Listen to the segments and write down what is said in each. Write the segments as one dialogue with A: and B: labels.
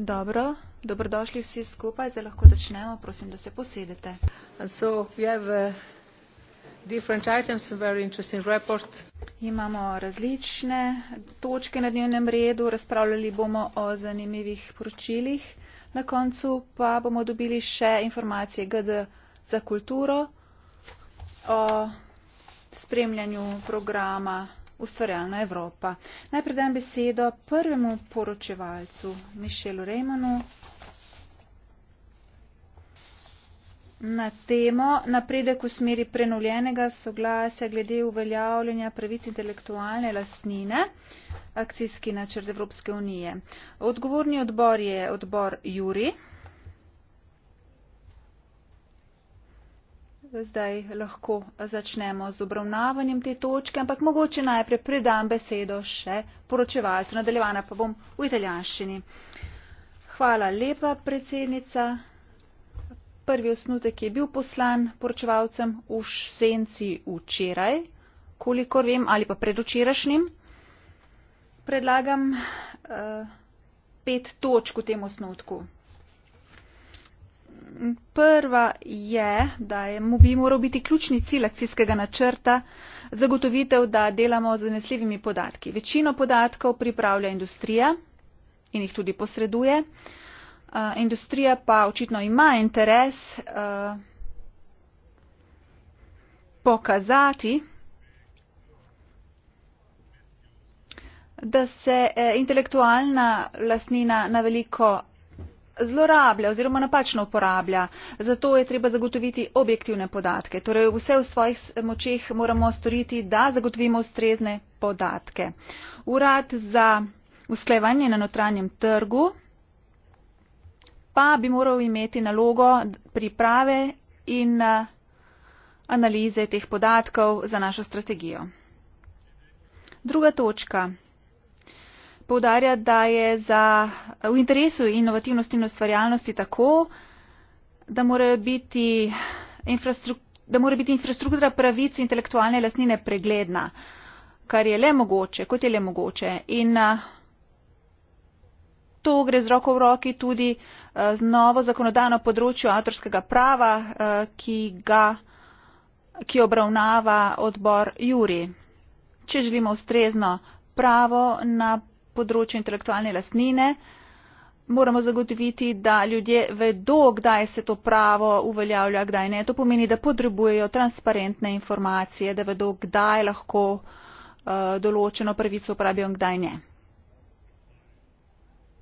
A: Dobro, dobrodošli vsi skupaj, zdaj lahko začnemo, prosim, da se posedete. Uh, Imamo različne točke na dnevnem redu, razpravljali bomo o zanimivih poročilih, na koncu pa bomo dobili še informacije GD za kulturo o spremljanju programa ustvarjalna Evropa. Najprej dam besedo prvemu poročevalcu, Mišelu Rejmanu, na temo napredek v smeri prenovljenega soglasja glede uveljavljanja pravic intelektualne lastnine, akcijski načrt Evropske unije. Odgovorni odbor je odbor Juri. zdaj lahko začnemo z obravnavanjem te točke, ampak mogoče najprej predam besedo še poročevalcu. Nadaljevana pa bom v italijanščini. Hvala lepa, predsednica. Prvi osnutek je bil poslan poročevalcem v senci včeraj, kolikor vem, ali pa predvčerajšnjim. Predlagam uh, pet točk v tem osnutku prva je, da je, bi moral biti ključni cilj akcijskega načrta zagotovitev, da delamo z zanesljivimi podatki. Večino podatkov pripravlja industrija in jih tudi posreduje. Uh, industrija pa očitno ima interes uh, pokazati, da se e, intelektualna lasnina na veliko zlorablja oziroma napačno uporablja. Zato je treba zagotoviti objektivne podatke. Torej vse v svojih močeh moramo storiti, da zagotovimo ustrezne podatke. Urad za usklajevanje na notranjem trgu pa bi moral imeti nalogo priprave in eh, analize teh podatkov za našo strategijo. Druga točka poudarja, da je za, v interesu inovativnosti in ustvarjalnosti tako, da mora biti, infrastruktura, da mora biti infrastruktura pravic intelektualne lasnine pregledna, kar je le mogoče, kot je le mogoče. In to gre z roko v roki tudi z novo zakonodano področju avtorskega prava, ki ga ki obravnava odbor Juri. Če želimo ustrezno pravo na področju intelektualne lastnine. Moramo zagotoviti, da ljudje vedo, kdaj se to pravo uveljavlja, kdaj ne. To pomeni, da potrebujejo transparentne informacije, da vedo, kdaj lahko uh, določeno pravico uporabijo in kdaj ne.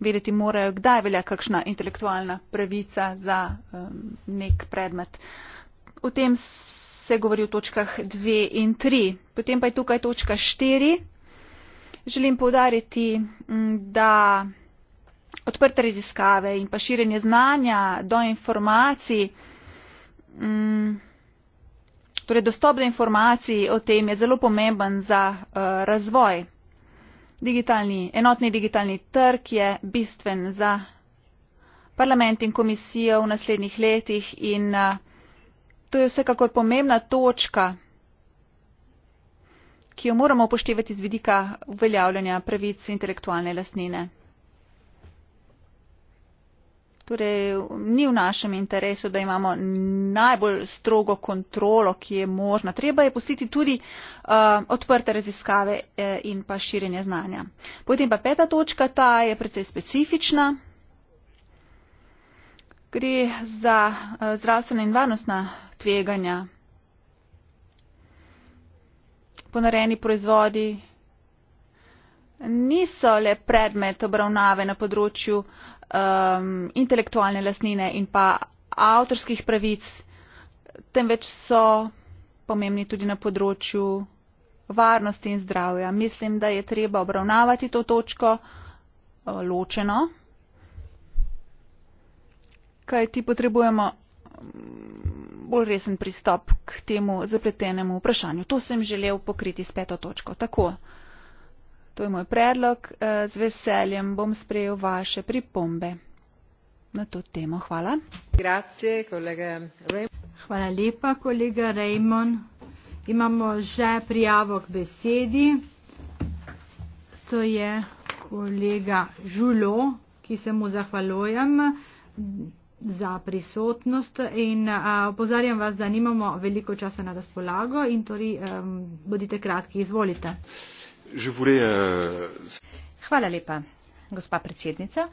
A: Vedeti morajo, kdaj velja kakšna intelektualna pravica za um, nek predmet. O tem se govori v točkah 2 in 3. Potem pa je tukaj točka 4. Želim povdariti, mm, da odprte raziskave in pa širenje znanja do informacij, mm, torej dostop do informacij o tem je zelo pomemben za eh, razvoj. Digitalni, enotni digitalni trg je bistven za parlament in komisijo v naslednjih letih in eh, to je vsekakor pomembna točka ki jo moramo upoštevati z vidika uveljavljanja pravic intelektualne lastnine. Torej, ni v našem interesu, da imamo najbolj strogo kontrolo, ki je možna. Treba je pustiti tudi uh, odprte raziskave eh, in pa širjenje znanja. Potem pa peta točka, ta je precej specifična. Gre za uh, zdravstvena in varnostna tveganja ponarejeni proizvodi niso le predmet obravnave na področju um, intelektualne lastnine in pa avtorskih pravic, temveč so pomembni tudi na področju varnosti in zdravja. Mislim, da je treba obravnavati to točko uh, ločeno, kaj ti potrebujemo bolj resen pristop k temu zapletenemu vprašanju. To sem želel pokriti s peto točko. Tako. To je moj predlog. Eh, z veseljem bom sprejel vaše pripombe na to temo. Hvala.
B: Grazie,
C: Hvala lepa, kolega Raymond. Imamo že prijavo k besedi. To je kolega Žulo, ki se mu zahvalujem za prisotnost in opozarjam vas, da nimamo veliko časa na razpolago in torej um, bodite kratki, izvolite.
B: Euh,
C: Hvala lepa, gospa
B: predsednica.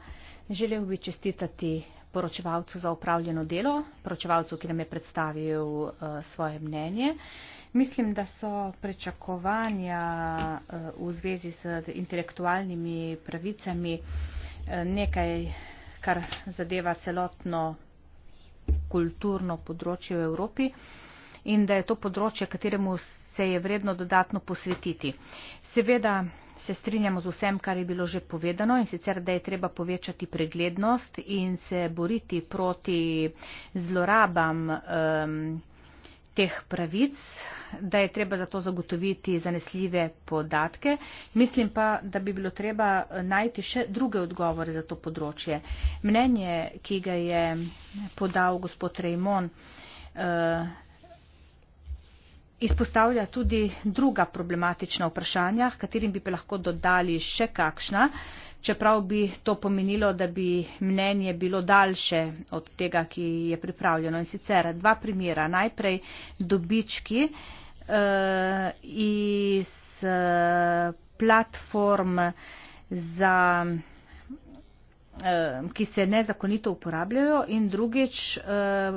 B: Želel bi čestitati poročevalcu za upravljeno delo, poročevalcu, ki nam je predstavil uh, svoje mnenje. Mislim, da so prečakovanja uh, e, v zvezi z intelektualnimi pravicami uh, nekaj kar zadeva celotno kulturno področje v Evropi in da je to področje, kateremu se je vredno dodatno posvetiti. Seveda se strinjamo z vsem, kar je bilo že povedano in sicer, da je treba povečati preglednost in se boriti proti zlorabam. Um, teh pravic, da je treba za to zagotoviti zanesljive podatke. Mislim pa, da bi bilo treba najti še druge odgovore za to področje. Mnenje, ki ga je podal gospod Rejmon, eh, izpostavlja tudi druga problematična vprašanja, katerim bi lahko dodali še kakšna, čeprav bi to pomenilo, da bi mnenje bilo daljše od tega, ki je pripravljeno. In sicer dva primera. Najprej dobički eh, iz eh, platform, za, eh, ki se nezakonito uporabljajo in drugič. Eh,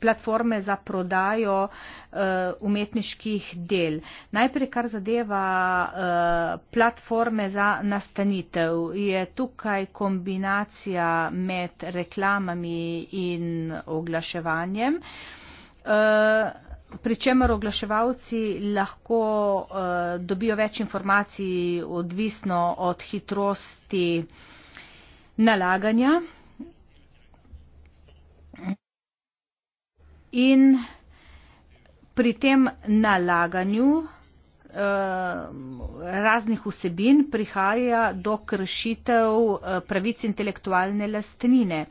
B: platforme za prodajo uh, umetniških del. Najprej, kar zadeva uh, platforme za nastanitev, je tukaj kombinacija med reklamami in oglaševanjem. Uh, eh, Pričemer oglaševalci lahko uh, dobijo več informacij odvisno od hitrosti nalaganja in pri tem nalaganju eh, raznih vsebin prihaja do kršitev eh, pravic intelektualne lastnine.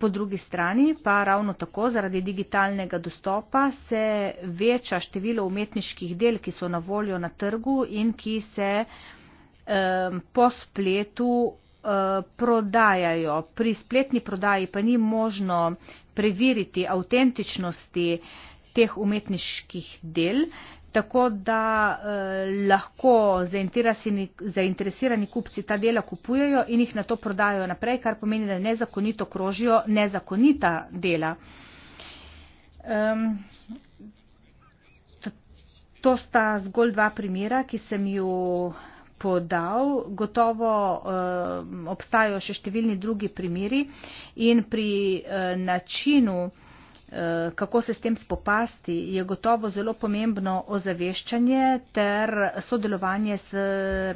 B: Po drugi strani pa ravno tako zaradi digitalnega dostopa se veča število umetniških del, ki so na voljo na trgu in ki se eh, po spletu Eh, prodajajo. Pri spletni prodaji pa ni možno preveriti avtentičnosti teh umetniških del, tako da uh, lahko zainteresirani, zainteresirani kupci ta dela kupujejo in jih na to prodajajo naprej, kar pomeni, da nezakonito krožijo nezakonita dela. Um, to sta zgolj dva primera, ki sem ju uh, podal. Gotovo uh, obstajajo še številni drugi primeri in pri uh, načinu, uh, kako se s tem spopasti, je gotovo zelo pomembno ozaveščanje ter sodelovanje s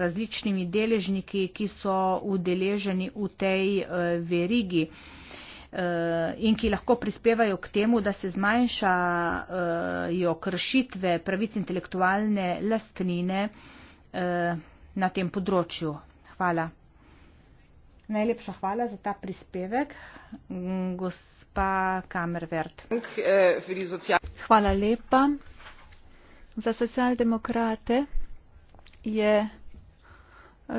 B: različnimi deležniki, ki so udeleženi v tej uh, verigi in ki lahko prispevajo k temu, da se zmanjšajo kršitve pravic intelektualne lastnine na tem področju. Hvala. Najlepša hvala za ta prispevek, gospa Kamervert. Hvala lepa. Za socialdemokrate
A: je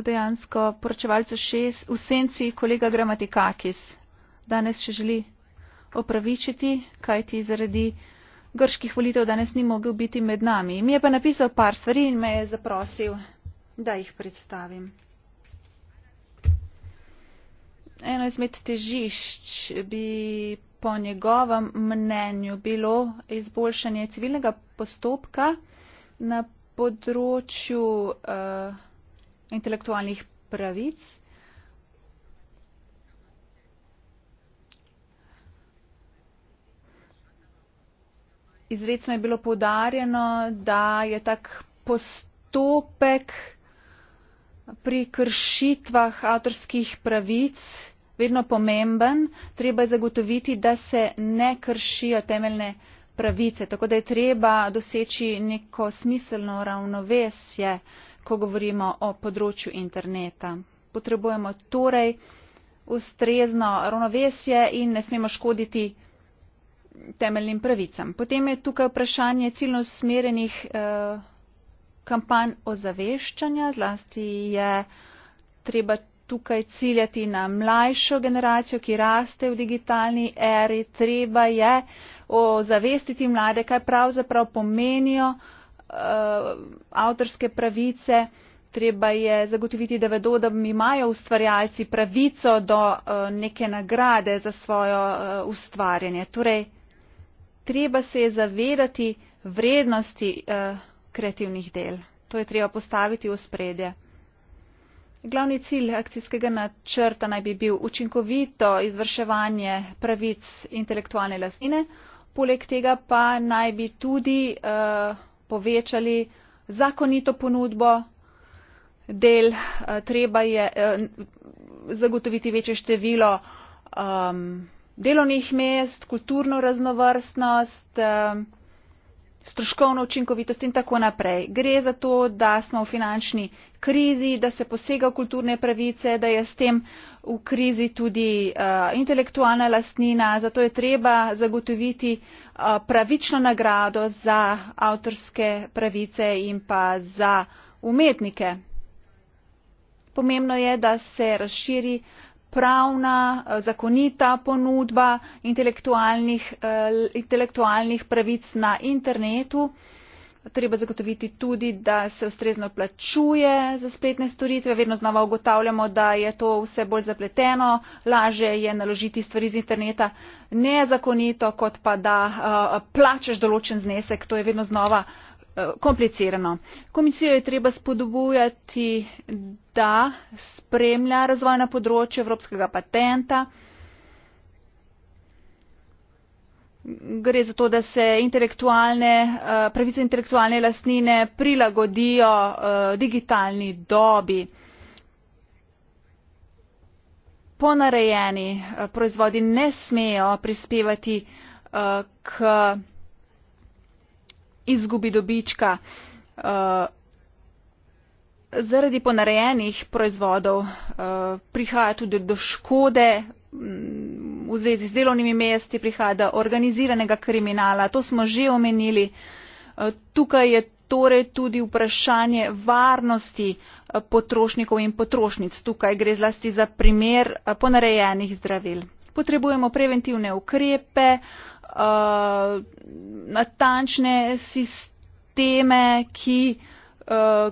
A: dejansko poročevalcu šest v senci kolega Gramatikakis. Danes še želi opravičiti, kaj ti zaradi grških volitev danes ni mogel biti med nami. Mi je pa napisal par stvari in me je zaprosil da jih predstavim. Eno izmed težišč bi po njegovem mnenju bilo izboljšanje civilnega postopka na področju uh, intelektualnih pravic. Izredno je bilo poudarjeno, da je tak postopek pri kršitvah avtorskih pravic vedno pomemben treba je zagotoviti da se ne kršijo temeljne pravice tako da je treba doseči neko smiselno ravnovesje ko govorimo o področju interneta potrebujemo torej ustrezno ravnovesje in ne smemo škoditi temeljnim pravicam potem je tukaj vprašanje ciljno usmerjenih eh, kampanj ozaveščanja, zlasti je treba tukaj ciljati na mlajšo generacijo, ki raste v digitalni eri. Treba je ozavestiti mlade, kaj pravzaprav pomenijo uh, avtorske pravice. Treba je zagotoviti, da vedo, da imajo ustvarjalci pravico do uh, neke nagrade za svojo uh, ustvarjanje. Torej, treba se je zavedati vrednosti. Uh, kreativnih del. To je treba postaviti v spredje. Glavni cilj akcijskega načrta naj bi bil učinkovito izvrševanje pravic intelektualne lastnine, poleg tega pa naj bi tudi uh, povečali zakonito ponudbo del, uh, treba je uh, zagotoviti večje število um, delovnih mest, kulturno raznovrstnost. Uh, stroškovno učinkovitost in tako naprej. Gre za to, da smo v finančni krizi, da se posega v kulturne pravice, da je s tem v krizi tudi uh, intelektualna lastnina, zato je treba zagotoviti uh, pravično nagrado za avtorske pravice in pa za umetnike. Pomembno je, da se razširi uh, pravna eh, zakonita ponudba eh, intelektualnih pravic na internetu treba zagotoviti tudi da se ustrezno plačuje za spletne storitve vedno znova ugotavljamo da je to vse bolj zapleteno lažje je naložiti stvari z interneta nezakonito kot pa da eh, plačaš določen znesek to je vedno znova Eh, komplicirano. Komisijo je treba spodbujati, da spremlja razvojna področja evropskega patenta. Gre za to, da se intelektualne, eh, pravice intelektualne lastnine prilagodijo eh, digitalni dobi. Ponarejeni proizvodi ne smejo prispevati k izgubi dobička eh, zaradi ponarejenih proizvodov, eh, prihaja tudi do škode mm, v zvezi z delovnimi mesti, prihaja do organiziranega kriminala, to smo že omenili. Eh, tukaj je torej tudi vprašanje varnosti potrošnikov in potrošnic. Tukaj gre zlasti za primer ponarejenih zdravil. Potrebujemo preventivne ukrepe, Uh, natančne sisteme, ki uh,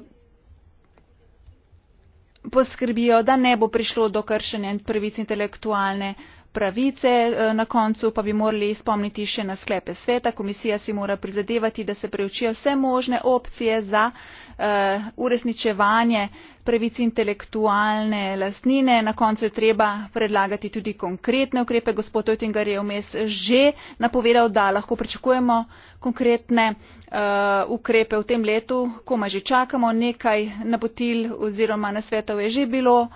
A: poskrbijo, da ne bo prišlo do kršenja prvic intelektualne pravice. Uh, na koncu pa bi morali spomniti še na sklepe sveta. Komisija si mora prizadevati, da se preučijo vse možne opcije za Eh, uresničevanje pravic intelektualne lastnine. Na koncu je treba predlagati tudi konkretne ukrepe. Gospod Oettinger je vmes že napovedal, da lahko pričakujemo konkretne uh, ukrepe v tem letu, koma že čakamo, nekaj napotil oziroma nasvetov je že bilo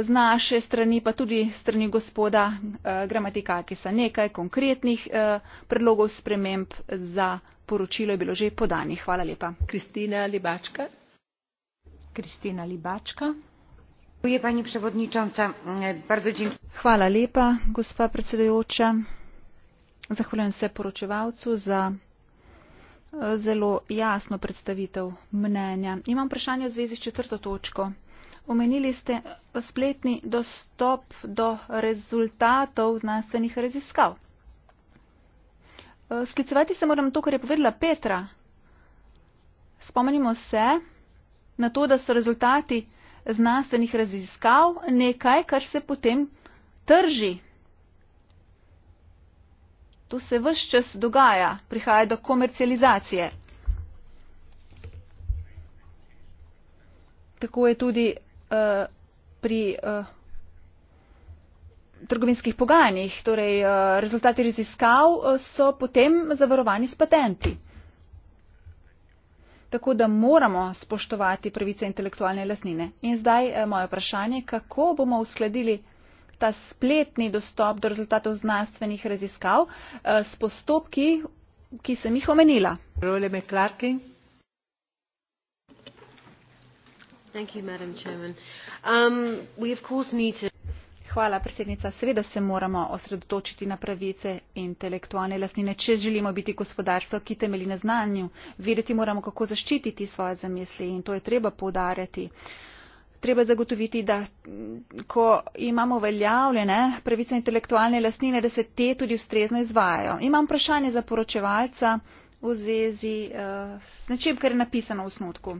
A: z naše strani pa tudi strani gospoda eh, Gramatikakisa. Nekaj konkretnih eh, predlogov sprememb za poročilo je bilo že podanih. Hvala lepa. Kristina
B: Libačka. Kristina Libačka. Hvala lepa,
A: gospa predsedujoča. Zahvaljujem se poročevalcu za eh, zelo jasno predstavitev mnenja. Imam vprašanje v zvezi s četrto točko. Omenili ste spletni dostop do rezultatov znanstvenih raziskav. Eh, sklicevati se moram to, kar je povedala Petra. Spomnimo se na to, da so rezultati znanstvenih raziskav nekaj, kar se potem trži. To se vse čas dogaja, prihaja do komercializacije. Tako je tudi uh, pri uh, trgovinskih pogajanjih. Torej, uh, rezultati raziskav so potem zavarovani s patenti. Tako da moramo spoštovati pravice intelektualne lasnine. In zdaj uh, moje vprašanje, kako bomo uskladili ta spletni dostop do rezultatov znanstvenih raziskav uh, s postopki, ki sem jih omenila. Role McClarkin.
C: Um,
A: hvala predsednica seveda se moramo osredotočiti na pravice intelektualne lastnine če želimo biti gospodarstvo ki temelji na znanju vedeti moramo kako zaščititi svoje zamisli in to je treba poudarjati treba je zagotoviti da mm, ko imamo uveljavljene pravice intelektualne lastnine da se te tudi ustrezno izvajajo imam vprašanje za poročevalca v zvezi z eh, nečim kar je napisano v osnutku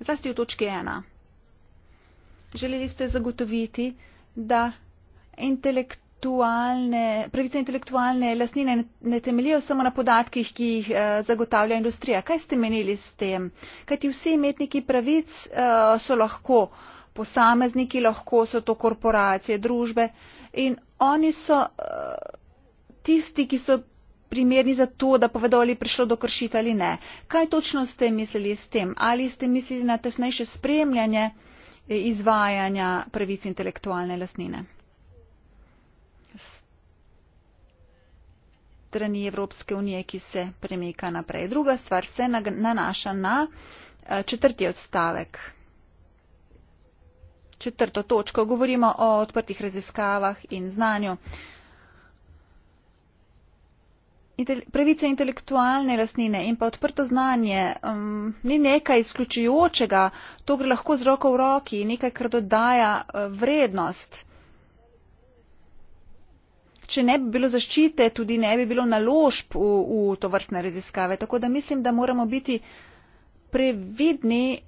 A: Zlasti v točki ena. Želeli ste zagotoviti, da intelektualne, pravice intelektualne lastnine ne, ne temelijo samo na podatkih, ki jih eh, zagotavlja industrija. Kaj ste menili s tem? Kajti vsi imetniki pravic eh, so lahko posamezniki, lahko so to korporacije, družbe in oni so eh, tisti, ki so primerni za to, da povedo, ali je prišlo do kršit ali ne. Kaj točno ste mislili s tem? Ali ste mislili na tesnejše spremljanje eh, izvajanja pravic intelektualne lasnine? strani Evropske unije, ki se premika naprej. Druga stvar se nanaša na eh, četrti odstavek. Četrto točko. Govorimo o odprtih raziskavah in znanju pravice intelektualne lastnine in pa odprto znanje um, ni nekaj izključujočega, to gre lahko z roko v roki, nekaj, kar dodaja uh, vrednost. Če ne bi bilo zaščite, tudi ne bi bilo naložb v, v to vrstne raziskave. Tako da mislim, da moramo biti uh, previdni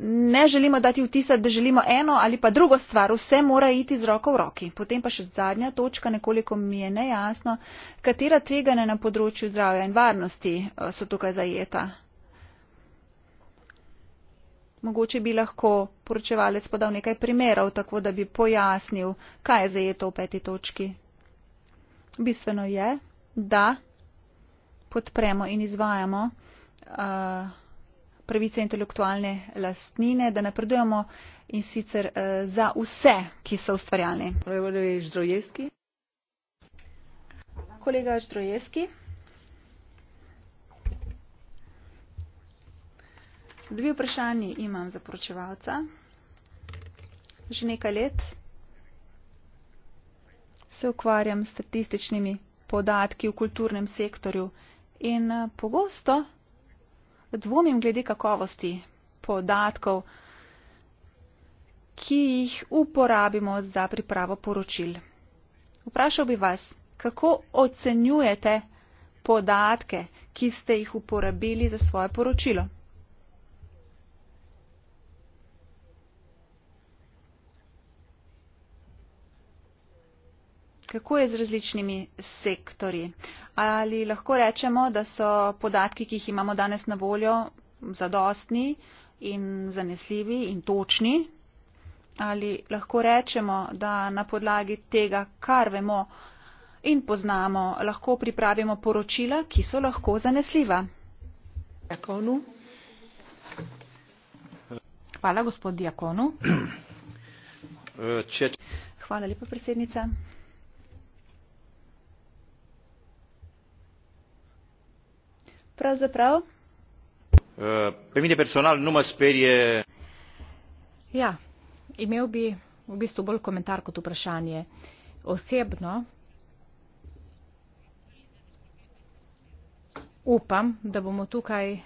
A: ne želimo dati vtisa da želimo eno ali pa drugo stvar vse mora iti z roko v roki potem pa še zadnja točka nekoliko mi je nejasno katera tveganja na področju zdravja in varnosti so tukaj zajeta mogoče bi lahko poročevalec podal nekaj primerov tako da bi pojasnil kaj je zajeto v peti točki bistveno je da podpremo in izvajamo pravice intelektualne lastnine, da napredujemo in sicer e, za vse, ki so ustvarjalni. Kolega Ždrojevski. Dve vprašanje imam za poročevalca. Že nekaj let se ukvarjam s statističnimi podatki v kulturnem sektorju in pogosto dvomim glede kakovosti podatkov, ki jih uporabimo za pripravo poročil. Vprašal bi vas, kako ocenjujete podatke, ki ste jih uporabili za svoje poročilo? Kako je z različnimi sektorji? ali lahko rečemo, da so podatki, ki jih imamo danes na voljo, zadostni in zanesljivi in točni? Ali lahko rečemo, da na podlagi tega, kar vemo in poznamo, lahko pripravimo poročila, ki so lahko zanesljiva? Jakonu.
B: Hvala, gospod Jakonu. Hvala lepa, predsednica. pravzaprav? Eh, pe mine personal nu mă sperie. Ja, imel bi v bistvu bolj komentar kot vprašanje. Osebno upam, da bomo tukaj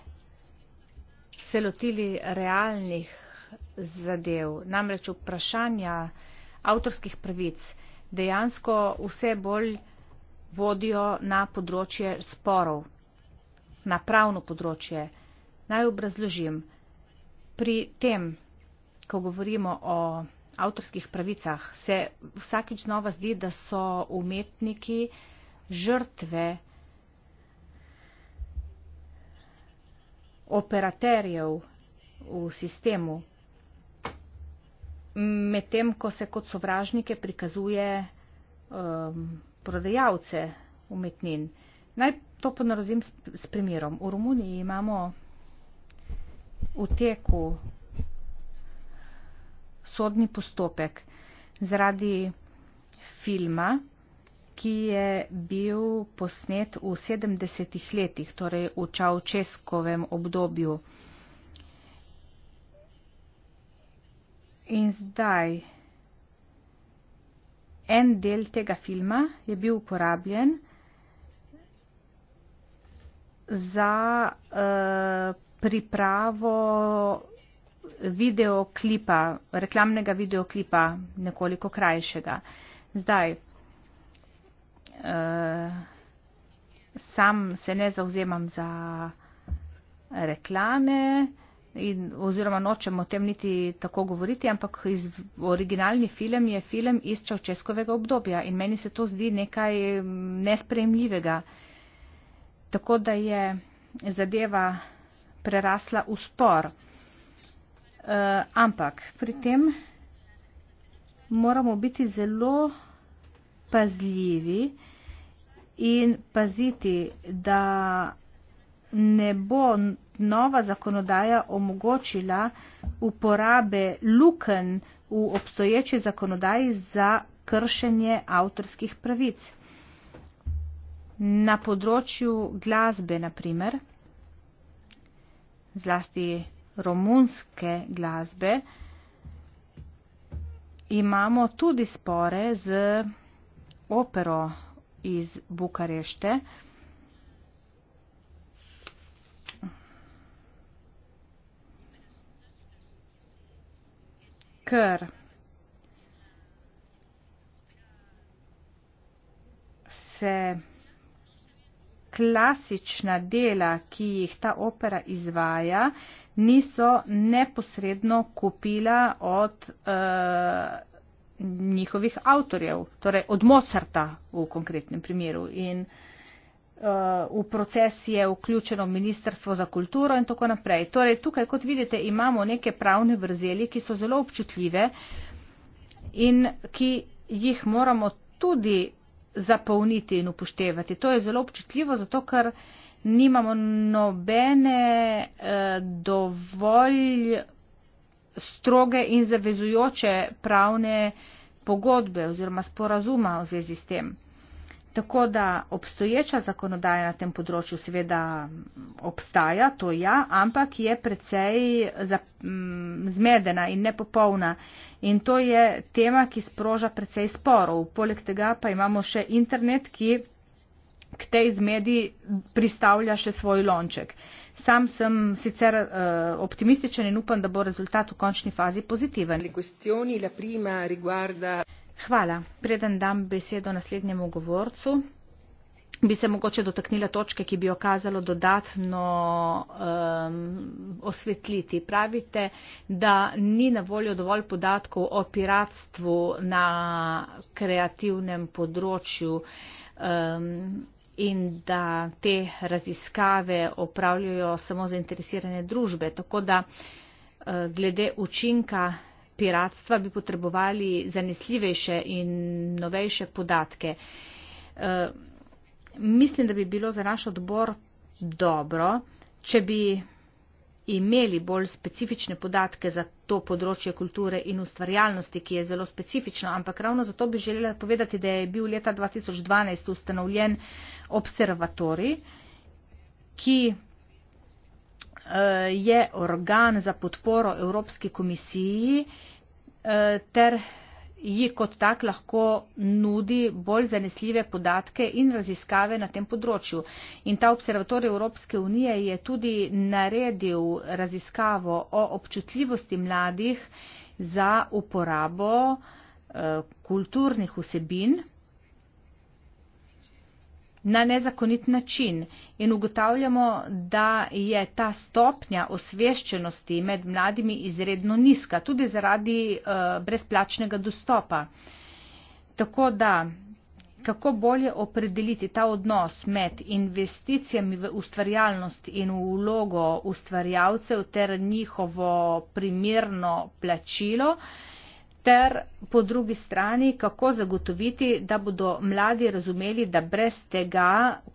B: se lotili realnih zadev, namreč vprašanja avtorskih pravic dejansko vse bolj vodijo na področje sporov na pravno področje. Naj obrazložim. Pri tem, ko govorimo o avtorskih pravicah, se vsakič znova zdi, da so umetniki žrtve operaterjev v sistemu, medtem ko se kot sovražnike prikazuje um, prodajalce umetnin. Naj to ponarazim s, s primerom. V Romuniji imamo v teku sodni postopek zaradi filma, ki je bil posnet v 70-ih letih, torej v Čaučeskovem obdobju. In zdaj, en del tega filma je bil uporabljen, za uh, pripravo videoklipa, reklamnega videoklipa, nekoliko krajšega. Zdaj, uh, sam se ne zauzemam za reklame. In, oziroma nočem o tem niti tako govoriti, ampak iz, originalni film je film iz Čavčeskovega obdobja in meni se to zdi nekaj mm, nespremljivega. Uh, tako da je zadeva prerasla v spor. Eh, ampak pri tem moramo biti zelo pazljivi in paziti, da ne bo nova zakonodaja omogočila uporabe luken v obstoječi zakonodaji za kršenje avtorskih pravic na področju glasbe, naprimer, zlasti romunske glasbe, imamo tudi spore z opero iz Bukarešte. Ker se klasična dela, ki jih ta opera izvaja, niso neposredno kupila od uh, njihovih avtorjev, torej od Mozarta v konkretnem primeru. In uh, v proces je vključeno Ministrstvo za kulturo in tako naprej. Torej tukaj, kot vidite, imamo neke pravne vrzeli, ki so zelo občutljive in ki jih moramo tudi zapolniti in upoštevati. To je zelo občutljivo, zato ker nimamo nobene eh, dovolj stroge in zavezujoče pravne pogodbe oziroma sporazuma v zvezi s tem. Tako da obstoječa zakonodaja na tem področju seveda obstaja, to ja, ampak je precej mm, zmedena in nepopolna. In to je tema, ki sproža precej sporov. Poleg tega pa imamo še internet, ki k tej zmedi pristavlja še svoj lonček. Sam sem sicer uh, optimističen in upam, da bo rezultat v končni fazi pozitiven. Hvala. Preden dam besedo naslednjemu govorcu, bi se mogoče dotaknila točke, ki bi jo kazalo dodatno um, osvetliti. Pravite, da ni na voljo dovolj podatkov o piratstvu na kreativnem področju. Um, in da te raziskave opravljajo samo zainteresirane družbe. Tako da eh, glede učinka piratstva, bi potrebovali zanesljivejše in novejše podatke. Eh, mislim, da bi bilo za naš odbor dobro, če bi imeli bolj specifične podatke za to področje kulture in ustvarjalnosti, ki je zelo specifično, ampak ravno zato bi želela povedati, da je bil leta 2012 ustanovljen observatori, ki Eh, je organ za podporo Evropski komisiji eh, ter ji kot tak lahko nudi bolj zanesljive podatke in raziskave na tem področju. In ta observator Evropske unije je tudi naredil raziskavo o občutljivosti mladih za uporabo eh, kulturnih vsebin na nezakonit način in ugotavljamo, da je ta stopnja osveščenosti med mladimi izredno nizka, tudi zaradi uh, brezplačnega dostopa. Tako da, kako bolje opredeliti ta odnos med investicijami v ustvarjalnost in v vlogo ustvarjalcev ter njihovo primerno plačilo, uh, ter po drugi strani, kako zagotoviti, da bodo mladi razumeli, da brez tega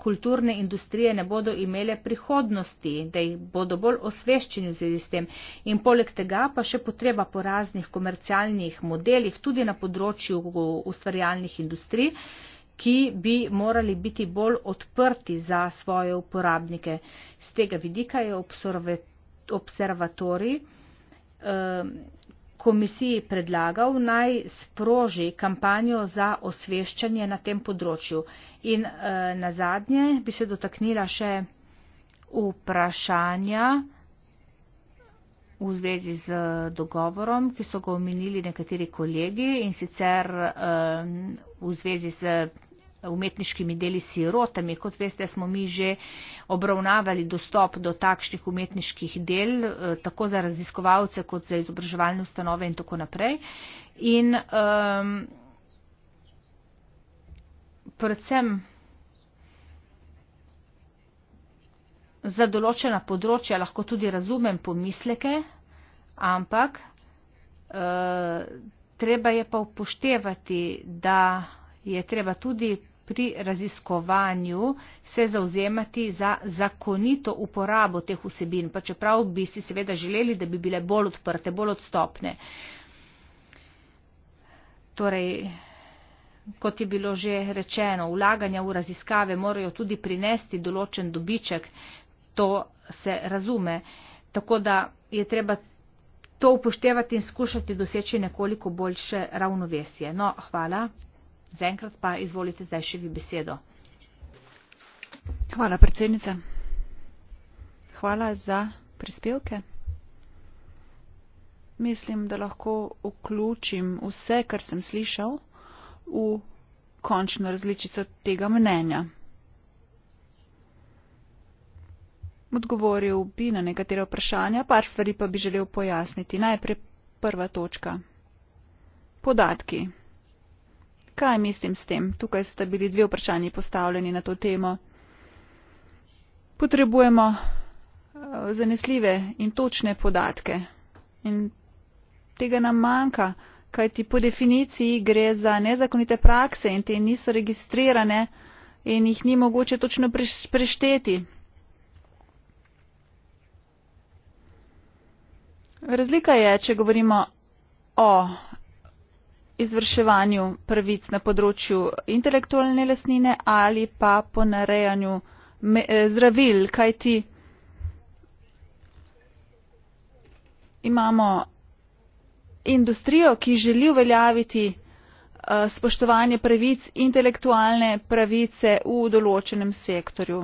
B: kulturne industrije ne bodo imele prihodnosti, da jih bodo bolj osveščeni v zvezi s tem. In poleg tega pa še potreba po raznih komercialnih modelih, tudi na področju ustvarjalnih industrij, ki bi morali biti bolj odprti za svoje uporabnike. Z tega vidika je observatori. Um, eh, komisiji predlagal, naj sproži kampanjo za osveščanje na tem področju. In eh, na zadnje bi se dotaknila še vprašanja v zvezi z dogovorom, ki so ga omenili nekateri kolegi in sicer eh, v zvezi z umetniškimi deli sirotami. Kot veste, smo mi že obravnavali dostop do takšnih umetniških del, eh, tako za raziskovalce kot za izobraževalne ustanove in tako naprej. In um, predvsem za določena področja lahko tudi razumem pomisleke, ampak uh, treba je pa upoštevati, da je treba tudi pri raziskovanju se zauzemati za zakonito uporabo teh vsebin, pa čeprav bi si seveda želeli, da bi bile bolj odprte, bolj odstopne. Torej, kot je bilo že rečeno, vlaganja v raziskave morajo tudi prinesti določen dobiček, to se razume. Tako da je treba to upoštevati in skušati doseči nekoliko boljše ravnovesje. No, hvala. Zaenkrat pa izvolite zdaj še vi besedo.
A: Hvala, predsednica. Hvala za prispevke. Mislim, da lahko vključim vse, kar sem slišal, v končno različico tega mnenja. Odgovoril bi na nekatere vprašanja, par stvari pa bi želel pojasniti. Najprej prva točka. Podatki. Kaj mislim s tem? Tukaj sta bili dve vprašanji postavljeni na to temo. Potrebujemo eh, zanesljive in točne podatke. In tega nam manjka, kajti po definiciji gre za nezakonite prakse in te niso registrirane in jih ni mogoče točno prešteti. Razlika je, če govorimo o izvrševanju pravic na področju intelektualne lasnine ali pa ponarejanju eh, zdravil, kaj ti imamo industrijo, ki želi uveljaviti eh, spoštovanje pravic, intelektualne pravice v določenem sektorju.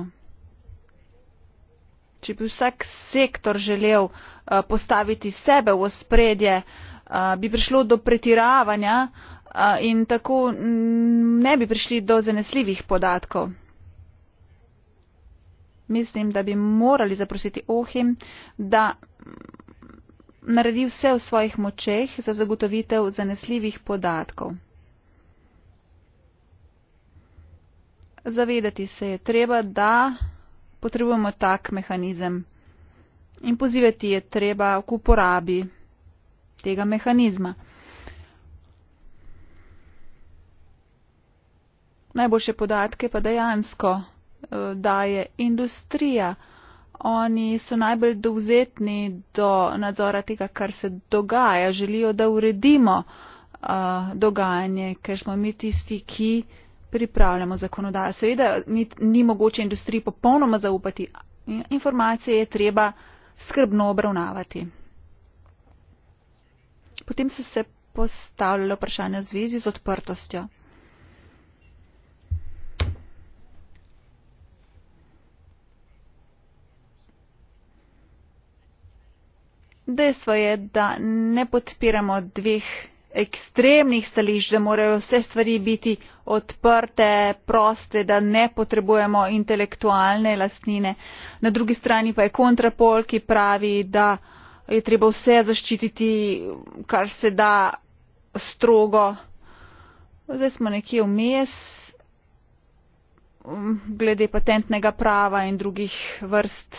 A: Če bi vsak sektor želel eh, postaviti sebe v spredje, bi prišlo do pretiravanja in tako ne bi prišli do zanesljivih podatkov. Mislim, da bi morali zaprositi Ohim, da naredi vse v svojih močeh za zagotovitev zanesljivih podatkov. Zavedati se je treba, da potrebujemo tak mehanizem in pozivati je treba k uporabi tega mehanizma. Najboljše podatke pa dejansko eh, daje industrija. Oni so najbolj dovzetni do nadzora tega, kar se dogaja. Želijo, da uredimo uh, dogajanje, ker smo mi tisti, ki pripravljamo zakonodajo. Seveda ni, ni mogoče industriji popolnoma zaupati. Informacije je treba skrbno obravnavati. Potem so se postavljale vprašanja v zvezi z odprtostjo. Dejstvo je, da ne podpiramo dveh ekstremnih stališč, da morajo vse stvari biti odprte, proste, da ne potrebujemo intelektualne lastnine. Na drugi strani pa je kontrapol, ki pravi, da uh, je treba vse zaščititi, kar se da strogo. Zdaj smo nekje vmes, glede patentnega prava in drugih vrst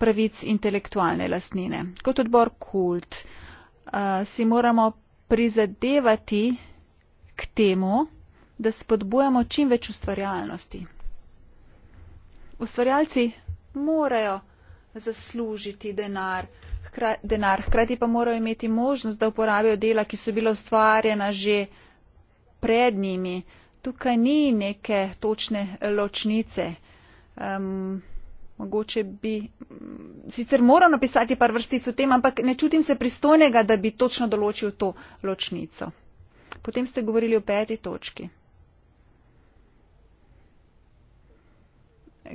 A: pravic intelektualne lastnine. Kot odbor kult eh, si moramo prizadevati k temu, da spodbujamo čim več ustvarjalnosti. Ustvarjalci morajo zaslužiti denar, denar hkrati pa morajo imeti možnost da uporabijo dela ki so bila ustvarjena že pred njimi tukaj ni neke točne eh, ločnice um, mogoče bi mm, sicer moram napisati par vrstic o tem ampak ne čutim se pristojnega da bi točno določil to ločnico potem ste govorili o peti točki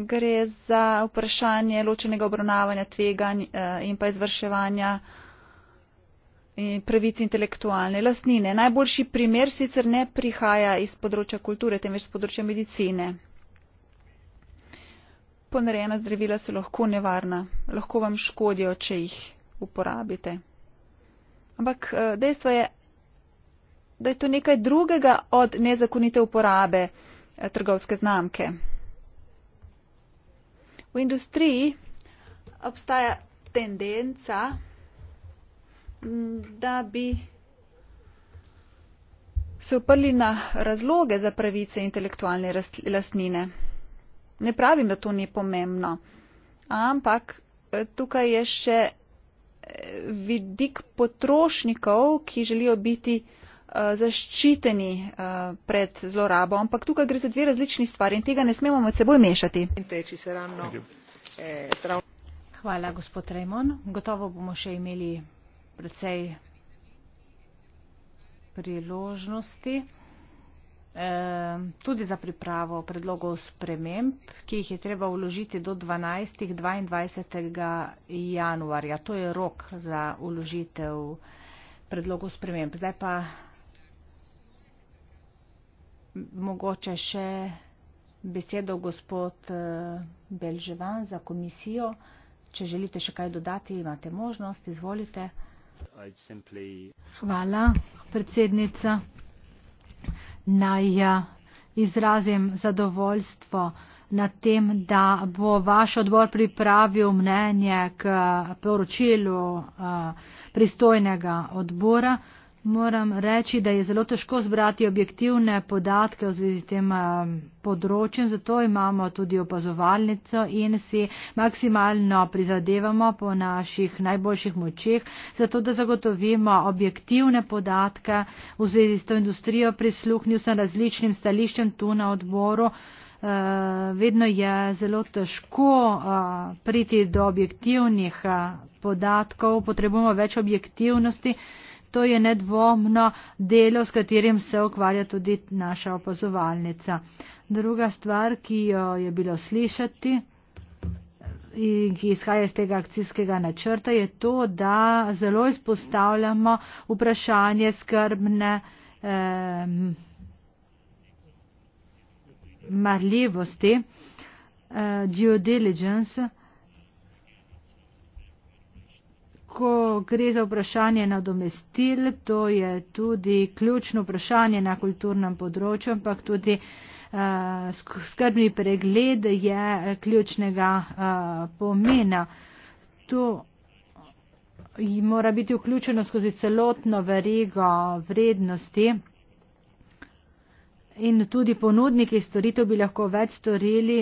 A: gre za vprašanje ločenega obravnavanja tveganj eh, in pa izvrševanja eh, pravic intelektualne lastnine. Najboljši primer sicer ne prihaja iz področja kulture, temveč z področja medicine. Ponarejena zdravila so lahko nevarna, lahko vam škodijo, če jih uporabite. Ampak eh, dejstvo je, da je to nekaj drugega od nezakonite uporabe trgovske znamke. V industriji obstaja tendenca, da bi se uprli na razloge za pravice intelektualne lastnine. Ne pravim, da to ni pomembno, ampak eh, tukaj je še eh, vidik potrošnikov, ki želijo biti Eh, zaščiteni eh, pred zlorabo ampak tukaj gre za dve različni stvari in tega ne smemo med seboj mešati.
B: Hvala gospod Raymond. Gotovo bomo še imeli precej priložnosti eh, tudi za pripravo predlogov sprememb, ki jih je treba vložiti do 12. 22. januarja. To je rok za vložitev predlogov sprememb. Zdaj pa mogoče še besedo gospod eh, Belževan za komisijo. Če želite še kaj dodati, imate možnost,
C: izvolite. Hvala, predsednica. Naj eh, izrazim zadovoljstvo na tem, da bo vaš odbor pripravil mnenje k eh, poročilu pristojnega odbora. Moram reči, da je zelo težko zbrati objektivne podatke v zvezi s tem um, področjem, zato imamo tudi opazovalnico in si maksimalno prizadevamo po naših najboljših močeh, zato da zagotovimo objektivne podatke v zvezi s to industrijo. Prisluhnil sem različnim stališčem tu na odboru. Uh, vedno je zelo težko uh, priti do objektivnih uh, podatkov, potrebujemo več objektivnosti to je nedvomno delo, s katerim se ukvarja tudi naša opazovalnica. Druga stvar, ki jo je bilo slišati in ki izhaja iz tega akcijskega načrta, je to, da zelo izpostavljamo vprašanje skrbne eh, marljivosti, eh, due diligence. ko gre za vprašanje nadomestil, to je tudi ključno vprašanje na kulturnem področju, ampak tudi uh, skrbni pregled je ključnega uh, pomena. To mora biti vključeno skozi celotno verigo vrednosti. In tudi ponudniki storitev bi lahko več storili,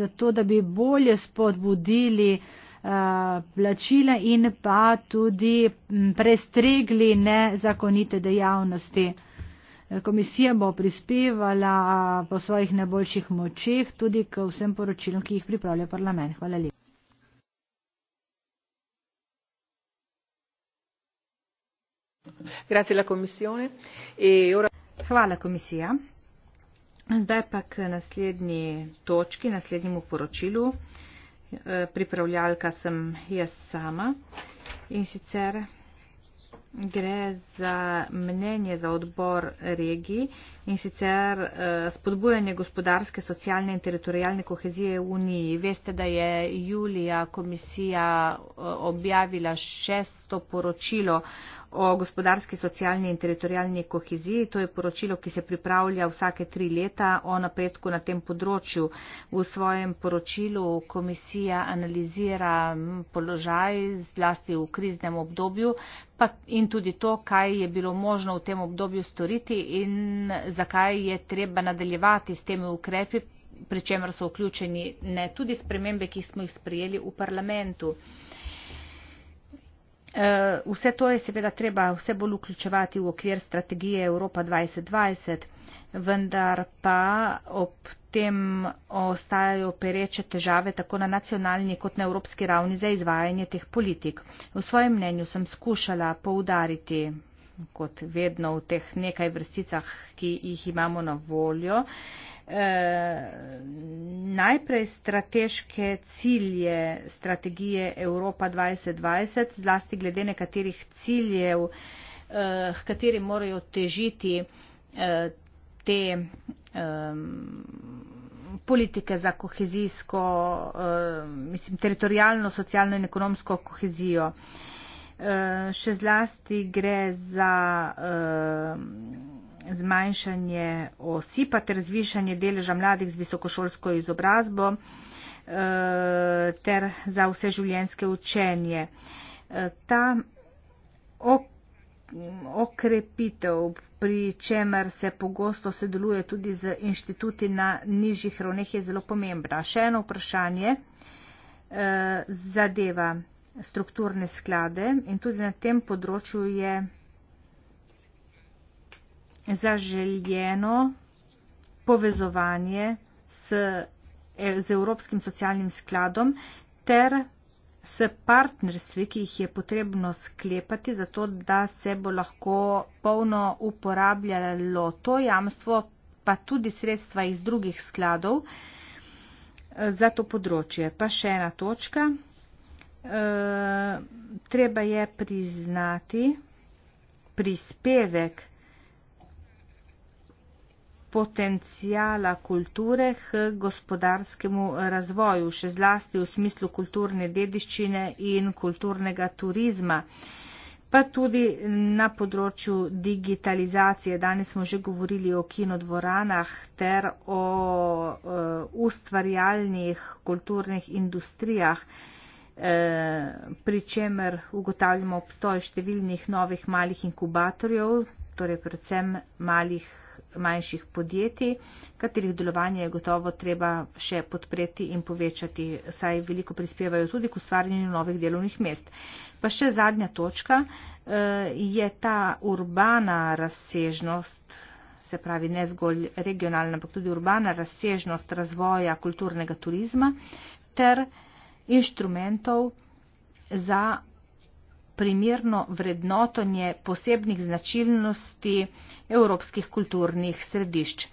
C: zato da bi bolje spodbudili uh, Eh, plačile in pa tudi mm, prestregli nezakonite dejavnosti. Eh, komisija bo prispevala eh, po svojih najboljših močeh tudi k vsem poročilom, ki jih pripravlja parlament. Hvala lepa. E
B: Hvala komisija. Zdaj pa k naslednji točki, naslednjemu poročilu pripravljalka sem jaz sama in sicer gre za mnenje za odbor regij in sicer eh, spodbujanje gospodarske, socialne in teritorijalne kohezije v Uniji. Veste, da je julija komisija eh, objavila šesto poročilo o gospodarski, socialni in teritorijalni koheziji. To je poročilo, ki se pripravlja vsake tri leta o napredku na tem področju. V svojem poročilu komisija analizira položaj zlasti v kriznem obdobju pa in tudi to, kaj je bilo možno v tem obdobju storiti in zakaj je treba nadaljevati s temi ukrepi, pri čemer so vključeni ne tudi spremembe, ki smo jih sprejeli v parlamentu. Eh, vse to je seveda treba vse bolj vključevati v okvir strategije Evropa 2020, vendar pa ob tem ostajajo pereče težave tako na nacionalni kot na evropski ravni za izvajanje teh politik. V svojem mnenju sem skušala poudariti, kot vedno v teh nekaj vrsticah, ki jih imamo na voljo, Eh, najprej strateške cilje strategije Evropa 2020, zlasti glede nekaterih ciljev, eh, kateri morajo težiti eh, te eh, politike za kohezijsko, eh, mislim, teritorijalno, socialno in ekonomsko kohezijo. Eh, še zlasti gre za. Eh, zmanjšanje osipa ter zvišanje deleža mladih z visokošolsko izobrazbo eh, ter za vse življenjske učenje. Eh, ta okrepitev, pri čemer se pogosto sodeluje tudi z inštituti na nižjih ravneh, je zelo pomembna. Še eno vprašanje eh, zadeva strukturne sklade in tudi na tem področju je zaželjeno povezovanje s, e, z Evropskim socialnim skladom ter s partnerstvi, ki jih je potrebno sklepati, zato da se bo lahko polno uporabljalo to jamstvo, pa tudi sredstva iz drugih skladov e, za to področje. Pa še ena točka. E, treba je priznati prispevek potencijala kulture k gospodarskemu razvoju, še zlasti v smislu kulturne dediščine in kulturnega turizma, pa tudi na področju digitalizacije. Danes smo že govorili o kinodvoranah ter o uh, ustvarjalnih kulturnih industrijah e, pri čemer ugotavljamo obstoj številnih novih malih inkubatorjev, torej predvsem malih manjših podjetij, katerih delovanje je gotovo treba še podpreti in povečati, saj veliko prispevajo tudi k ustvarjanju novih delovnih mest. Pa še zadnja točka eh, je ta urbana razsežnost se pravi ne zgolj regionalna, ampak tudi urbana razsežnost razvoja kulturnega turizma ter inštrumentov za primerno vrednotenje posebnih značilnosti evropskih kulturnih središč.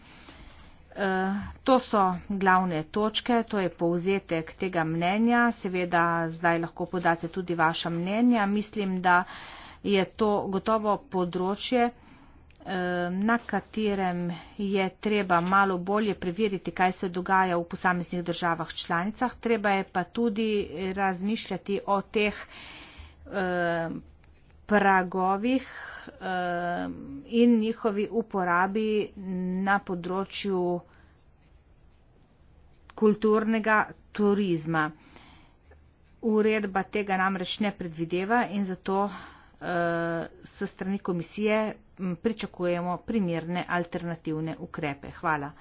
B: Eh, to so glavne točke, to je povzetek tega mnenja. Seveda zdaj lahko podate tudi vaša mnenja. Mislim, da je to gotovo področje, eh, na katerem je treba malo bolje preveriti, kaj se dogaja v posameznih državah članicah. Treba je pa tudi razmišljati o teh Eh, pragovih eh, in njihovi uporabi na področju kulturnega turizma. Uredba tega namreč ne predvideva in zato eh, s strani komisije pričakujemo primirne alternativne ukrepe. Hvala.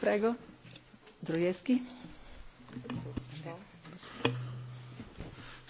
B: Prego,
C: Drojevski.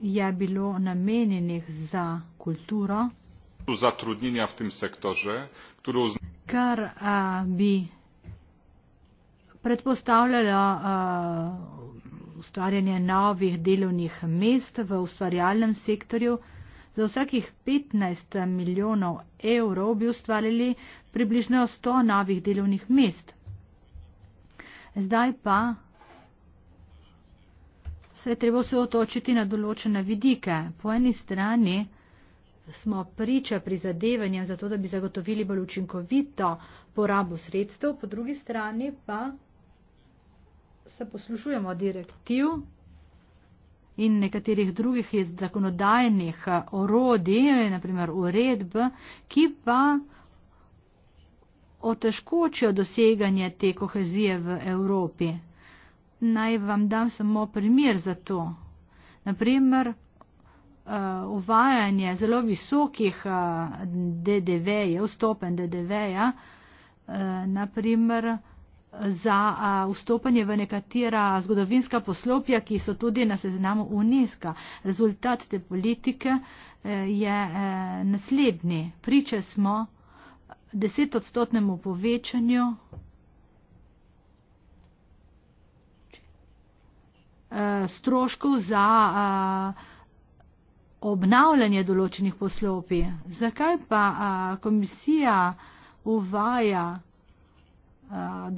C: je bilo namenjenih za kulturo,
B: za trudninja v tem sektorze, uzna...
C: kar a, eh, bi predpostavljalo a, eh, ustvarjanje novih delovnih mest v ustvarjalnem sektorju. Za vsakih 15 milijonov evrov bi ustvarili približno 100 novih delovnih mest. Zdaj pa se je treba osotočiti na določene vidike. Po eni strani smo priča prizadevanjem za to, da bi zagotovili bolj učinkovito porabo sredstev, po drugi strani pa se poslušujemo direktiv in nekaterih drugih zakonodajnih orodij, naprimer uredb, ki pa otežkočijo doseganje te kohezije v Evropi naj vam dam samo primer za to. Naprimer, eh, uvajanje zelo visokih eh, DDV-jev, stopen DDV-ja, eh, naprimer za vstopanje v nekatera zgodovinska poslopja, ki so tudi na seznamu UNESCO. Rezultat te politike je naslednji. Priče smo desetodstotnemu povečanju Eh, stroškov za eh, obnavljanje določenih poslopij. Zakaj pa eh, komisija uvaja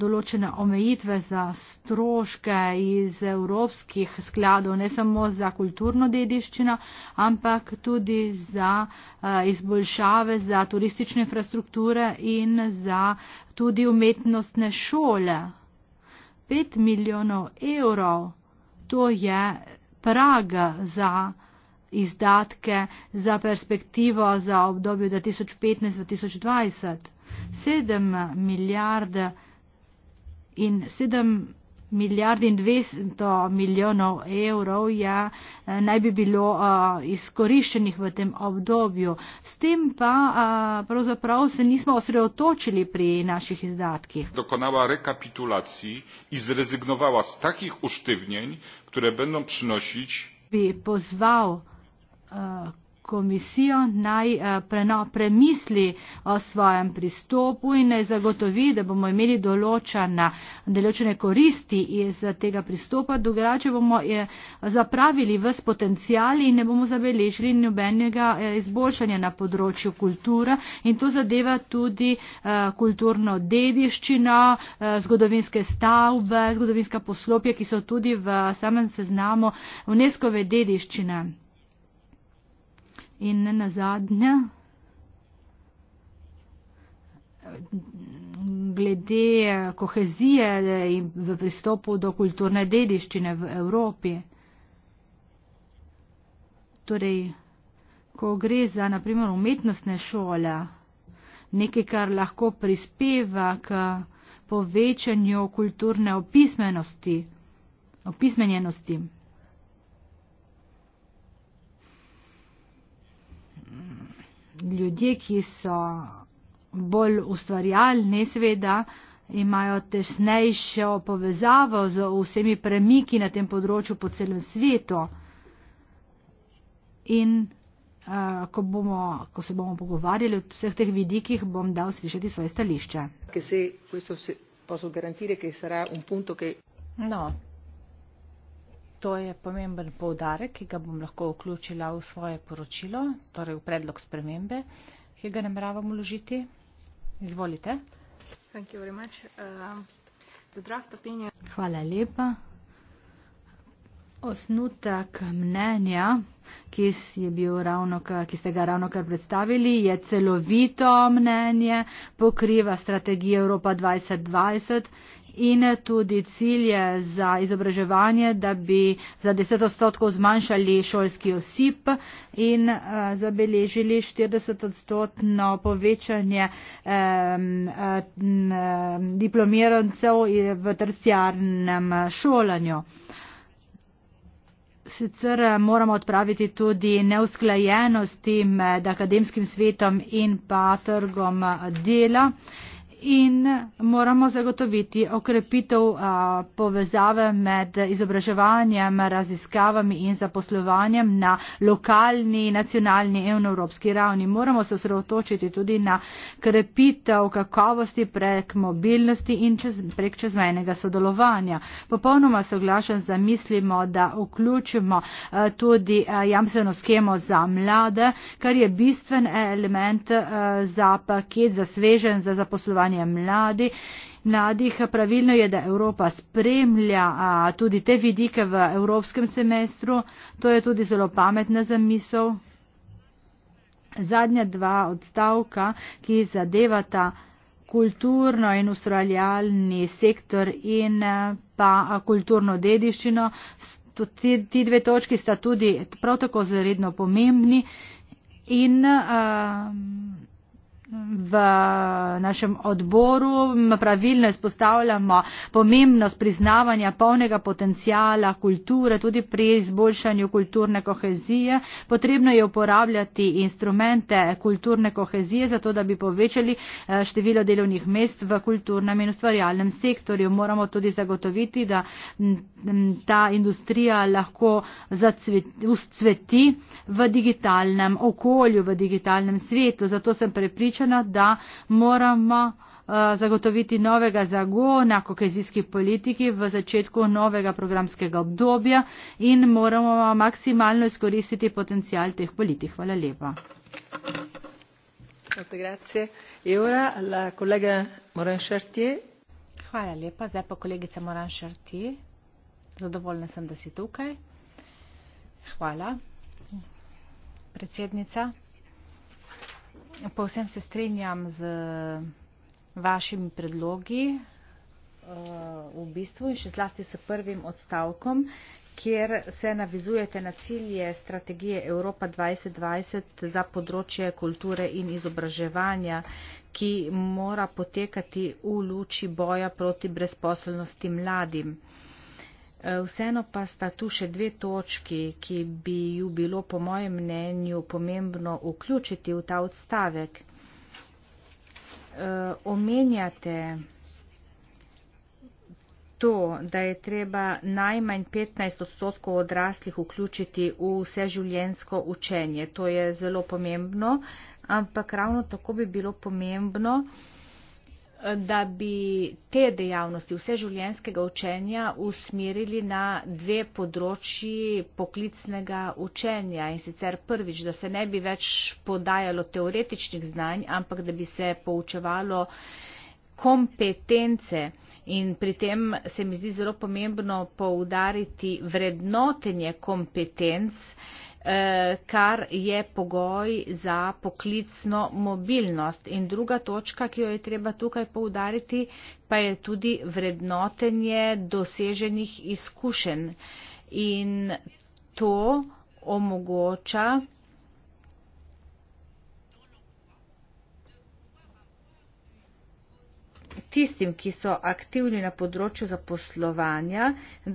C: določene omejitve za stroške iz evropskih skladov, ne samo za kulturno dediščino, ampak tudi za izboljšave, za turistične infrastrukture in za tudi umetnostne šole. 5 milijonov evrov to je prag za izdatke za perspektivo za obdobje 2015-2020. 7 milijard in 7 milijard milijard in 200 milijonov evrov ja, eh, naj bi bilo a, eh, izkoriščenih v tem obdobju. S tem pa a, eh, pravzaprav se nismo osredotočili pri naših izdatkih.
B: Dokonala rekapitulaciji in zrezignovala z takih uštevnjenj, ki bodo prinositi.
C: Bi pozval a, komisijo naj eh, preno, premisli o svojem pristopu in naj zagotovi, da bomo imeli določena, določene koristi iz tega pristopa, drugače bomo eh, zapravili v potencijal in ne bomo zabeležili nobenega eh, izboljšanja na področju kulture in to zadeva tudi kulturno dediščino, zgodovinske stavbe, zgodovinska poslopja, ki so tudi v samem seznamu UNESCO-ve dediščine in ne na zadnja, glede kohezije in v pristopu do kulturne dediščine v Evropi. Torej, ko gre za naprimer umetnostne šole, nekaj, kar lahko prispeva k povečanju kulturne opismenosti, opismenjenosti. ljudje, ki so bolj ustvarjalni, seveda imajo tesnejšo povezavo z vsemi premiki na tem področju po celem svetu. In uh, ko, bomo, ko se bomo pogovarjali o vseh teh vidikih, bom dal slišati svoje stališče. No,
B: To je pomemben povdarek, ki ga bom lahko vključila v svoje poročilo, torej v predlog spremembe, ki ga nameravam uložiti. Izvolite.
A: Um,
C: Hvala lepa. Osnutek mnenja, ki, ravno, ki ste ga ravno kar predstavili, je celovito mnenje, pokriva strategijo Evropa 2020 in tudi cilje za izobraževanje, da bi za 10 odstotkov zmanjšali šolski osip in eh, zabeležili 40 odstotno povečanje eh, diplomirancev v terciarnem šolanju. Sicer eh, moramo odpraviti tudi neusklajenosti med akademskim svetom in pa trgom dela in moramo zagotoviti okrepitev a, povezave med izobraževanjem, raziskavami in zaposlovanjem na lokalni, nacionalni in evropski ravni. Moramo se osredotočiti tudi na krepitev kakovosti prek mobilnosti in čez, prek čezmejnega sodelovanja. Popolnoma soglašam, zamislimo, da vključimo a, tudi a, jamseno skemo za mlade, kar je bistven element a, za paket, za svežen, za zaposlovanje vprašanje mladi, mladih. Pravilno je, da Evropa spremlja a, tudi te vidike v evropskem semestru. To je tudi zelo pametna zamisel. Zadnja dva odstavka, ki zadevata kulturno in ustvarjalni sektor in pa kulturno dediščino. Ti, ti dve točki sta tudi prav tako zredno pomembni in uh, v našem odboru. Pravilno izpostavljamo pomembnost priznavanja polnega potencijala kulture tudi pri izboljšanju kulturne kohezije. Potrebno je uporabljati instrumente kulturne kohezije, zato da bi povečali eh, število delovnih mest v kulturnem in ustvarjalnem sektorju. Moramo tudi zagotoviti, da ta industrija lahko ustveti v digitalnem okolju, v digitalnem svetu. Zato sem prepričan, prepričana, da moramo eh, zagotoviti novega zagona kohezijski politiki v začetku novega programskega obdobja in moramo maksimalno izkoristiti potencial teh politik. Hvala lepa. E
B: Hvala lepa, zdaj pa kolegica Moran Šrti. Zadovoljna sem, da si tukaj. Hvala. Predsednica povsem se strinjam z vašimi predlogi, eh, v bistvu in še zlasti s prvim odstavkom, kjer se navizujete na cilje strategije Evropa 2020 za področje kulture in izobraževanja, ki mora potekati v luči boja proti brezposelnosti mladim. Eh, vseeno pa sta tu še dve točki, ki bi ju bilo po mojem mnenju pomembno vključiti v ta odstavek. Eh, omenjate to, da je treba najmanj 15 odstotkov odraslih vključiti v vseživljensko učenje. To je zelo pomembno, ampak ravno tako bi bilo pomembno, da bi te dejavnosti vse življenskega učenja usmerili na dve področji poklicnega učenja in sicer prvič, da se ne bi več podajalo teoretičnih znanj, ampak da bi se poučevalo kompetence in pri tem se mi zdi zelo pomembno poudariti vrednotenje kompetenc, Eh, kar je pogoj za poklicno mobilnost. In druga točka, ki jo je treba tukaj poudariti, pa je tudi vrednotenje doseženih izkušenj. In to omogoča tistim, ki so aktivni na področju zaposlovanja,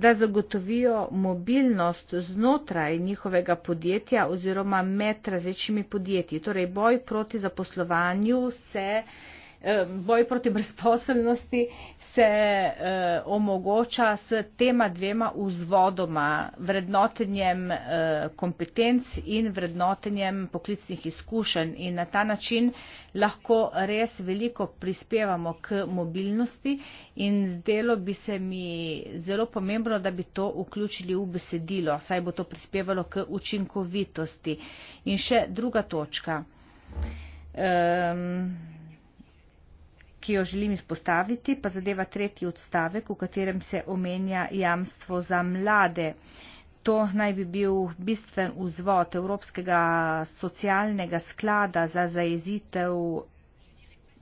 B: da zagotovijo mobilnost znotraj njihovega podjetja oziroma med različnimi podjetji. Torej, boj proti zaposlovanju se uh, Eh, boj proti brezposelnosti se eh, omogoča s tema dvema vzvodoma, vrednotenjem eh, kompetenc in vrednotenjem poklicnih izkušenj. In na ta način lahko res veliko prispevamo k mobilnosti in zdelo bi se mi zelo pomembno, da bi to vključili v besedilo, saj bo to prispevalo k učinkovitosti. In še druga točka. Eh, ki jo želim izpostaviti, pa zadeva tretji odstavek, v katerem se omenja jamstvo za mlade. To naj bi bil bistven vzvod Evropskega socialnega sklada za zajezitev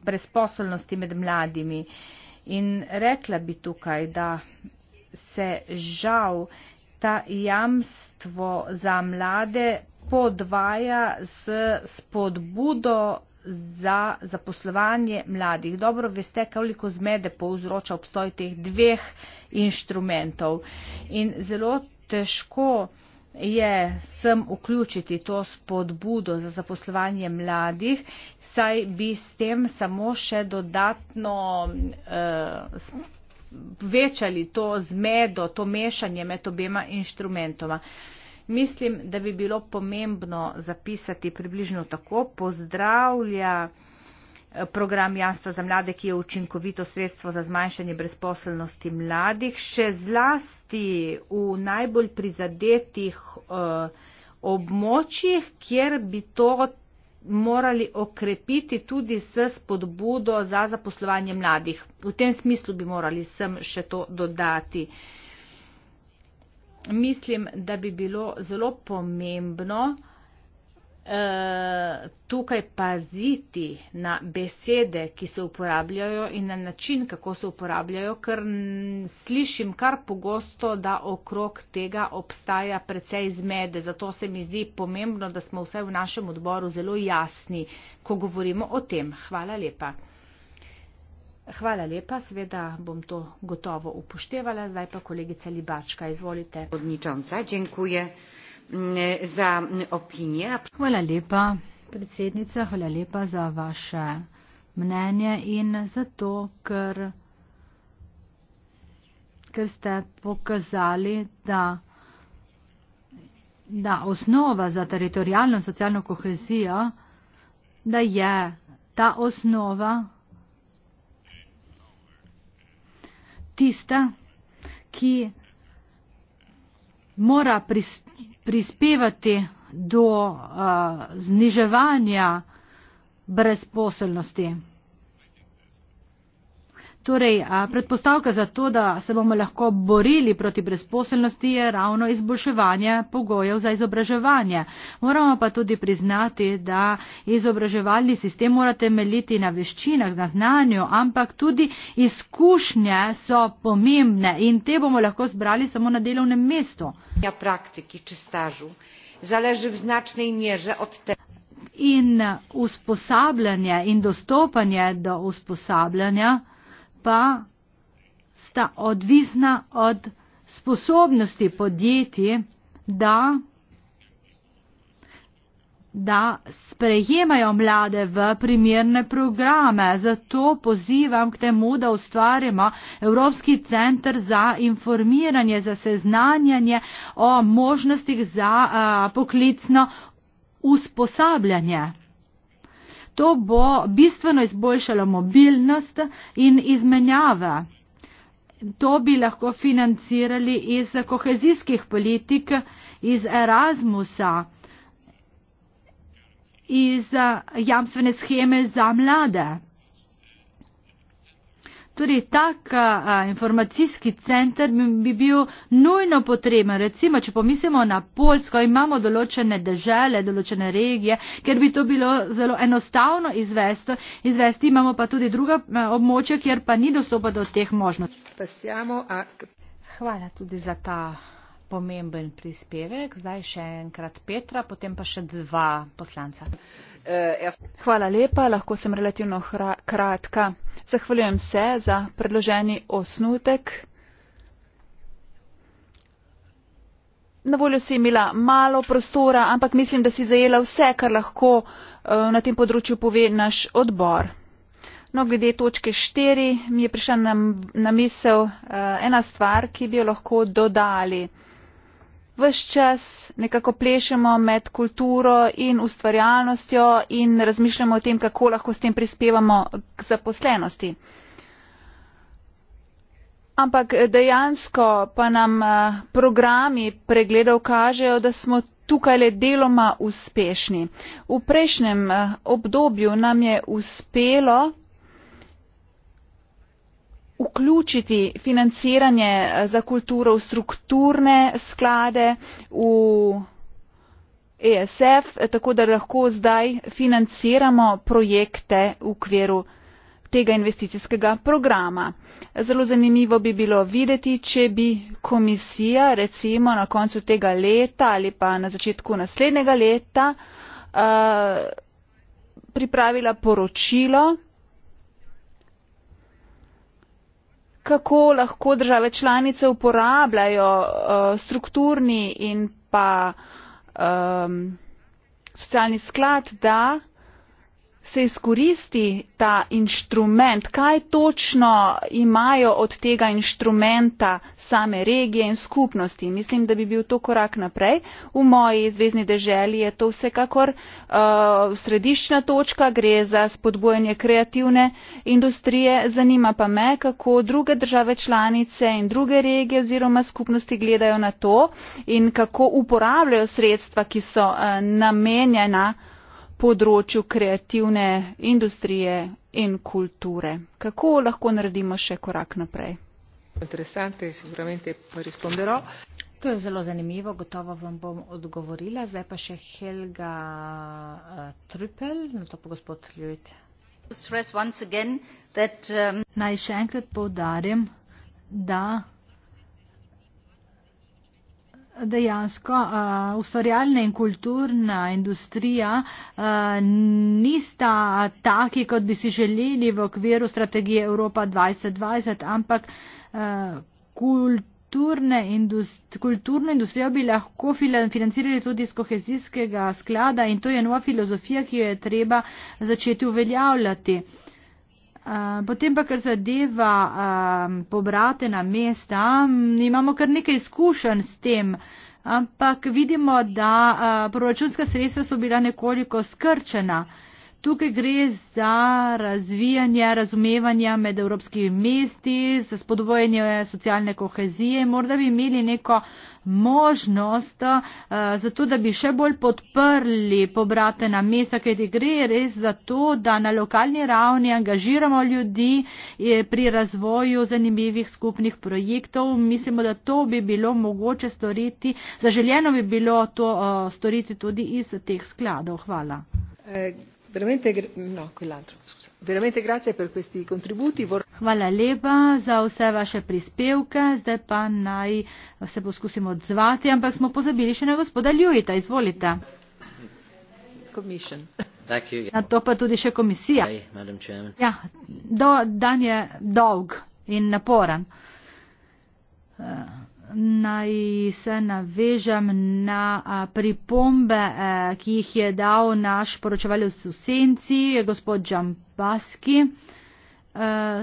B: brezposobnosti med mladimi. In rekla bi tukaj, da se žal ta jamstvo za mlade podvaja s spodbudo za zaposlovanje mladih. Dobro veste, koliko zmede povzroča obstoj teh dveh inštrumentov. In zelo težko je sem vključiti to spodbudo za zaposlovanje mladih, saj bi s tem samo še dodatno uh, večali to zmedo, to mešanje med obema inštrumentoma. Uh, Mislim, da bi bilo pomembno zapisati približno tako. Pozdravlja eh, program Jasta za mlade, ki je učinkovito sredstvo za zmanjšanje brezposelnosti mladih, še zlasti v najbolj prizadetih uh, območjih, kjer bi to morali okrepiti tudi s spodbudo za zaposlovanje mladih. V tem smislu bi morali sem še to dodati. Uh, mislim, da bi bilo zelo pomembno eh, tukaj paziti na besede, ki se uporabljajo in na način, kako se uporabljajo, ker slišim kar pogosto, da okrog tega obstaja precej zmede. Zato se mi zdi pomembno, da smo vsaj v našem odboru zelo jasni, ko govorimo o tem. Hvala lepa. Hvala lepa, seveda bom to gotovo upoštevala. Zdaj pa kolegica Libačka,
C: izvolite. Podničonca, dziękuję mm, za opinijo. Hvala lepa, predsednica, hvala lepa za vaše mnenje in za to, ker, ker ste pokazali, da, da osnova za teritorijalno socialno kohezijo, da je ta osnova, tista, ki mora pris, prispevati do uh, zniževanja brezposelnosti. Torej, a, predpostavka za to, da se bomo lahko borili proti brezposelnosti, je ravno izboljševanje pogojev za izobraževanje. Moramo pa tudi priznati, da izobraževalni sistem mora temeljiti na veščinah, na znanju, ampak tudi izkušnje so pomembne in te bomo lahko zbrali samo na delovnem mestu. Ja, in usposabljanje in dostopanje do usposabljanja pa sta odvisna od sposobnosti podjetij, da, da sprejemajo mlade v primerne programe. Zato pozivam k temu, da ustvarimo Evropski centr za informiranje, za seznanjanje o možnostih za a, poklicno usposabljanje. To bo bistveno izboljšalo mobilnost in izmenjava. To bi lahko financirali iz kohezijskih politik, iz Erasmusa, iz jamstvene scheme za mlade tudi tak a, informacijski centr bi bil nujno potreben. Recimo, če pomislimo na Poljsko, imamo določene države, določene regije, ker bi to bilo zelo enostavno izvesti, izvesti imamo pa tudi druga a, območja, kjer pa ni dostopa do teh možnosti.
B: Hvala tudi za ta pomemben prispevek. Zdaj še enkrat Petra, potem pa še dva poslanca.
A: Hvala lepa, lahko sem relativno kratka. Zahvaljujem se za predloženi osnutek. Na voljo si imela malo prostora, ampak mislim, da si zajela vse, kar lahko eh, na tem področju pove naš odbor. No, glede točke 4 mi je prišla na, na misel eh, ena stvar, ki bi jo lahko dodali vse čas nekako plešemo med kulturo in ustvarjalnostjo in razmišljamo o tem, kako lahko s tem prispevamo k zaposlenosti. Ampak dejansko pa nam eh, programi pregledov kažejo, da smo tukaj le deloma uspešni. V prejšnjem eh, obdobju nam je uspelo vključiti financiranje eh, za kulturo v strukturne sklade v ESF, eh, tako da lahko zdaj financiramo projekte v okviru tega investicijskega programa. Zelo zanimivo bi bilo videti, če bi komisija recimo na koncu tega leta ali pa na začetku naslednjega leta uh, pripravila poročilo, kako lahko države članice uporabljajo uh, strukturni in pa um, socialni sklad, da uh, se izkoristi ta inštrument, kaj točno imajo od tega inštrumenta same regije in skupnosti. Mislim, da bi bil to korak naprej. V moji zvezdni deželi je to vsekakor uh, središčna točka, gre za spodbojanje kreativne industrije. Zanima pa me, kako druge države članice in druge regije oziroma skupnosti gledajo na to in kako uporabljajo sredstva, ki so uh, namenjena področju kreativne industrije in kulture. Kako lahko naredimo še korak naprej?
B: To je zelo zanimivo, gotovo vam bom odgovorila. Zdaj pa še Helga uh,
C: Trupel, na to pa gospod Ljubit. Um... Naj še enkrat povdarim, da Dejansko uh, ustvarjalna in kulturna industrija uh, nista taki, kot bi si želeli v okviru strategije Evropa 2020, ampak uh, kulturne industri kulturno industrijo bi lahko financirali tudi iz kohezijskega sklada in to je nova filozofija, ki jo je treba začeti uveljavljati. Eh, potem pa, kar zadeva um, pobrate na mesta, mm, imamo kar nekaj izkušenj s tem, ampak vidimo, da uh, proračunska sredstva so bila nekoliko skrčena. Uh, Tukaj gre za razvijanje razumevanja med evropskimi mesti, za spodbojanje socialne kohezije. Morda bi imeli neko možnost, uh, zato da bi še bolj podprli pobratena mesta, ker gre res za to, da na lokalni ravni angažiramo ljudi eh, pri razvoju zanimivih skupnih projektov. Mislimo, da to bi bilo mogoče storiti. Zaželjeno bi bilo to uh, storiti tudi iz teh skladov. Hvala. Uh, No, veramente grazie per questi contributi hvala lepa za vse vaše prispevke zdaj pa naj se poskusimo odzvati ampak smo pozabili še na gospoda ljujita izvolite na to pa tudi še komisija ja do, dan je dolg in naporan uh, eh, naj se navežem na pripombe, ki jih je dal naš poročevalec v senci, gospod Džambaski.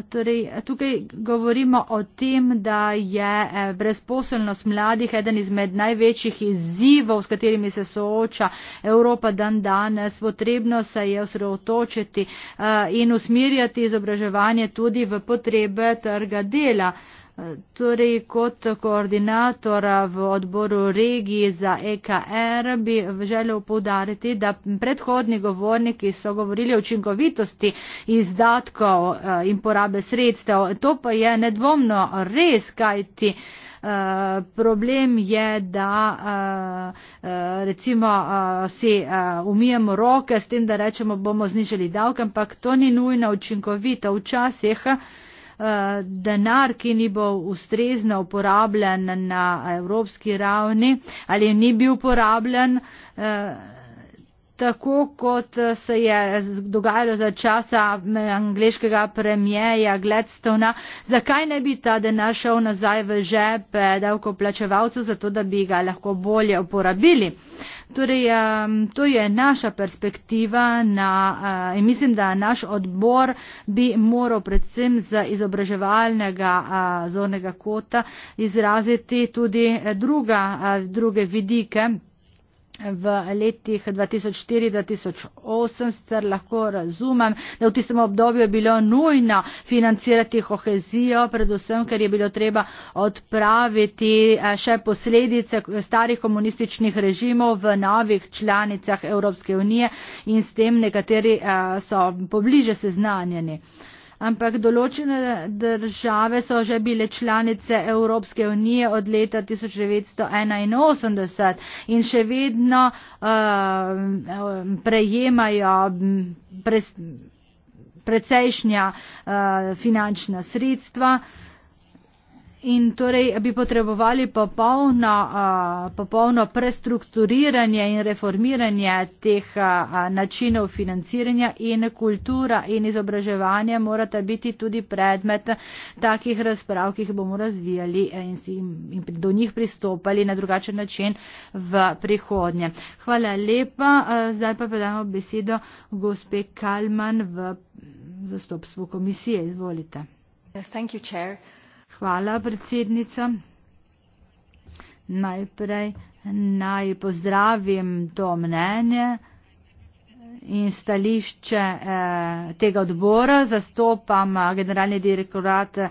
C: Torej, tukaj govorimo o tem, da je brezposelnost mladih eden izmed največjih izzivov, s katerimi se sooča Evropa dan danes. Potrebno se je osredotočiti in usmirjati izobraževanje tudi v potrebe trga dela. Torej, kot koordinator v odboru regiji za EKR bi želel povdariti, da predhodni govorniki so govorili o učinkovitosti izdatkov eh, in porabe sredstev. To pa je nedvomno res, kajti. Uh, problem je, da uh, uh, recimo uh, si uh, umijemo roke s tem, da rečemo, bomo znižali davke, ampak to ni nujno učinkovito. Včasih uh, Eh, denar, ki ni bil ustrezno uporabljen na evropski ravni ali ni bil uporabljen. Uh, tako kot eh, se je dogajalo za časa eh, angliškega premijeja Gladstona, zakaj ne bi ta denar šel nazaj v žepe davkoplačevalcev, zato da bi ga lahko bolje uporabili. Torej, to je naša perspektiva na, eh, in mislim, da naš odbor bi moral predvsem z izobraževalnega zornega kota izraziti tudi druga, druge vidike v letih 2004-2008 sicer lahko razumem, da v tistem obdobju je bilo nujno financirati kohezijo, predvsem ker je bilo treba odpraviti eh, še posledice starih komunističnih režimov v novih članicah Evropske unije in s tem nekateri eh, so pobliže seznanjeni ampak določene države so že bile članice Evropske unije od leta 1981 in še vedno uh, prejemajo pres, precejšnja uh, finančna sredstva. Uh, In torej bi potrebovali popolno, uh, popolno prestrukturiranje in reformiranje teh uh, načinov financiranja in kultura in izobraževanje morata biti tudi predmet takih razprav, ki jih bomo razvijali in, si, in do njih pristopali na drugačen način v prihodnje. Hvala lepa. Uh, zdaj pa predamo besedo gospe Kalman v zastopstvu komisije. Izvolite. Hvala, predsednica. Hvala, predsednica. Najprej naj pozdravim to mnenje in stališče eh, tega odbora. Zastopam eh, generalni direktorat eh,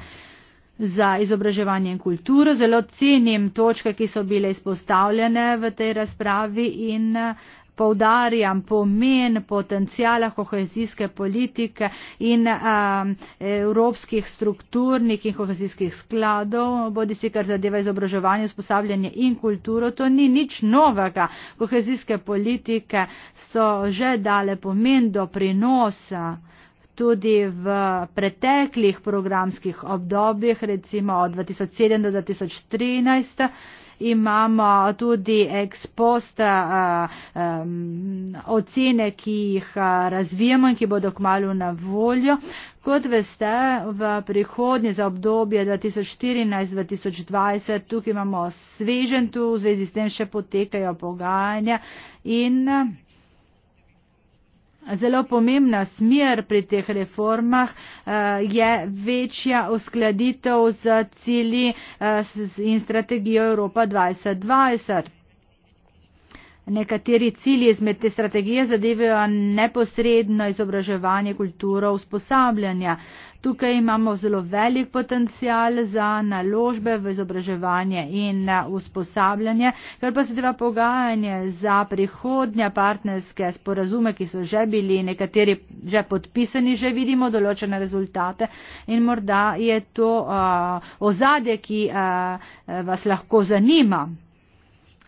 C: za izobraževanje in kulturo. Zelo cenim točke, ki so bile izpostavljene v tej razpravi in eh, poudarjam pomen potencijala kohezijske politike in evropskih strukturnih in kohezijskih skladov, bodi si kar zadeva izobraževanje, usposabljanje in kulturo. To ni nič novega. Kohezijske politike so že dale pomen do prinosa tudi v preteklih programskih obdobjih, recimo od 2007 do 2013 imamo tudi ekspost um, eh, ocene, ki jih eh, razvijamo in ki bodo kmalo na voljo. Kot veste, v prihodnje za obdobje 2014-2020 tukaj imamo svežen tu, v zvezi s tem še potekajo pogajanja in zelo pomembna smer pri teh reformah eh, je večja uskladitev z cilji eh, in strategijo Evropa 2020. Nekateri cilji izmed te strategije zadevajo neposredno izobraževanje kulturo usposabljanja. Tukaj imamo zelo velik potencial za naložbe v izobraževanje in usposabljanje, kar pa se deva pogajanje za prihodnja partnerske sporazume, ki so že bili nekateri že podpisani, že vidimo določene rezultate in morda je to uh, ozadje, ki uh, vas lahko zanima.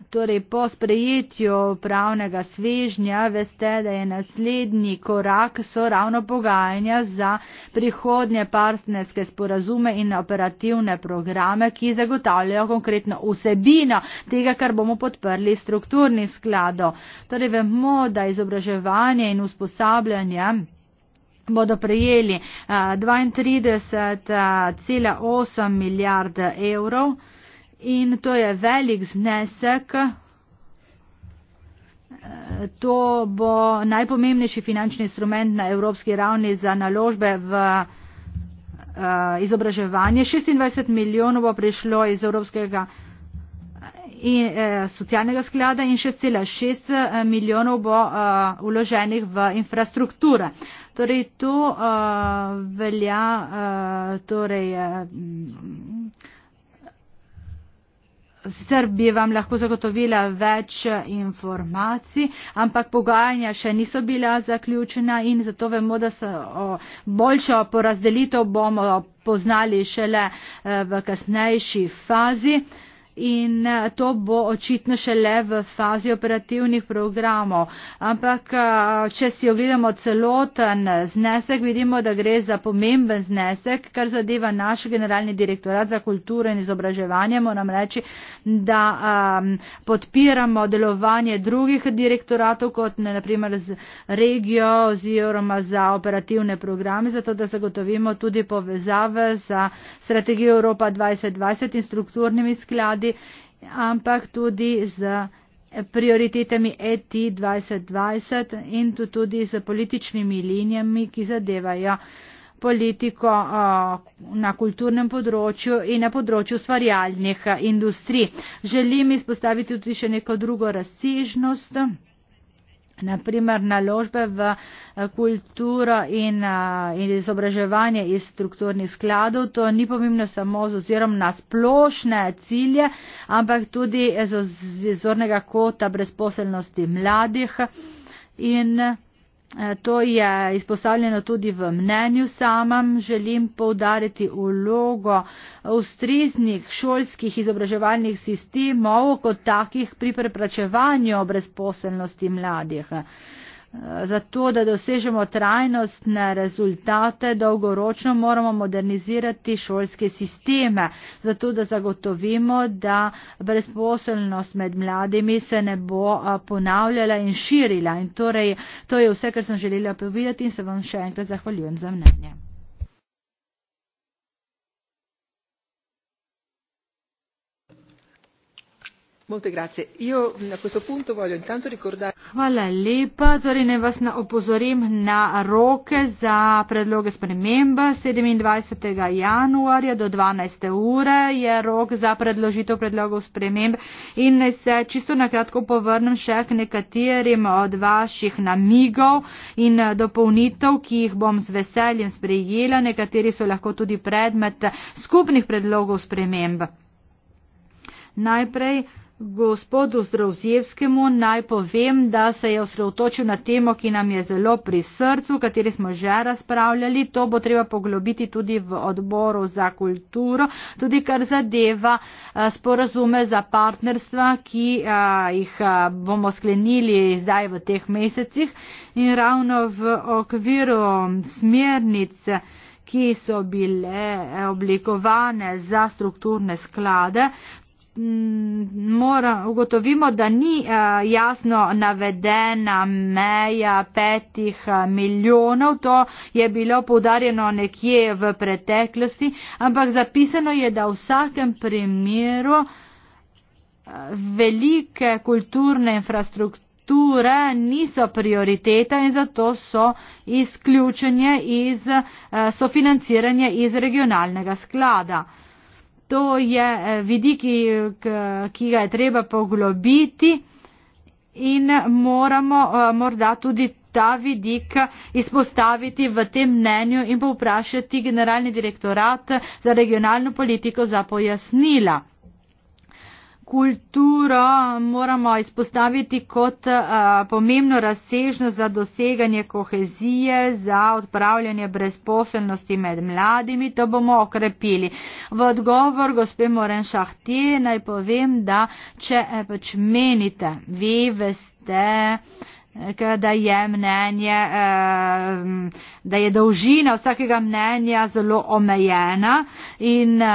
C: Torej, po sprejetju pravnega svežnja veste, da je naslednji korak so ravno pogajanja za prihodnje partnerske sporazume in operativne programe, ki zagotavljajo konkretno vsebino tega, kar bomo podprli strukturni sklado. Torej, vemo, da izobraževanje in usposabljanje bodo prejeli 32,8 eh, eh, milijarde evrov in to je velik znesek. E, to bo najpomembnejši finančni instrument na evropski ravni za naložbe v e, izobraževanje. 26 milijonov bo prišlo iz Evropskega e, in, eh, socialnega sklada in 6,6 milijonov bo eh, uloženih v infrastrukture. Torej, to eh, velja eh, torej, eh, Sicer bi vam lahko zagotovila več eh, informacij, ampak pogajanja še niso bila zaključena in zato vemo, da se o boljšo porazdelitev bomo poznali šele eh, v kasnejši fazi in eh, to bo očitno šele v fazi operativnih programov. Ampak, eh, če si ogledamo celoten znesek, vidimo, da gre za pomemben znesek, kar zadeva naš generalni direktorat za kulturo in izobraževanje. Moram reči, da um, podpiramo delovanje drugih direktoratov, kot ne, naprimer z regijo oziroma za operativne programe, zato da zagotovimo tudi povezave za strategijo Evropa 2020 in strukturnimi skladi mladi, ampak tudi z prioritetami e ET 2020 in tudi z političnimi linijami, ki zadevajo politiko na kulturnem področju in na področju stvarjalnih industrij. Želim izpostaviti tudi še neko drugo razsežnost naprimer naložbe v eh, kulturo in, eh, in izobraževanje iz strukturnih skladov. To ni pomembno samo z ozirom na splošne cilje, ampak tudi z vizornega kota brezposelnosti mladih. In Eh, to je izpostavljeno tudi v mnenju samem. Želim povdariti ulogo ustriznih šolskih izobraževalnih sistemov kot takih pri preprečevanju brezposelnosti mladih. Zato, da dosežemo trajnostne rezultate, dolgoročno moramo modernizirati šolske sisteme, zato da zagotovimo, da brezposelnost med mladimi se ne bo ponavljala in širila. In torej, to je vse, kar sem želela povedati in se vam še enkrat zahvaljujem za mnenje. Hvala lepa, torej ne vas opozorim na roke za predloge spremembe. 27. januarja do 12. ure je rok za predložitev predlogov sprememb in naj se čisto na kratko povrnem še k nekaterim od vaših namigov in dopolnitev, ki jih bom z veseljem sprejela. Nekateri so lahko tudi predmet skupnih predlogov sprememb. Najprej, gospodu Zdravzjevskemu naj povem, da se je osredotočil na temo, ki nam je zelo pri srcu, kateri smo že razpravljali. To bo treba poglobiti tudi v odboru za kulturo, tudi kar zadeva sporazume za partnerstva, ki jih bomo sklenili zdaj v teh mesecih in ravno v okviru smernice ki so bile oblikovane za strukturne sklade, mora, ugotovimo, da ni eh, jasno navedena meja petih eh, milijonov, to je bilo poudarjeno nekje v preteklosti, ampak zapisano je, da v vsakem primeru eh, velike kulturne infrastrukture niso prioriteta in zato so izključenje iz sofinanciranje iz regionalnega sklada to je eh, vidik, ki, ki ga je treba poglobiti in moramo eh, morda tudi ta vidik izpostaviti v tem mnenju in povprašati generalni direktorat za regionalno politiko za pojasnila kulturo moramo izpostaviti kot a, eh, pomembno razsežnost za doseganje kohezije, za odpravljanje brezposelnosti med mladimi, to bomo okrepili. V odgovor gospe Morenšahtje naj povem, da če eh, pač menite, vi veste, da je mnenje, eh, da je dolžina vsakega mnenja zelo omejena in eh,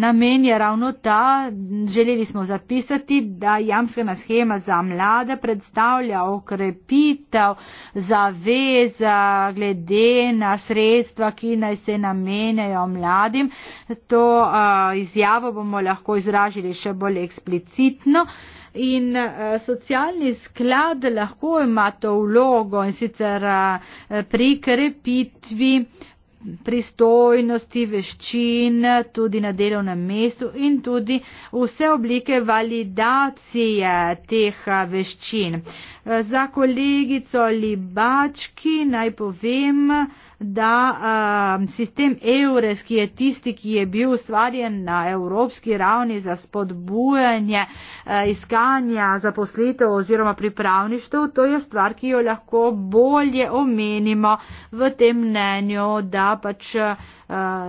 C: namen je ravno ta, želeli smo zapisati, da jamstvena schema za mlade predstavlja okrepitev zaveza glede na sredstva, ki naj se namenjajo mladim. To eh, izjavo bomo lahko izražili še bolj eksplicitno in uh, socialni sklad lahko ima to vlogo in sicer uh, pri krepitvi pristojnosti, veščin tudi na delovnem mestu in tudi vse oblike validacije teh eh, veščin. Uh, Eh, za kolegico Libački naj povem, da eh, sistem EURES, ki je tisti, ki je bil ustvarjen na evropski ravni za spodbujanje eh, iskanja zaposlitev oziroma pripravništev, to je stvar, ki jo lahko bolje omenimo v tem mnenju, da pač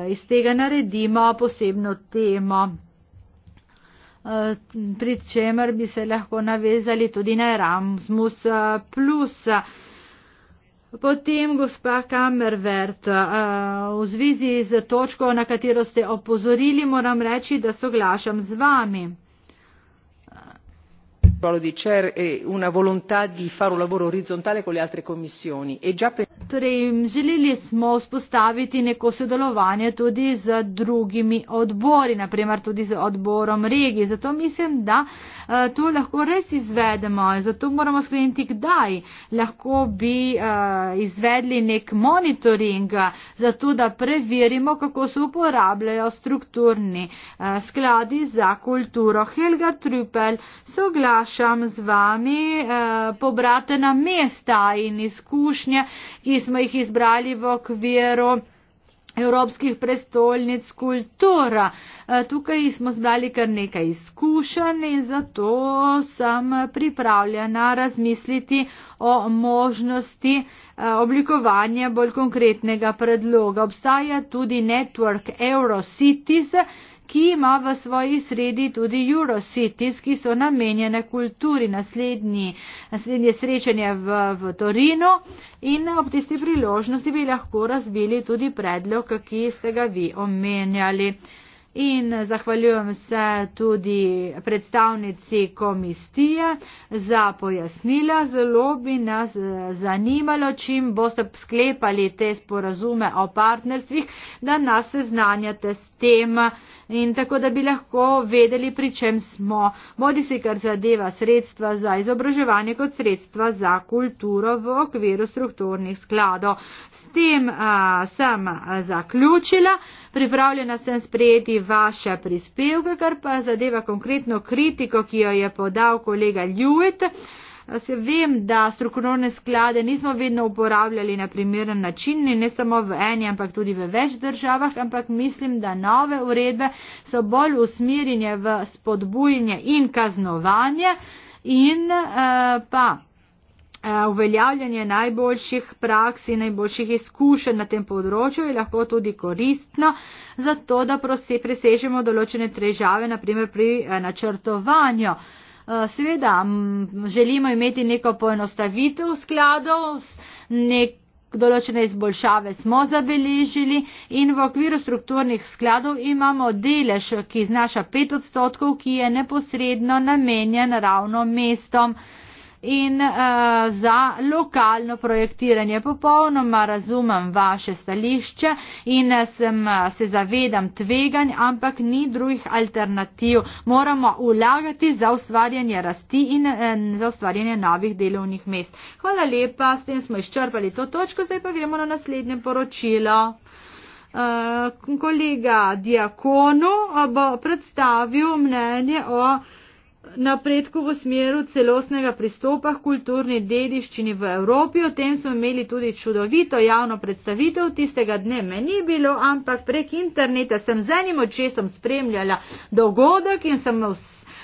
C: iz tega naredimo posebno temo. Eh, pri čemer bi se lahko navezali tudi na Erasmus. Eh, Potem, gospa Kammervert, eh, v zvezi z točko, na katero ste opozorili, moram reči, da soglašam z vami ruolo di cer e una volontà di fare un lavoro orizzontale con le altre commissioni. E torej, želeli smo vzpostaviti neko sodelovanje tudi z drugimi odbori, naprimer tudi z odborom regije. Zato mislim, da eh, to lahko res izvedemo. Zato moramo skleniti, kdaj lahko bi eh, izvedli nek monitoring, zato da preverimo, kako se uporabljajo strukturni eh, skladi za kulturo. Helga Trupel soglaša prenašam z vami eh, pobratena mesta in izkušnje, ki smo jih izbrali v okviru evropskih prestolnic kultura. Eh, tukaj smo zbrali kar nekaj izkušenj in zato sem pripravljena razmisliti o možnosti eh, oblikovanja bolj konkretnega predloga. Obstaja tudi Network Eurocities, ki ima v svoji sredi tudi Eurocities, ki so namenjene kulturi. Naslednji, naslednje srečanje v, v Torino in ob tisti priložnosti bi lahko razvili tudi predlog, ki ste ga vi omenjali. In zahvaljujem se tudi predstavnici komisije za pojasnila. Zelo bi nas eh, zanimalo, čim boste sklepali te sporazume o partnerstvih, da nas seznanjate s tem in tako, da bi lahko vedeli, pri čem smo, bodi si kar zadeva sredstva za izobraževanje kot sredstva za kulturo v okviru strukturnih skladov. S tem a, sem zaključila, pripravljena sem sprejeti vaše prispevke, kar pa zadeva konkretno kritiko, ki jo je podal kolega Ljuit. Se vem, da strokovne sklade nismo vedno uporabljali na primeren način in ne samo v eni, ampak tudi v več državah, ampak mislim, da nove uredbe so bolj usmirjene v spodbujanje in kaznovanje in uh, pa eh, uveljavljanje najboljših praks in najboljših izkušenj na tem področju je lahko tudi koristno za to, da presežemo določene trežave, naprimer pri eh, načrtovanju uh, Eh, seveda, želimo imeti neko poenostavitev skladov, nek določene izboljšave smo zabeležili in v okviru strukturnih skladov imamo delež, ki znaša 5 odstotkov, ki je neposredno namenjen ravno mestom in uh, za lokalno projektiranje. Popolnoma razumem vaše stališče in eh, sem, eh, se zavedam tveganj, ampak ni drugih alternativ. Moramo ulagati za ustvarjanje rasti in uh, za ustvarjanje novih delovnih mest. Hvala lepa, s tem smo izčrpali to točko, zdaj pa gremo na naslednje poročilo. Uh, kolega Diakonu bo predstavil mnenje o uh, napredku v smeru celostnega pristopa k kulturni dediščini v Evropi. O tem smo imeli tudi čudovito javno predstavitev. Tistega dne me ni bilo, ampak prek interneta sem z enim očesom spremljala dogodek in sem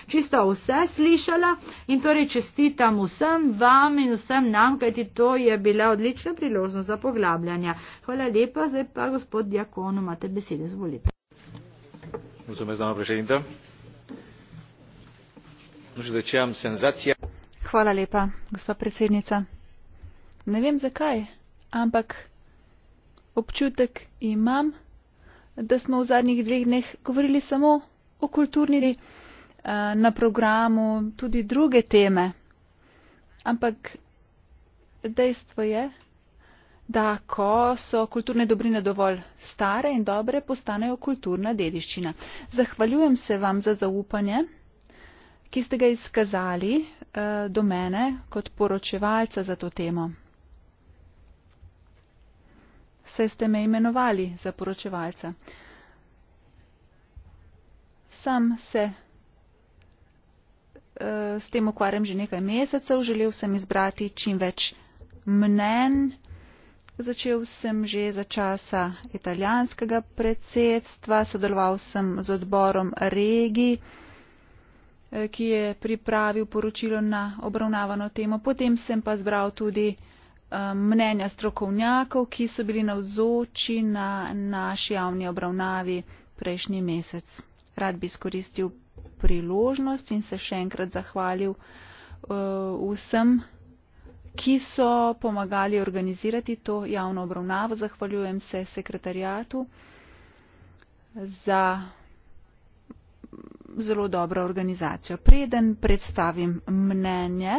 C: čisto vse slišala. In torej čestitam vsem vam in vsem nam, kajti to je bila odlična priložnost za poglabljanje. Hvala lepa, zdaj pa gospod Diakon, imate besede, zvolite.
B: Mulțumesc, doamna președintă
A: ne vem zakaj, ampak občutek imam, da smo v zadnjih dveh dneh govorili samo o kulturni uh, na programu, tudi druge teme. Ampak dejstvo je, da ko so kulturne dobrine dovolj stare in dobre, postanejo kulturna dediščina. Zahvaljujem se vam za zaupanje ki ste ga izkazali uh, do mene kot poročevalca za to temo. Saj ste me imenovali za poročevalca. Sam se uh, s tem ukvarjam že nekaj mesecev, želel sem izbrati čim več mnen. Začel sem že za časa italijanskega predsedstva, sodeloval sem z odborom regij. Eh, ki je pripravil poročilo na obravnavano temo. Potem sem pa zbral tudi eh, mnenja strokovnjakov, ki so bili navzoči na naši javni obravnavi prejšnji mesec. Rad bi skoristil priložnost in se še enkrat zahvalil eh, vsem, ki so pomagali organizirati to javno obravnavo. Zahvaljujem se sekretarjatu za zelo dobro organizacijo. Preden predstavim mnenje,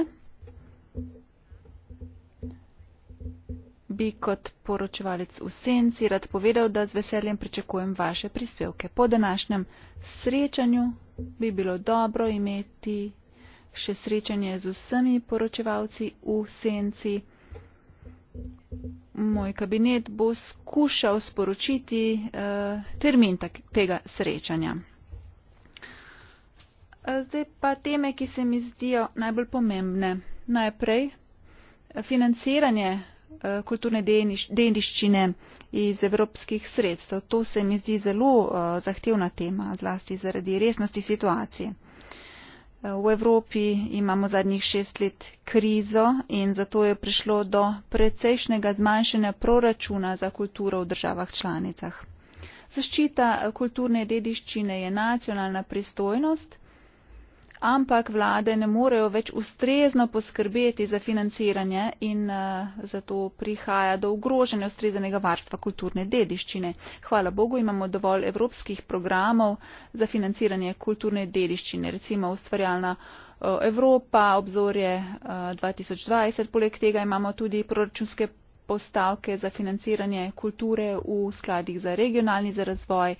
A: bi kot poročevalec v senci rad povedal, da z veseljem pričakujem vaše prispevke. Po današnjem srečanju bi bilo dobro imeti še srečanje z vsemi poročevalci v senci. Moj kabinet bo skušal sporočiti eh, termin tak, tega srečanja. Eh, zdaj pa teme, ki se mi zdijo najbolj pomembne. Najprej eh, financiranje eh, kulturne dediščine iz evropskih sredstev. To se mi zdi zelo zahtevna tema, zlasti zaradi resnosti situacije. V Evropi imamo zadnjih šest let krizo in zato je prišlo do precejšnjega zmanjšanja proračuna za kulturo v državah članicah. Zaščita kulturne dediščine je nacionalna pristojnost ampak vlade ne morejo več ustrezno poskrbeti za financiranje in eh, zato prihaja do ogrožene ustrezenega varstva kulturne dediščine. Hvala Bogu imamo dovolj evropskih programov za financiranje kulturne dediščine, recimo ustvarjalna eh, Evropa, obzorje 2020, eh, poleg tega imamo tudi proračunske postavke za financiranje kulture v skladih za regionalni za razvoj,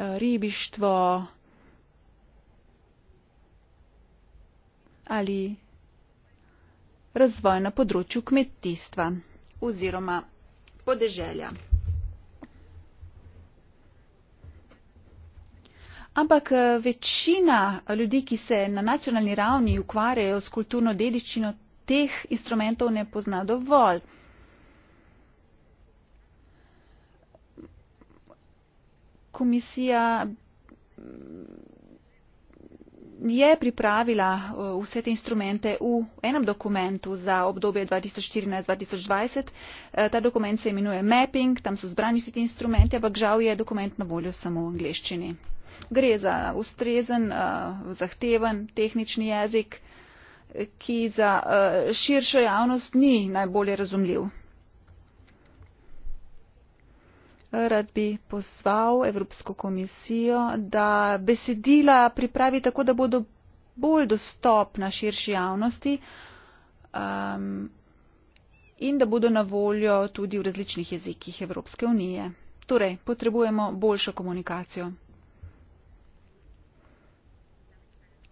A: ribištvo, ali razvoj na področju kmetijstva oziroma podeželja. Ampak eh, večina ljudi, ki se na nacionalni ravni ukvarjajo s kulturno dediščino, teh instrumentov ne pozna dovolj. Komisija je pripravila uh, vse te instrumente v enem dokumentu za obdobje 2014-2020. Uh, ta dokument se imenuje Mapping, tam so zbrani vsi ti instrumenti, ampak žal je dokument na voljo samo v angliščini. Gre za ustrezen, uh, zahteven tehnični jezik, ki za širšo javnost ni najbolje razumljiv rad bi pozval Evropsko komisijo, da besedila pripravi tako, da bodo bolj dostopna širši javnosti um, in da bodo na voljo tudi v različnih jezikih Evropske unije. Torej, potrebujemo boljšo komunikacijo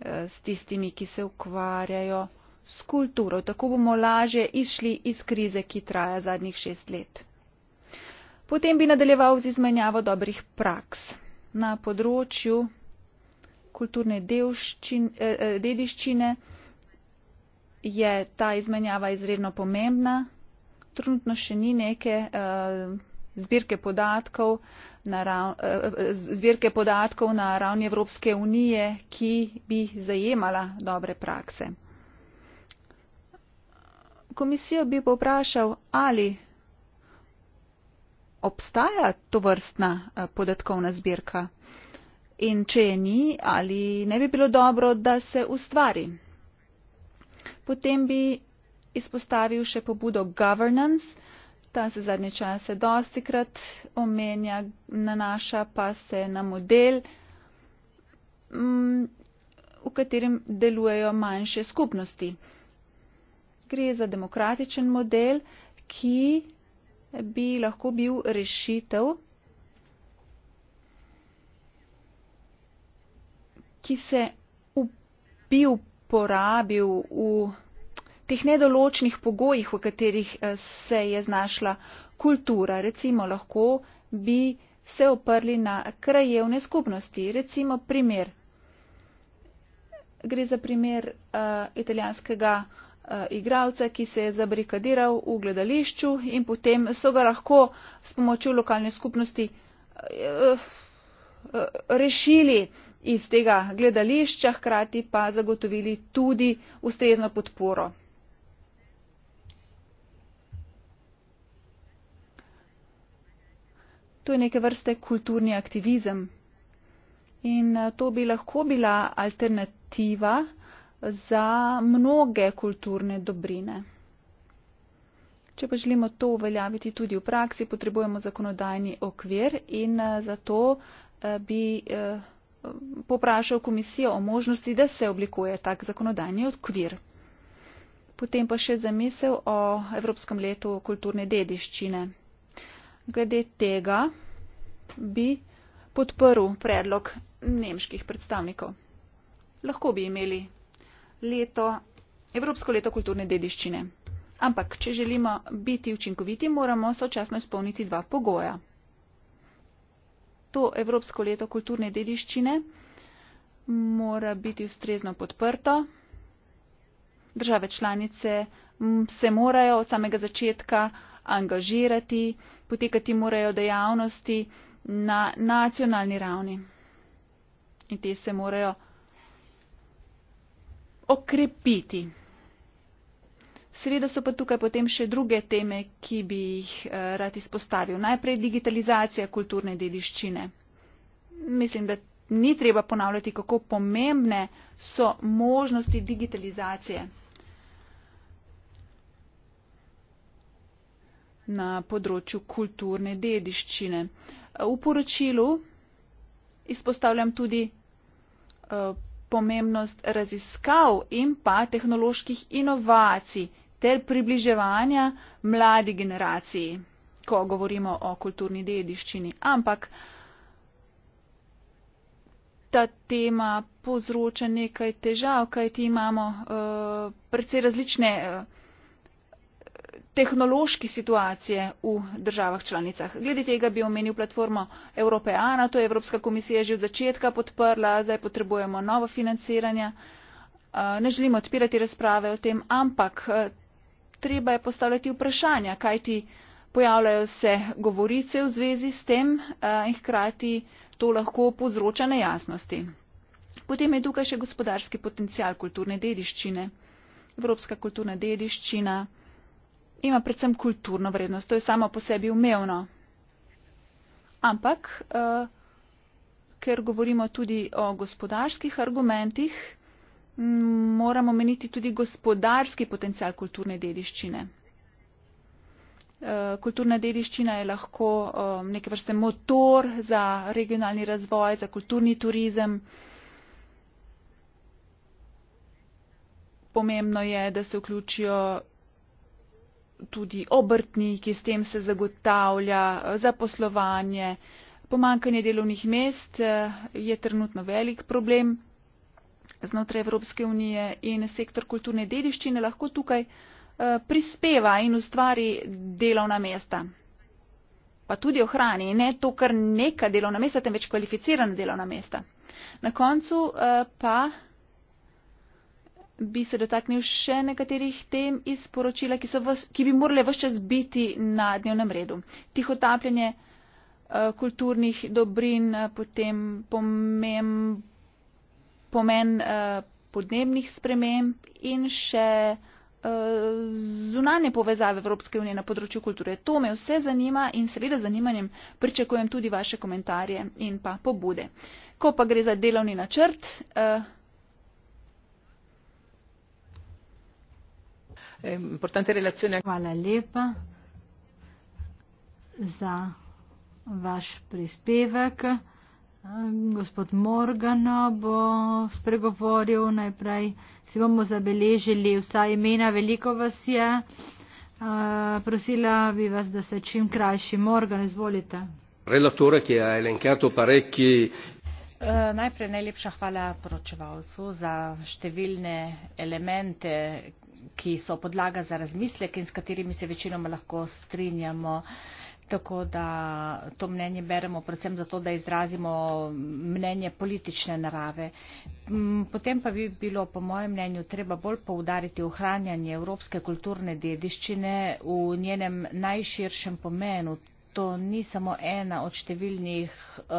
A: eh, s tistimi, ki se ukvarjajo s kulturo. Tako bomo lažje išli iz krize, ki traja zadnjih šest let. Potem bi nadaljeval z izmenjavo dobrih praks na področju kulturne eh, eh, dediščine. Je ta izmenjava izredno pomembna. Trenutno še ni neke eh, zbirke podatkov, zbirke podatkov na ravni Evropske unije, ki bi zajemala dobre prakse. Komisijo bi povprašal, ali obstaja to vrstna eh, podatkovna zbirka in če je ni, ali ne bi bilo dobro, da se ustvari. Potem bi izpostavil še pobudo governance, ta se zadnje čase dosti krat omenja, nanaša pa se na model, mm, v katerem delujejo manjše skupnosti. Gre za demokratičen model, ki bi lahko bil rešitev, ki se bi uporabil v teh nedoločnih pogojih, v katerih eh, se je znašla kultura. Recimo lahko bi se oprli na krajevne skupnosti. Recimo primer. Gre za primer uh, italijanskega Eh, igralca, ki se je zabrikadiral v gledališču in potem so ga lahko s pomočjo lokalne skupnosti eh, eh, rešili iz tega gledališča, hkrati pa zagotovili tudi ustrezno podporo. To je neke vrste kulturni aktivizem. In to bi lahko bila alternativa za mnoge kulturne dobrine. Če pa želimo to uveljaviti tudi v praksi, potrebujemo zakonodajni okvir in eh, zato eh, bi eh, poprašal komisijo o možnosti, da se oblikuje tak zakonodajni okvir. Potem pa še zamisel o Evropskem letu kulturne dediščine. Glede tega bi podprl predlog nemških predstavnikov. Lahko bi imeli leto, Evropsko leto kulturne dediščine. Ampak, če želimo biti učinkoviti, moramo sočasno izpolniti dva pogoja. To Evropsko leto kulturne dediščine mora biti ustrezno podprto. Države članice se morajo od samega začetka angažirati, potekati morajo dejavnosti na nacionalni ravni. In te se morajo okrepiti. Seveda so pa tukaj potem še druge teme, ki bi jih eh, rad izpostavil. Najprej digitalizacija kulturne dediščine. Mislim, da ni treba ponavljati, kako pomembne so možnosti digitalizacije. na področju kulturne dediščine. V poročilu izpostavljam tudi uh, pomembnost raziskav in pa tehnoloških inovacij ter približevanja mladi generaciji, ko govorimo o kulturni dediščini. Ampak ta tema povzroča nekaj težav, kajti imamo uh, precej različne. Uh, tehnološki situacije v državah članicah. glede tega bi omenil platformo europeana to je evropska komisija že od začetka podprla zdaj potrebujemo novo financiranje eh, ne želim odpirati razprave o tem ampak eh, treba je postavljati vprašanja kajti pojavljajo se govorice v zvezi s tem eh, in hkrati to lahko povzroča nejasnosti. potem je tukaj še gospodarski potencial kulturne dediščine. evropska kulturna dediščina ima predvsem kulturno vrednost, to je samo po sebi umevno. Ampak, eh, ker govorimo tudi o gospodarskih argumentih, moramo meniti tudi gospodarski potencial kulturne dediščine. Eh, kulturna dediščina je lahko eh, neke vrste motor za regionalni razvoj, za kulturni turizem. Pomembno je, da se vključijo tudi obrtniki s tem se zagotavlja eh, zaposlovanje pomankanje delovnih mest eh, je trenutno velik problem znotraj evropske unije in sektor kulturne dediščine lahko tukaj eh, prispeva in ustvari delovna mesta pa tudi ohrani ne to kar neka delovna mesta temveč kvalificirana delovna mesta na koncu pa bi se dotaknil še nekaterih tem iz poročila, ki, v, ki bi morale vse čas biti na dnevnem redu. Tihotapljanje eh, kulturnih dobrin, eh, potem pomem, pomen eh, podnebnih sprememb in še zunanje povezave Evropske unije na področju kulture. To me vse zanima in seveda zanimanjem pričakujem tudi vaše komentarje in pa pobude. Ko pa gre za delovni načrt, uh,
C: Eh, hvala lepa za vaš prispevek. Eh, gospod Morgano bo spregovoril najprej. Si bomo zabeležili vsa imena, veliko vas je. Eh, prosila bi vas, da se čim krajši Morgan, izvolite.
A: Relatore, ki je elenkato
B: parekki
C: Eh, najprej najlepša hvala poročevalcu za
B: številne elemente ki so podlaga za razmislek in s katerimi se večinoma lahko strinjamo tako da to mnenje beremo predvsem zato, da izrazimo mnenje politične narave. Mm, potem pa bi bilo po mojem mnenju treba bolj poudariti ohranjanje evropske kulturne dediščine v njenem najširšem pomenu, to ni samo ena od številnih eh,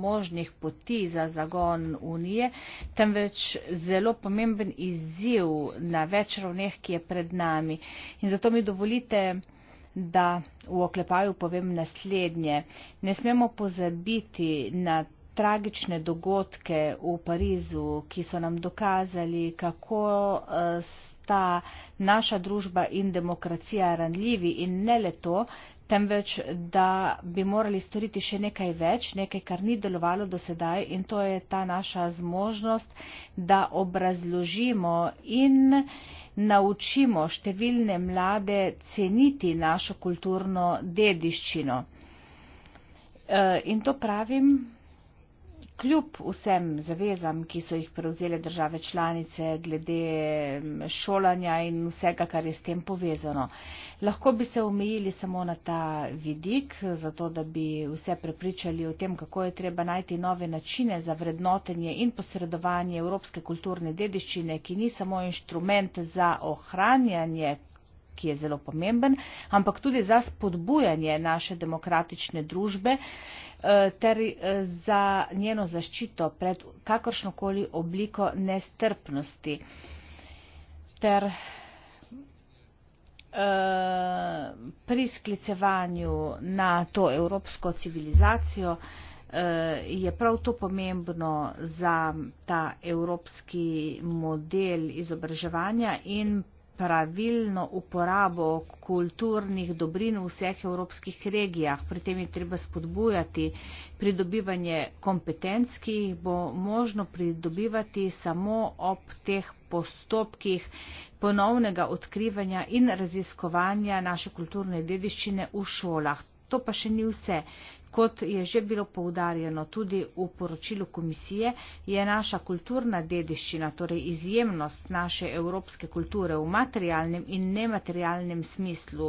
B: možnih poti za zagon Unije, temveč zelo pomemben izziv na več ravneh, ki je pred nami. In zato mi dovolite, da v oklepaju povem naslednje. Ne smemo pozabiti na tragične dogodke v Parizu, ki so nam dokazali, kako eh, sta naša družba in demokracija ranljivi in ne le to, temveč da bi morali storiti še nekaj več, nekaj, kar ni delovalo do sedaj in to je ta naša zmožnost, da obrazložimo in naučimo številne mlade ceniti našo kulturno dediščino. E, in to pravim, kljub vsem zavezam, ki so jih prevzele države članice glede mm, šolanja in vsega, kar je s tem povezano. Lahko bi se omejili samo na ta vidik, zato da bi vse prepričali o tem, kako je treba najti nove načine za vrednotenje in posredovanje evropske kulturne dediščine, ki ni samo inštrument za ohranjanje ki je zelo pomemben, ampak tudi za spodbujanje naše demokratične družbe, Eh, ter eh, za njeno zaščito pred kakršnokoli obliko nestrpnosti ter eh, pri sklicevanju na to evropsko civilizacijo je prav to pomembno za ta evropski model izobraževanja in pravilno uporabo kulturnih dobrin v vseh evropskih regijah. Pri tem je treba spodbujati pridobivanje kompetenc, ki jih bo možno pridobivati samo ob teh postopkih ponovnega odkrivanja in raziskovanja naše kulturne dediščine v šolah to pa še ni vse. Kot je že bilo poudarjeno tudi v poročilu komisije, je naša kulturna dediščina, torej izjemnost naše evropske kulture v materialnem in nematerialnem smislu,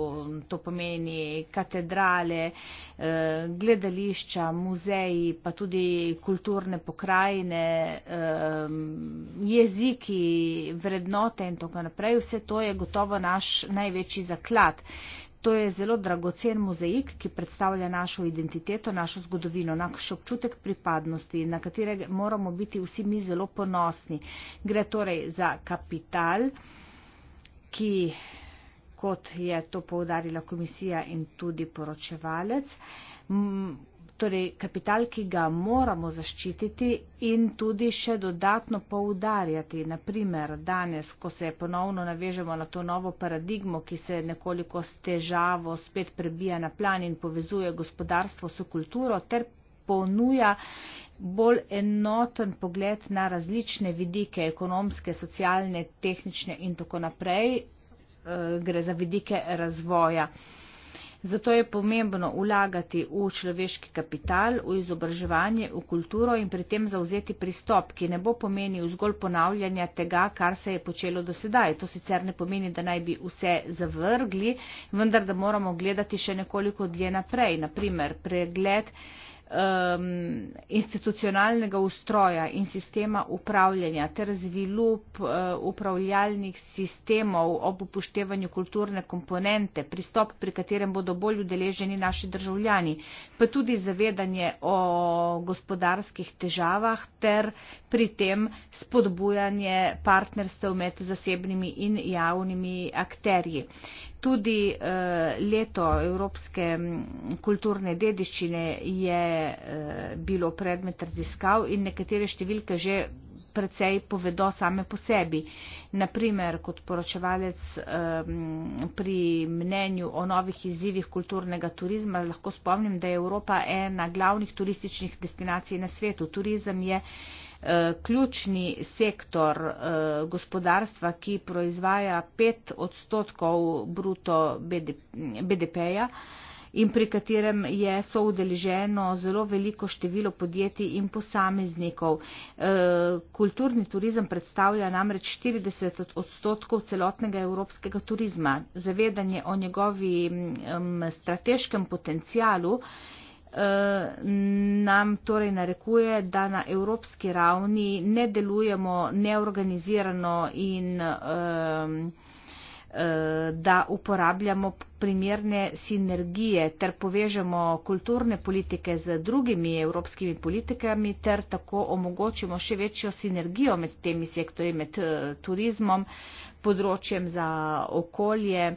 B: to pomeni katedrale, eh, gledališča, muzeji, pa tudi kulturne pokrajine, eh, jeziki, vrednote in tako naprej, vse to je gotovo naš največji zaklad. To je zelo dragocen mozaik, ki predstavlja našo identiteto, našo zgodovino, naš občutek pripadnosti, na katerega moramo biti vsi mi zelo ponosni. Gre torej za kapital, ki, kot je to povdarila komisija in tudi poročevalec, torej kapital, ki ga moramo zaščititi in tudi še dodatno poudarjati. Naprimer, danes, ko se ponovno navežemo na to novo paradigmo, ki se nekoliko stežavo spet prebija na plan in povezuje gospodarstvo s kulturo ter ponuja bolj enoten pogled na različne vidike ekonomske, socialne, tehnične in tako naprej. E, gre za vidike razvoja. E, Zato je pomembno ulagati v človeški kapital, v izobraževanje, v kulturo in pri tem zauzeti pristop, ki ne bo pomenil zgolj ponavljanja tega, kar se je počelo do sedaj. To sicer ne pomeni, da naj bi vse zavrgli, vendar da moramo gledati še nekoliko dlje naprej. Naprimer, pregled um, institucionalnega ustroja in sistema upravljanja ter zvilup uh, upravljalnih sistemov ob upoštevanju kulturne komponente, pristop, pri katerem bodo bolj udeleženi naši državljani, pa tudi zavedanje o gospodarskih težavah ter pri tem spodbujanje partnerstev med zasebnimi in javnimi akterji. Tudi eh, leto evropske mm, kulturne dediščine je eh, bilo predmet raziskav in nekatere številke že precej povedo same po sebi. Naprimer, kot poročevalec eh, mm, pri mnenju o novih izzivih kulturnega turizma, lahko spomnim, da je Evropa ena glavnih turističnih destinacij na svetu. Turizem je Eh, ključni sektor eh, gospodarstva, ki proizvaja 5 odstotkov bruto BDP-ja in pri katerem je soudeleženo zelo veliko število podjetij in posameznikov. Eh, kulturni turizem predstavlja namreč 40 odstotkov celotnega evropskega turizma. Zavedanje o njegovi mm, strateškem potencialu nam torej narekuje, da na evropski ravni ne delujemo neorganizirano in eh, da uporabljamo primerne sinergije ter povežemo kulturne politike z drugimi evropskimi politikami ter tako omogočimo še večjo sinergijo med temi sektorji, med eh, turizmom, področjem za okolje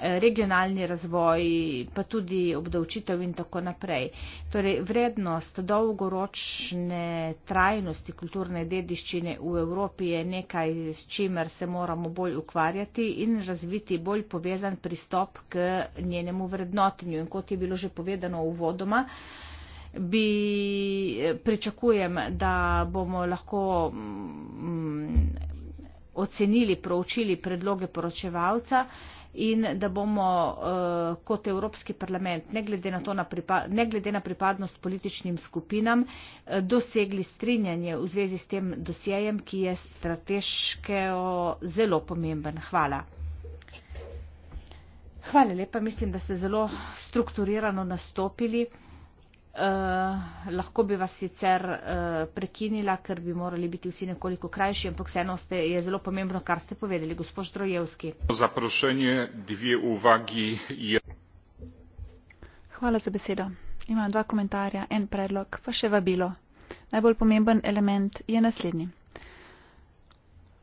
B: regionalni razvoj, pa tudi obdavčitev in tako naprej. Torej, vrednost dolgoročne trajnosti kulturne dediščine v Evropi je nekaj, s čimer se moramo bolj ukvarjati in razviti bolj povezan pristop k njenemu vrednotenju. In kot je bilo že povedano uvodoma, bi pričakujem, da bomo lahko mm, ocenili, proučili predloge poročevalca in da bomo uh, kot Evropski parlament, ne glede na, na, pripa ne glede na pripadnost političnim skupinam, uh, dosegli strinjanje v zvezi s tem dosjejem, ki je strateške zelo pomemben. Hvala. Hvala lepa, mislim, da ste zelo strukturirano nastopili. Eh, lahko bi vas sicer eh, prekinila, ker bi morali biti vsi nekoliko krajši, ampak vseeno ste, je zelo pomembno, kar ste povedali, gospod Štrojevski. Zaprošenje, dve uvagi je.
A: Hvala za besedo. Imam dva komentarja, en predlog, pa še vabilo. Najbolj pomemben element je naslednji.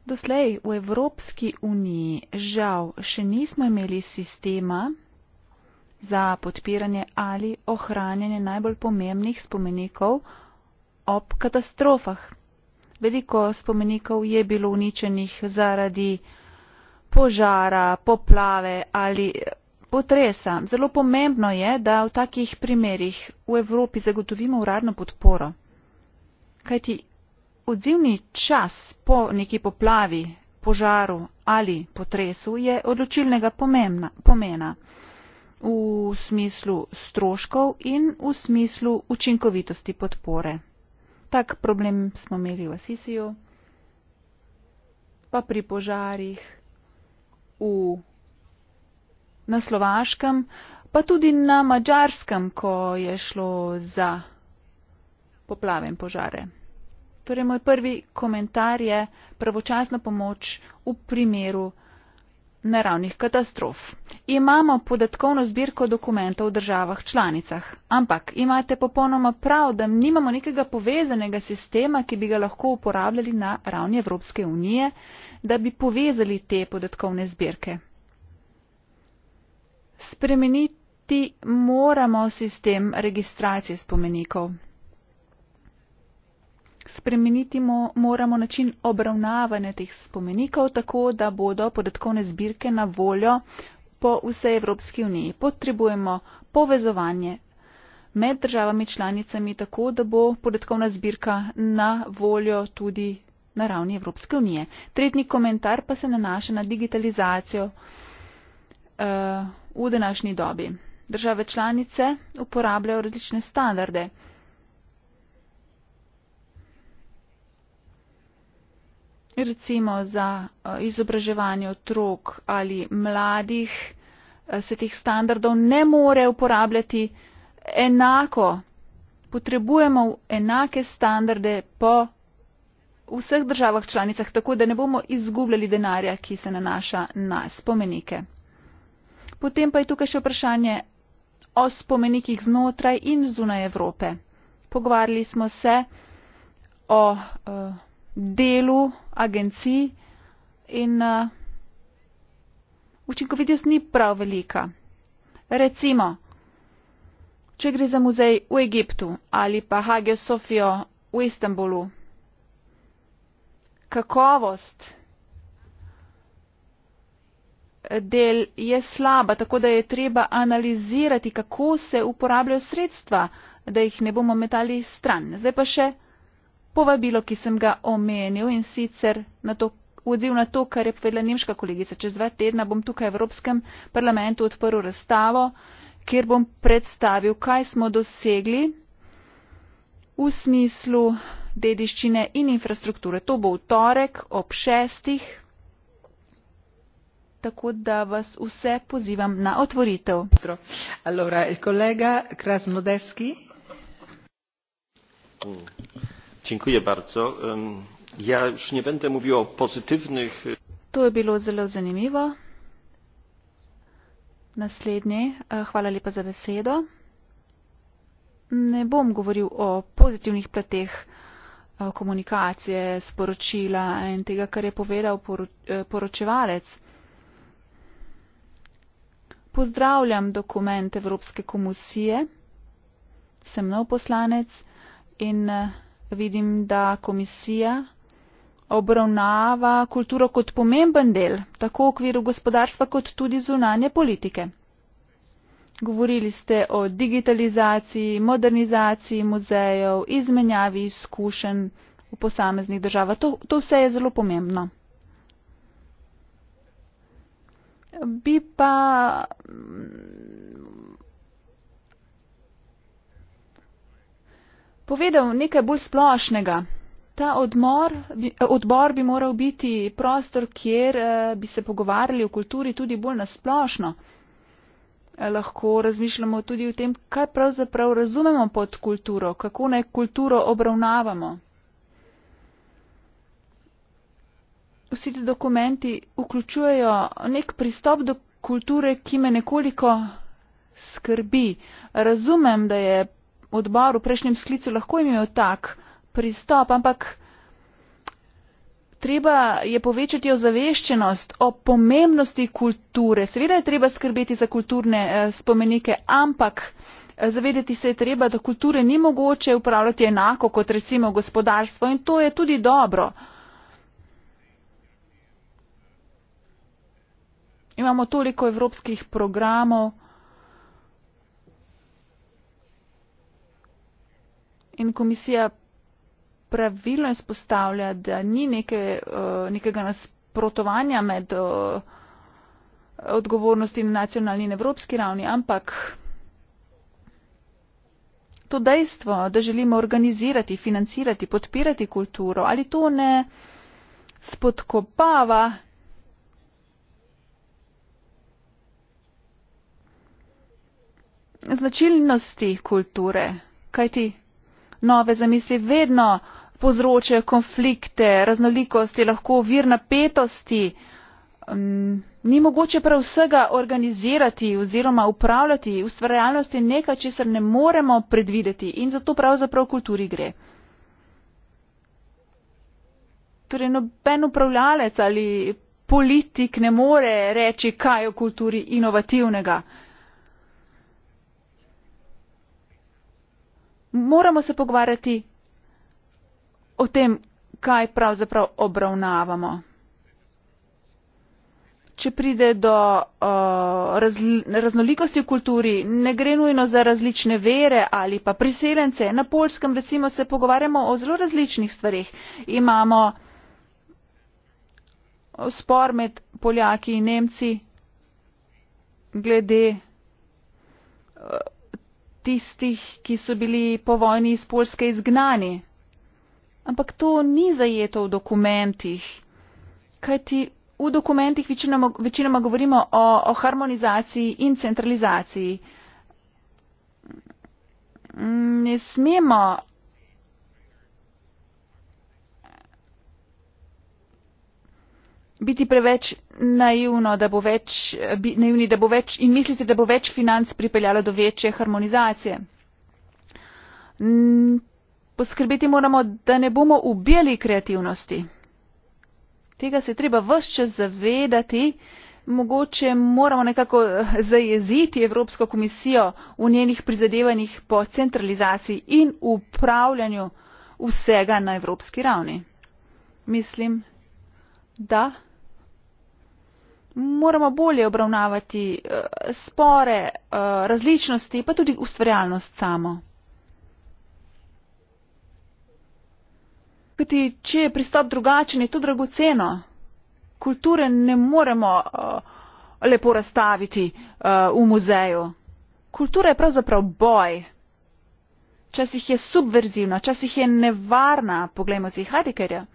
A: Doslej v Evropski uniji žal še nismo imeli sistema, za podpiranje ali ohranjanje najbolj pomembnih spomenikov ob katastrofah. Veliko spomenikov je bilo uničenih zaradi požara, poplave ali eh, potresa. Zelo pomembno je, da v takih primerih v Evropi zagotovimo uradno podporo. Kajti odzivni čas po neki poplavi, požaru ali potresu je odločilnega pomena v smislu stroškov in v smislu učinkovitosti podpore. Tak problem smo imeli v Asisiju, pa pri požarih v, na Slovaškem, pa tudi na Mačarskem, ko je šlo za poplave in požare. Torej, moj prvi komentar je pravočasna pomoč v primeru, naravnih katastrof. Imamo podatkovno zbirko dokumentov v državah članicah, ampak imate popolnoma prav, da nimamo nekega povezanega sistema, ki bi ga lahko uporabljali na ravni Evropske unije, da bi povezali te podatkovne zbirke. Spremeniti moramo sistem registracije spomenikov. Spremeniti mo, moramo način obravnavanja teh spomenikov, tako da bodo podatkovne zbirke na voljo po vsej Evropski uniji. Potrebujemo povezovanje med državami članicami, tako da bo podatkovna zbirka na voljo tudi na ravni Evropske unije. Tretji komentar pa se nanaša na digitalizacijo uh, v današnji dobi. Države članice uporabljajo različne standarde. recimo za eh, izobraževanje otrok ali mladih, eh, se teh standardov ne more uporabljati enako. Potrebujemo enake standarde po vseh državah članicah, tako da ne bomo izgubljali denarja, ki se nanaša na spomenike. Potem pa je tukaj še vprašanje o spomenikih znotraj in zunaj Evrope. Pogovarjali smo se o. Uh, delu agencij in uh, učinkovitost ni prav velika. Recimo, če gre za muzej v Egiptu ali pa Hagio Sofijo v Istanbulu, kakovost del je slaba, tako da je treba analizirati, kako se uporabljajo sredstva, da jih ne bomo metali stran. Zdaj pa še povabilo, ki sem ga omenil in sicer na to, odziv na to, kar je povedala nemška kolegica. Čez dva tedna bom tukaj v Evropskem parlamentu odprl razstavo, kjer bom predstavil, kaj smo dosegli v smislu dediščine in infrastrukture. To bo v torek ob šestih, tako da vas vse pozivam na otvoritev. Allora, kolega Krasnodeski.
B: Mm. Ja
A: to je bilo zelo zanimivo. Naslednji, e, hvala lepa za besedo. Ne bom govoril o pozitivnih plateh e, komunikacije, sporočila in tega, kar je povedal e, poročevalec. Pozdravljam dokument Evropske komisije, sem nov poslanec in vidim, da komisija obravnava kulturo kot pomemben del, tako v okviru gospodarstva, kot tudi zunanje politike. Govorili ste o digitalizaciji, modernizaciji muzejev, izmenjavi izkušenj v posameznih državah. To, to vse je zelo pomembno. Bi pa povedal nekaj bolj splošnega. Ta odmor, eh, odbor bi moral biti prostor, kjer eh, bi se pogovarjali o kulturi tudi bolj nasplošno. Eh, lahko razmišljamo tudi o tem, kaj pravzaprav razumemo pod kulturo, kako naj kulturo obravnavamo. Vsi ti dokumenti vključujejo nek pristop do kulture, ki me nekoliko skrbi. Razumem, da je odbor v prejšnjem sklicu lahko imel tak pristop, ampak treba je povečati ozaveščenost o pomembnosti kulture. Seveda je treba skrbeti za kulturne eh, spomenike, ampak eh, zavedeti se je treba, da kulture ni mogoče upravljati enako kot recimo gospodarstvo in to je tudi dobro. Imamo toliko evropskih programov, in komisija pravilno izpostavlja, da ni neke, eh, nekega nasprotovanja med eh, odgovornosti na nacionalni in evropski ravni, ampak to dejstvo, da želimo organizirati, financirati, podpirati kulturo, ali to ne spodkopava značilnosti kulture, kajti nove zamisli vedno povzročajo konflikte, raznolikost je lahko vir napetosti. Um, ni mogoče prav vsega organizirati oziroma upravljati. Ustvarjalnost je nekaj, česar ne moremo predvideti in zato pravzaprav v kulturi gre. Torej, noben upravljalec ali politik ne more reči, kaj je v kulturi inovativnega. moramo se pogovarjati o tem, kaj pravzaprav obravnavamo. Če pride do uh, razl raznolikosti v kulturi, ne gre nujno za različne vere ali pa priseljence. Na polskem recimo se pogovarjamo o zelo različnih stvarih. Imamo spor med Poljaki in Nemci glede uh, tistih, ki so bili po vojni iz Polske izgnani. Ampak to ni zajeto v dokumentih, kajti v dokumentih večinoma, večinoma govorimo o, o harmonizaciji in centralizaciji. Ne smemo biti preveč naivno, da bo več, naivni, da bo več in misliti, da bo več financ pripeljalo do večje harmonizacije. Poskrbeti moramo, da ne bomo ubijali kreativnosti. Tega se treba vse čas zavedati. Mogoče moramo nekako eh, zajeziti Evropsko komisijo v njenih prizadevanjih po centralizaciji in upravljanju vsega na evropski ravni. Mislim, da moramo bolje obravnavati eh, spore, eh, različnosti, pa tudi ustvarjalnost samo. Kajti, če je pristop drugačen, je to dragoceno. Kulture ne moremo eh, lepo razstaviti v muzeju. Kultura je pravzaprav boj. Včasih je subverzivna, včasih je nevarna, poglejmo si Hadikerja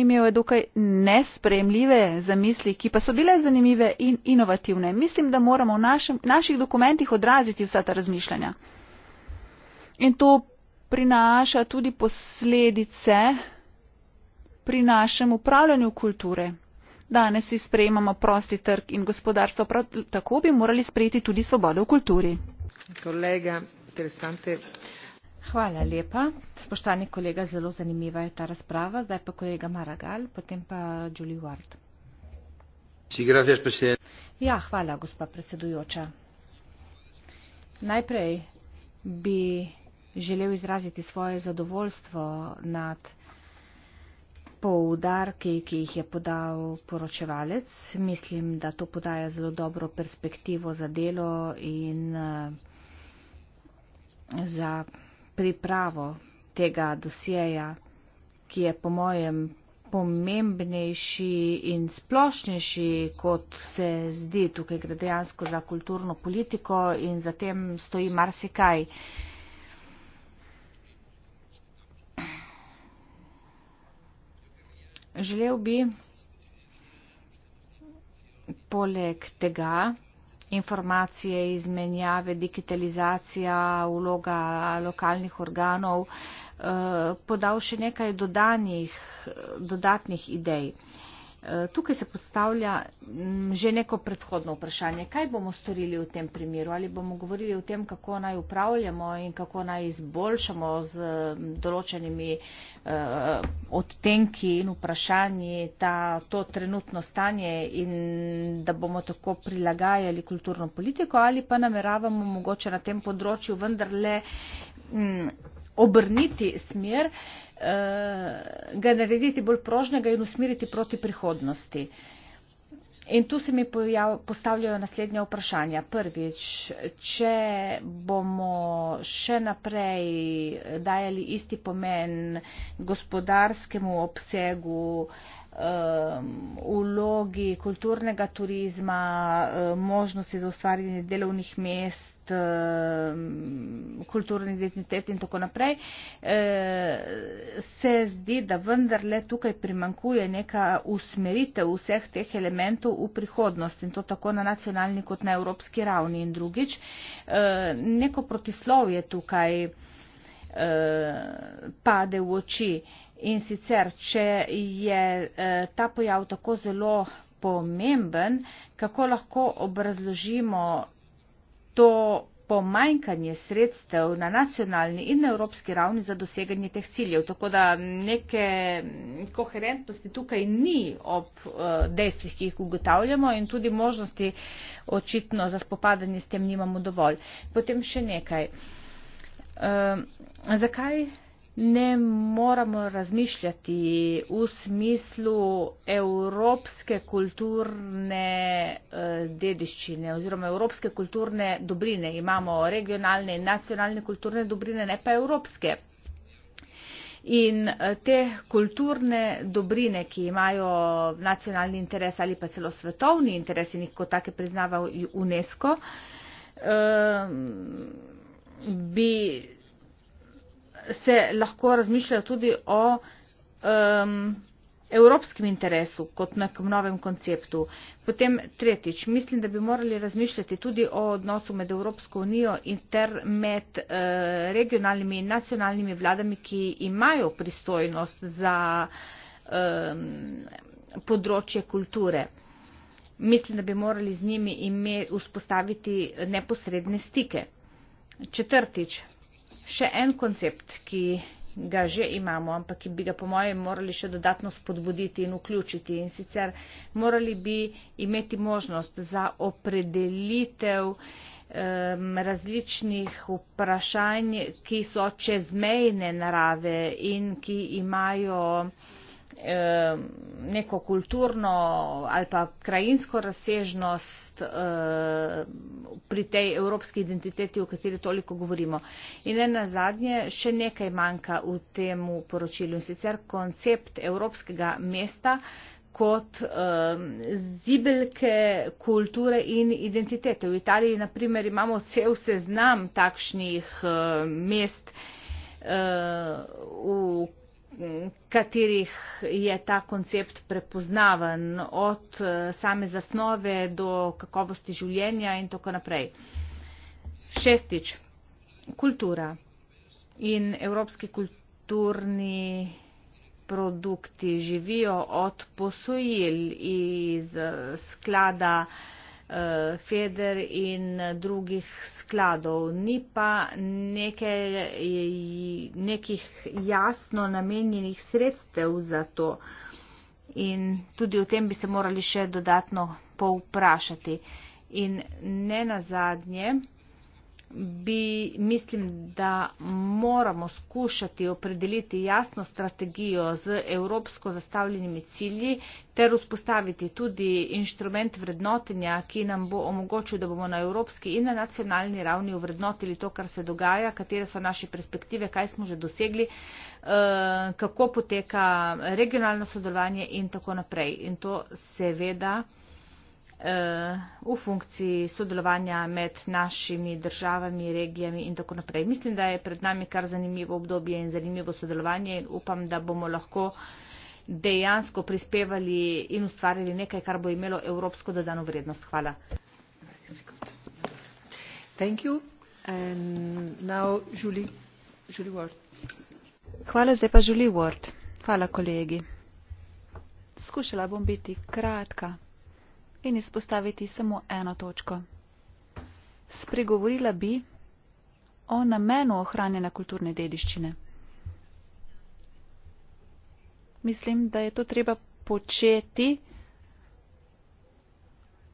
A: imel je dokaj nespremljive zamisli, ki pa so bile zanimive in inovativne. Mislim, da moramo v našem, naših dokumentih odraziti vsa ta razmišljanja. In to prinaša tudi posledice pri našem upravljanju kulture. Danes si sprejemamo prosti trg in gospodarstvo, prav tako bi morali sprejeti tudi svobodo v kulturi.
B: Kolega, Hvala lepa. Spoštovani kolega, zelo zanimiva je ta razprava. Zdaj pa kolega Maragal, potem pa Julie Ward. Ja, hvala, gospa predsedujoča. Najprej bi želel izraziti svoje zadovoljstvo nad poudarki, ki jih je podal poročevalec. Mislim, da to podaja zelo dobro perspektivo za delo in eh, za pripravo tega dosjeja, ki je po mojem pomembnejši in splošnejši, kot se zdi tukaj gre dejansko za kulturno politiko in za tem stoji marsikaj. Želel bi poleg tega, informacije, izmenjave, digitalizacija, vloga lokalnih organov, eh, podal še nekaj dodanih, dodatnih idej. Eh, tukaj se postavlja mm, že neko predhodno vprašanje, kaj bomo storili v tem primeru, ali bomo govorili o tem, kako naj upravljamo in kako naj izboljšamo z mm, določenimi eh, odtenki in vprašanji ta, to trenutno stanje in da bomo tako prilagajali kulturno politiko, ali pa nameravamo mogoče na tem področju vendarle mm, obrniti smer, eh, ga narediti bolj prožnega in usmeriti proti prihodnosti. In tu se mi pojav, postavljajo naslednja vprašanja. Prvič, če bomo še naprej dajali isti pomen gospodarskemu obsegu eh, Um, vlogi kulturnega turizma, um, možnosti za ustvarjanje delovnih mest, um, kulturni identitet in tako naprej, uh, se zdi, da vendarle tukaj primankuje neka usmeritev vseh teh elementov v prihodnost in to tako na nacionalni kot na evropski ravni in drugič. Uh, neko protislov je tukaj uh, pade v oči. In sicer, če je eh, ta pojav tako zelo pomemben, kako lahko obrazložimo to pomanjkanje sredstev na nacionalni in evropski ravni za doseganje teh ciljev. Tako da neke koherentnosti tukaj ni ob eh, dejstvih, ki jih ugotavljamo in tudi možnosti očitno za spopadanje s tem nimamo dovolj. Potem še nekaj. Eh, zakaj ne moramo razmišljati v smislu evropske kulturne eh, dediščine oziroma evropske kulturne dobrine. Imamo regionalne in nacionalne kulturne dobrine, ne pa evropske. In eh, te kulturne dobrine, ki imajo nacionalni interes ali pa celo svetovni interes in jih kot take priznava UNESCO, eh, bi se lahko razmišljajo tudi o um, evropskem interesu kot nekem novem konceptu. Potem tretjič, mislim, da bi morali razmišljati tudi o odnosu med Evropsko unijo in ter med uh, regionalnimi in nacionalnimi vladami, ki imajo pristojnost za um, področje kulture. Mislim, da bi morali z njimi ime, vzpostaviti neposredne stike. Četrtič, še en koncept, ki ga že imamo, ampak ki bi ga po mojem morali še dodatno spodbuditi in vključiti. In sicer morali bi imeti možnost za opredelitev različnih vprašanj, ki so čezmejne narave in ki imajo Eh, neko kulturno ali pa krajinsko razsežnost eh, pri tej evropski identiteti, o kateri toliko govorimo. In ena zadnje, še nekaj manjka v tem poročilu in sicer koncept evropskega mesta kot eh, zibelke kulture in identitete. V Italiji, na primer, imamo cel seznam takšnih mest, v katerih je ta koncept prepoznaven, od eh, same zasnove do kakovosti življenja in tako naprej. Šestič, kultura in evropski kulturni produkti živijo od posojil iz eh, sklada, Eh, Feder in drugih skladov. Ni pa nekaj, nekih jasno namenjenih sredstev za to. In tudi o tem bi se morali še dodatno povprašati. In ne nazadnje, bi mislim, da moramo skušati opredeliti jasno strategijo z evropsko zastavljenimi cilji ter vzpostaviti tudi inštrument vrednotenja, ki nam bo omogočil, da bomo na evropski in na nacionalni ravni vrednotili to, kar se dogaja, katere so naše perspektive, kaj smo že dosegli, eh, kako poteka regionalno sodelovanje in tako naprej. In to seveda Eh, v funkciji sodelovanja med našimi državami, regijami in tako naprej. Mislim, da je pred nami kar zanimivo obdobje in zanimivo sodelovanje in upam, da bomo lahko dejansko prispevali in ustvarili nekaj, kar bo imelo evropsko dodano vrednost. Hvala.
A: Hvala zdaj pa Julie Ward. Hvala kolegi. Skušala bom biti kratka in izpostaviti samo eno točko. Spregovorila bi o namenu ohranjene kulturne dediščine. Mislim, da je to treba početi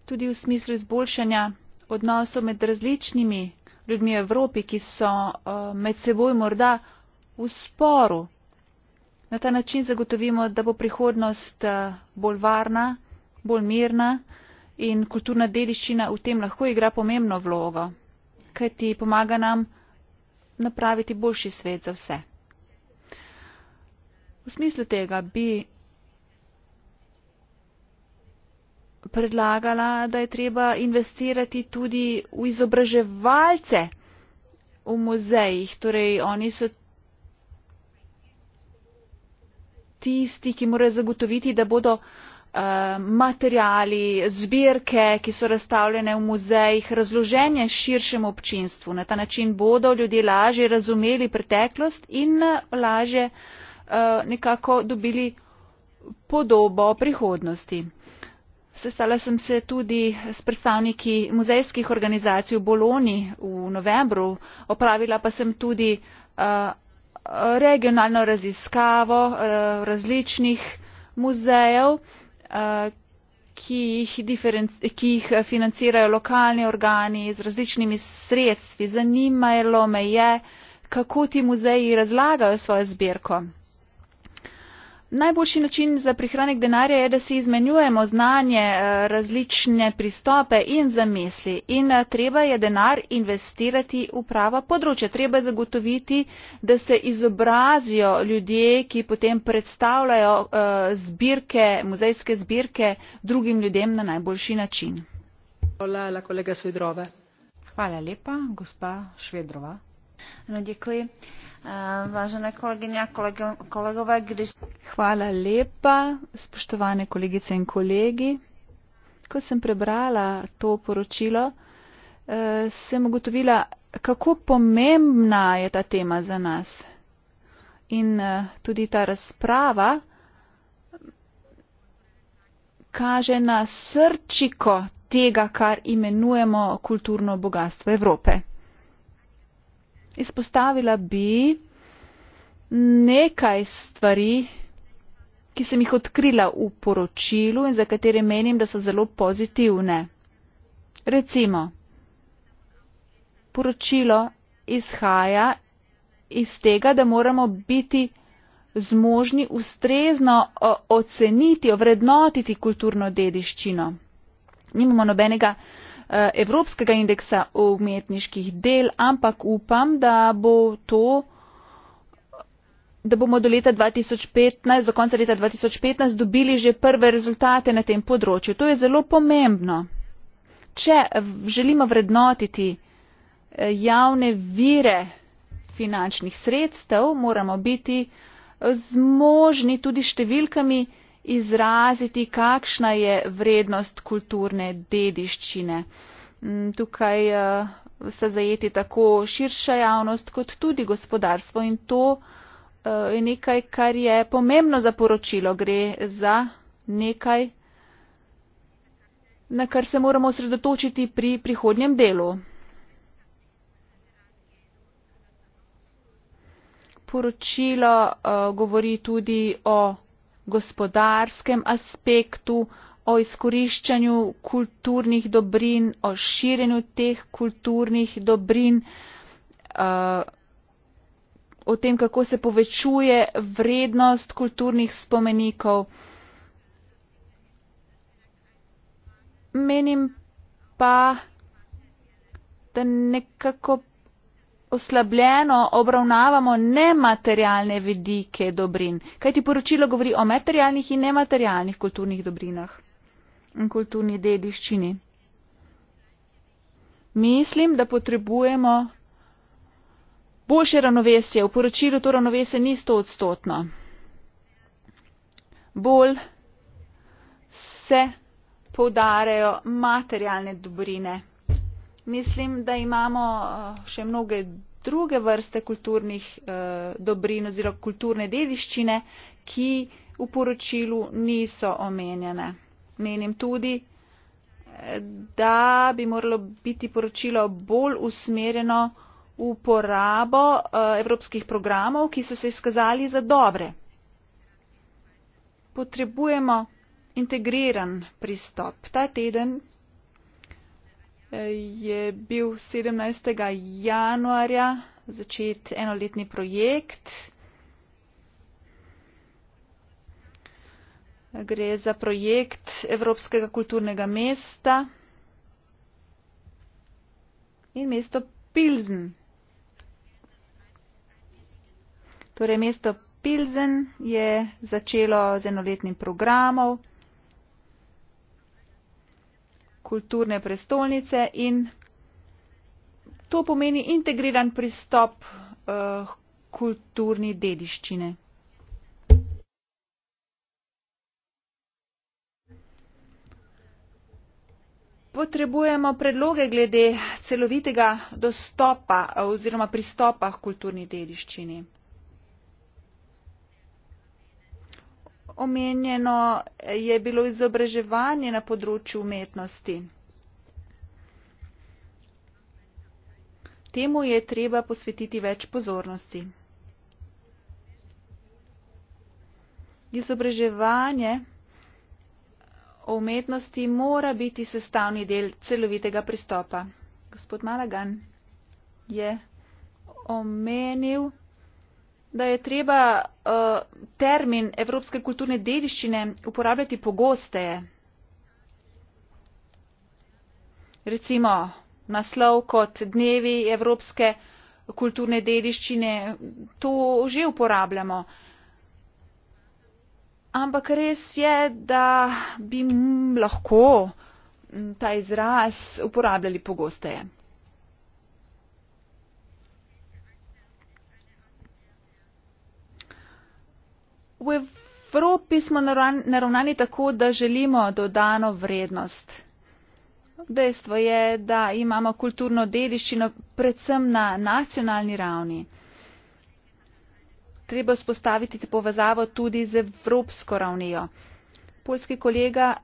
A: tudi v smislu izboljšanja odnosov med različnimi ljudmi v Evropi, ki so eh, med seboj morda v sporu. Na ta način zagotovimo, da bo prihodnost eh, bolj varna bolj mirna in kulturna dediščina v tem lahko igra pomembno vlogo, kaj ti pomaga nam napraviti boljši svet za vse. V smislu tega bi predlagala, da je treba investirati tudi v izobraževalce v muzejih. Torej, oni so tisti, ki morajo zagotoviti, da bodo Eh, materiali, zbirke, ki so razstavljene v muzejih, razloženje širšemu občinstvu. Na ta način bodo ljudje lažje razumeli preteklost in eh, lažje eh, nekako dobili podobo prihodnosti. Sestala sem se tudi s predstavniki muzejskih organizacij v Boloni v novembru, opravila pa sem tudi regionalno raziskavo različnih muzejev. Eh, ki jih, ki jih eh, financirajo lokalni organi z različnimi sredstvi. Zanimalo me je, kako ti muzeji razlagajo svojo zbirko. Najboljši način za prihranek denarja je, da si izmenjujemo znanje, eh, različne pristope in zamisli. In eh, treba je denar investirati v prava področja. Treba je zagotoviti, da se izobrazijo ljudje, ki potem predstavljajo eh, zbirke, muzejske zbirke drugim ljudem na najboljši način.
C: Hvala, la
B: kolega Svedrova. Hvala lepa, gospa Švedrova. No, děkuji. Eh, vážené kolegyne a kolegové, když... Hvala lepa,
A: spoštovane kolegice in kolegi. Ko sem prebrala to poročilo, eh, sem ugotovila, kako pomembna je ta tema za nas. In eh, tudi ta razprava kaže na srčiko tega, kar imenujemo kulturno bogatstvo Evrope. Izpostavila bi nekaj stvari, ki sem jih odkrila v poročilu in za katere menim, da so zelo pozitivne. Recimo, poročilo izhaja iz tega, da moramo biti zmožni ustrezno oceniti, ovrednotiti kulturno dediščino. Nimamo nobenega Eh, evropskega indeksa umetniških del, ampak upam, da bo to da bomo do leta 2015, do konca leta 2015 dobili že prve rezultate na tem področju. To je zelo pomembno. Če želimo vrednotiti eh, javne vire finančnih sredstev, moramo biti eh, zmožni tudi številkami, izraziti, kakšna je vrednost kulturne dediščine. Mm, tukaj eh, sta zajeti tako širša javnost, kot tudi gospodarstvo in to eh, je nekaj, kar je pomembno za poročilo. Gre za nekaj, na kar se moramo osredotočiti pri prihodnjem delu. Poročilo uh, govori tudi o gospodarskem aspektu, o izkoriščanju kulturnih dobrin, o širjenju teh kulturnih dobrin, eh, o tem, kako se povečuje vrednost kulturnih spomenikov. Menim pa, da nekako oslabljeno obravnavamo nematerialne vedike dobrin, kajti poročilo govori o materialnih in nematerialnih kulturnih dobrinah in kulturni dediščini. Mislim, da potrebujemo boljše ravnovesje. V poročilu to ravnovesje ni sto odstotno. Bolj se poudarejo materialne dobrine. Mislim, da imamo eh, še mnoge druge vrste kulturnih eh, dobrin oziroma kulturne dediščine, ki v poročilu niso omenjene. Menim tudi, eh, da bi moralo biti poročilo bolj usmerjeno v uporabo evropskih programov, ki so se izkazali za dobre.
C: Potrebujemo
A: integriran pristop. Ta teden je bil 17. januarja začet enoletni projekt. Gre za projekt Evropskega kulturnega mesta in mesto Pilzen. Torej, mesto Pilzen je začelo z enoletnim programom kulturne prestolnice in to pomeni integriran pristop uh, kulturni dediščine. Potrebujemo predloge glede celovitega dostopa oziroma pristopa k kulturni dediščini. omenjeno je bilo izobraževanje na področju umetnosti. Temu je treba posvetiti več pozornosti. Izobraževanje o umetnosti mora biti sestavni del celovitega pristopa. Gospod Malagan je omenil, da je treba uh, termin evropske kulturne dediščine uporabljati pogosteje. Recimo naslov kot dnevi evropske kulturne dediščine, to že uporabljamo. Ampak res je, da bi lahko ta izraz uporabljali pogosteje. V Evropi smo naravnani tako, da želimo dodano vrednost. Dejstvo je, da imamo kulturno dediščino predvsem na nacionalni ravni. Treba spostaviti povezavo tudi z evropsko ravnijo. Polski kolega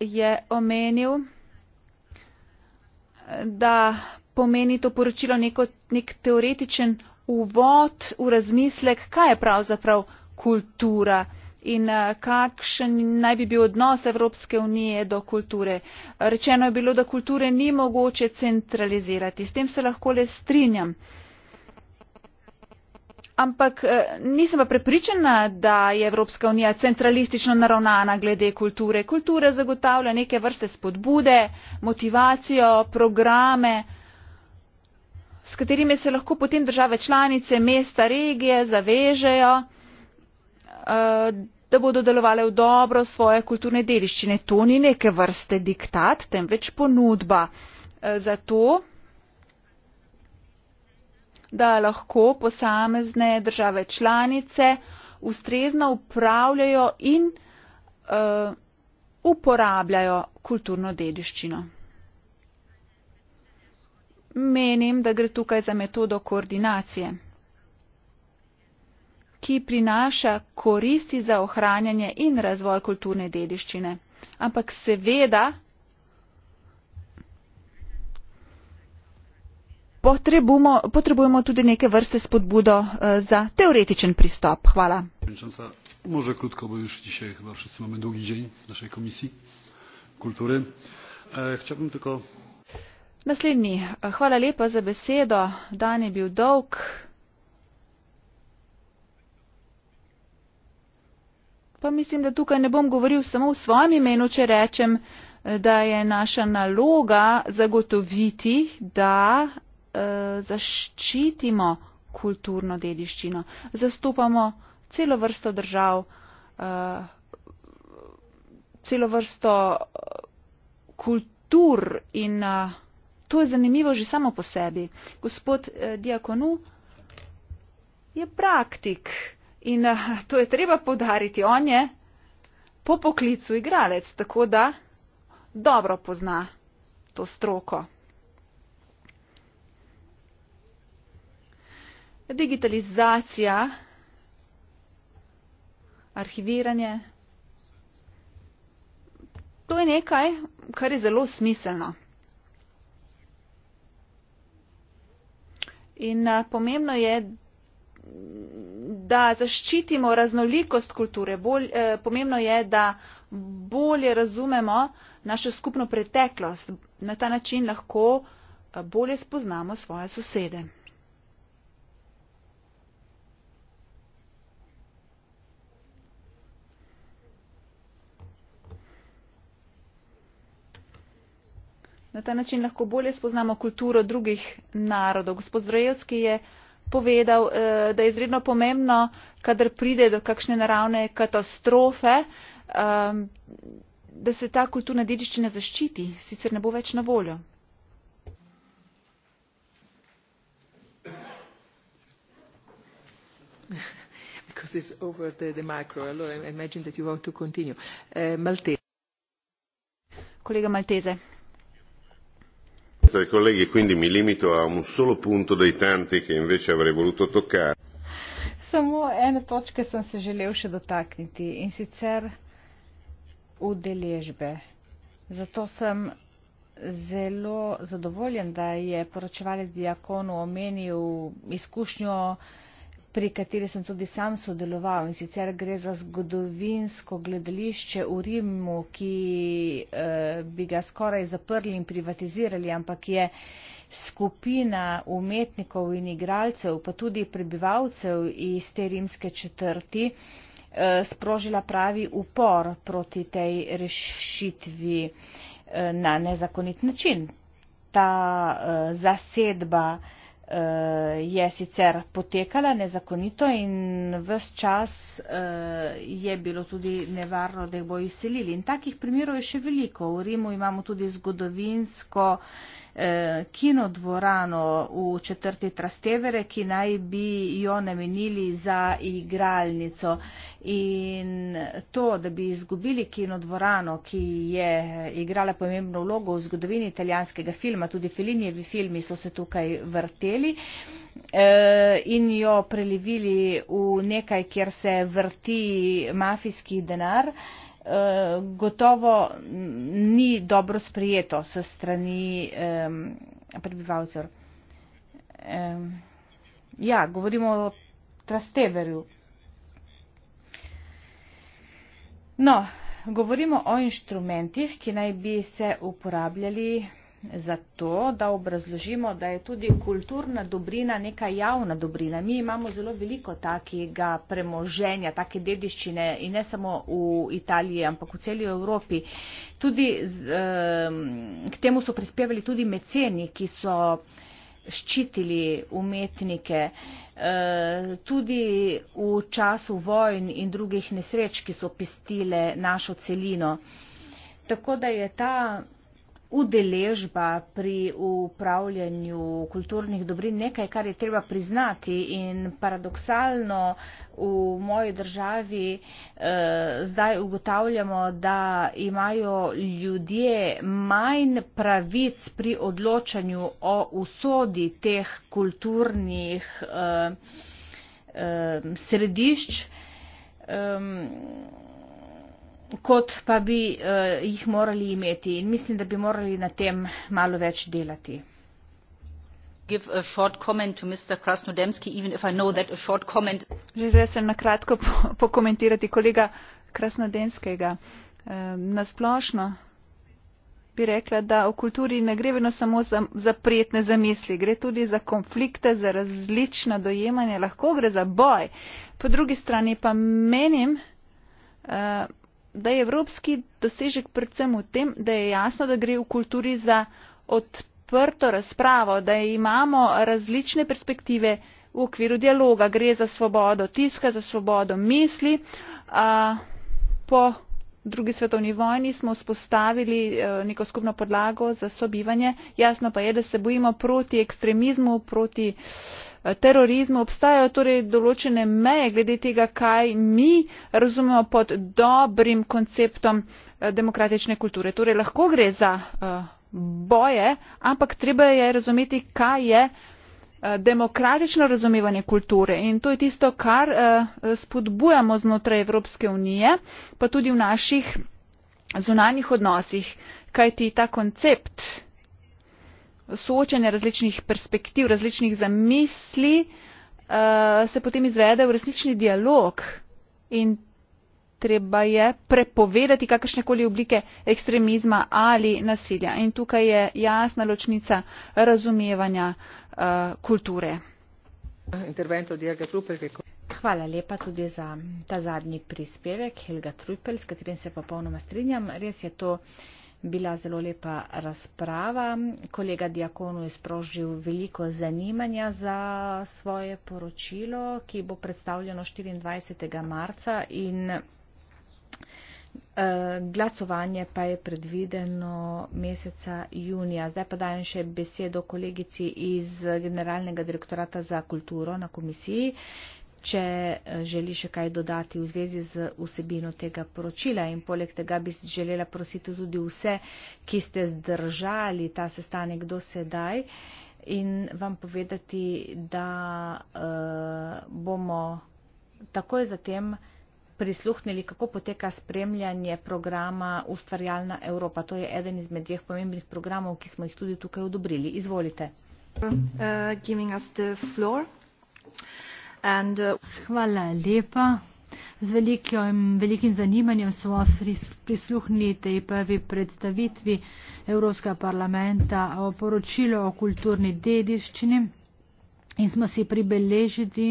A: je omenil, da pomeni to poročilo neko, nek teoretičen uvod v razmislek, kaj je pravzaprav kultura in eh, kakšen naj bi bil odnos Evropske unije do kulture. Rečeno je bilo, da kulture ni mogoče centralizirati. S tem se lahko le strinjam. Ampak eh, nisem pa prepričana, da je Evropska unija centralistično naravnana glede kulture. Kultura zagotavlja neke vrste spodbude, motivacijo, programe, s katerimi se lahko potem države članice, mesta, regije zavežejo Eh, da bodo delovale v dobro svoje kulturne dediščine. To ni neke vrste diktat, temveč ponudba eh, za to, da lahko posamezne države članice ustrezno upravljajo in uh, uporabljajo kulturno dediščino. Menim, da gre tukaj za metodo koordinacije ki prinaša koristi za ohranjanje in razvoj kulturne dediščine. Ampak seveda potrebujemo, potrebujemo tudi neke vrste spodbudo eh, za teoretičen pristop. Hvala. Može krótko, bo już dzisiaj chyba wszyscy mamy
B: długi dzień w naszej Komisji Kultury. E, chciałbym tylko...
A: Następny. Chwała lepa za besedo. Dan je był dolg. Pa mislim, da tukaj ne bom govoril samo v svojem imenu, če rečem, eh, da je naša naloga zagotoviti, da eh, zaščitimo kulturno dediščino. Zastupamo celo vrsto držav, eh, celo vrsto eh, kultur in eh, to je zanimivo že samo po sebi. Gospod eh, Diakonu je praktik. In eh, to je treba podariti. On je po poklicu igralec, tako da dobro pozna to stroko. Digitalizacija, arhiviranje. To je nekaj, kar je zelo smiselno. In a, eh, pomembno je, da zaščitimo raznolikost kulture. Bol, eh, pomembno je, da bolje razumemo našo skupno preteklost. Na ta način lahko eh, bolje spoznamo svoje sosede. Na ta način lahko bolje spoznamo kulturo drugih narodov. Gospod Zrajevski je povedal, eh, da je izredno pomembno, kadar pride do kakšne naravne katastrofe, ehm, da se ta kulturna dediščina zaščiti, sicer ne bo več na voljo.
B: Eh,
A: Kolega Malteze presenza dei colleghi e quindi mi limito a un solo punto dei tanti che invece avrei voluto toccare.
B: Samo ene točke sem se želel še dotakniti in sicer udeležbe. Zato sem zelo zadovoljen, da je poročevalec diakonu omenil izkušnjo uh, pri kateri sem tudi sam sodeloval in sicer gre za zgodovinsko gledališče v Rimu, ki eh, bi ga skoraj zaprli in privatizirali, ampak je skupina umetnikov in igralcev, pa tudi prebivalcev iz te rimske četrti, eh, sprožila pravi upor proti tej rešitvi eh, na nezakonit način. Ta zasedba Eh, je sicer potekala nezakonito in vse čas eh, je bilo tudi nevarno, da jih bojo izselili. In takih primerov je še veliko. V Rimu imamo tudi zgodovinsko eh, kinodvorano v četrti Trastevere, ki naj bi jo namenili za igralnico. In to, da bi izgubili kinodvorano, ki je igrala pomembno vlogo v zgodovini italijanskega filma, tudi Felinijevi filmi so se tukaj vrteli e, in jo prelivili v nekaj, kjer se vrti mafijski denar. Eh, gotovo ni dobro sprijeto s strani eh, prebivalcev. Ja, govorimo o Trasteverju. No, govorimo o inštrumentih, ki naj bi se uporabljali zato, da obrazložimo, da je tudi kulturna dobrina neka javna dobrina. Mi imamo zelo veliko takega premoženja, take dediščine in ne samo v Italiji, ampak v celi Evropi. Tudi z, ehm, k temu so prispevali tudi meceni, ki so ščitili umetnike. E, tudi v času vojn in drugih nesreč, ki so pistile našo celino. Tako da je ta udeležba pri upravljanju kulturnih dobrin nekaj, kar je treba priznati in paradoksalno v moji državi eh, zdaj ugotavljamo, da imajo ljudje manj pravic pri odločanju o usodi teh kulturnih eh, eh, središč. Eh, kot pa bi uh, jih morali imeti. In mislim, da bi morali na tem malo več delati.
C: Give a short comment to Mr. Krasnodemski, even if I know that a short comment.
A: Želel sem na kratko pokomentirati kolega Krasnodemskega. Na splošno bi rekla, da v kulturi ne gre vedno samo za, za prijetne zamisli, gre tudi za konflikte, za različna dojemanja, lahko gre za boj. Po drugi strani pa menim, eh, da je evropski dosežek predvsem v tem, da je jasno, da gre v kulturi za odprto razpravo, da imamo različne perspektive v okviru dialoga, gre za svobodo tiska, za svobodo misli. A, po drugi svetovni vojni smo vzpostavili e, neko skupno podlago za sobivanje, jasno pa je, da se bojimo proti ekstremizmu, proti uh, terorizmu obstajajo torej določene meje glede tega kaj mi razumemo pod dobrim konceptom eh, demokratične kulture torej lahko gre za eh, boje ampak treba je razumeti kaj je eh, demokratično razumevanje kulture in to je tisto kar spodbujamo znotraj evropske unije pa tudi v naših zunanjih odnosih kajti ta koncept soočanja različnih perspektiv, različnih zamisli, eh, se potem izvede v resnični dialog in treba je prepovedati kakršnekoli oblike ekstremizma ali nasilja. In tukaj je jasna ločnica razumevanja
B: eh, kulture. Hvala lepa tudi za ta zadnji prispevek Helga Trupel, s katerim se popolnoma strinjam. Res je to bila zelo lepa razprava. Kolega Diakonu je sprožil veliko zanimanja za svoje poročilo, ki bo predstavljeno 24. marca in eh, glasovanje pa je predvideno meseca junija. Zdaj pa dajem še besedo kolegici iz Generalnega direktorata za kulturo na komisiji, Če eh, želi še kaj dodati v zvezi z vsebino tega poročila in poleg tega bi želela prositi tudi vse, ki ste zdržali ta sestanek do sedaj in vam povedati, da uh, bomo takoj zatem prisluhnili, kako poteka spremljanje programa Ustvarjalna Evropa. To je eden izmed dveh pomembnih programov, ki smo jih tudi tukaj odobrili.
C: Izvolite. Uh, And, uh, Hvala lepa. Z velikim, velikim zanimanjem smo prisluhnili tej prvi predstavitvi Evropskega parlamenta o poročilu o kulturni dediščini in smo si pribeležili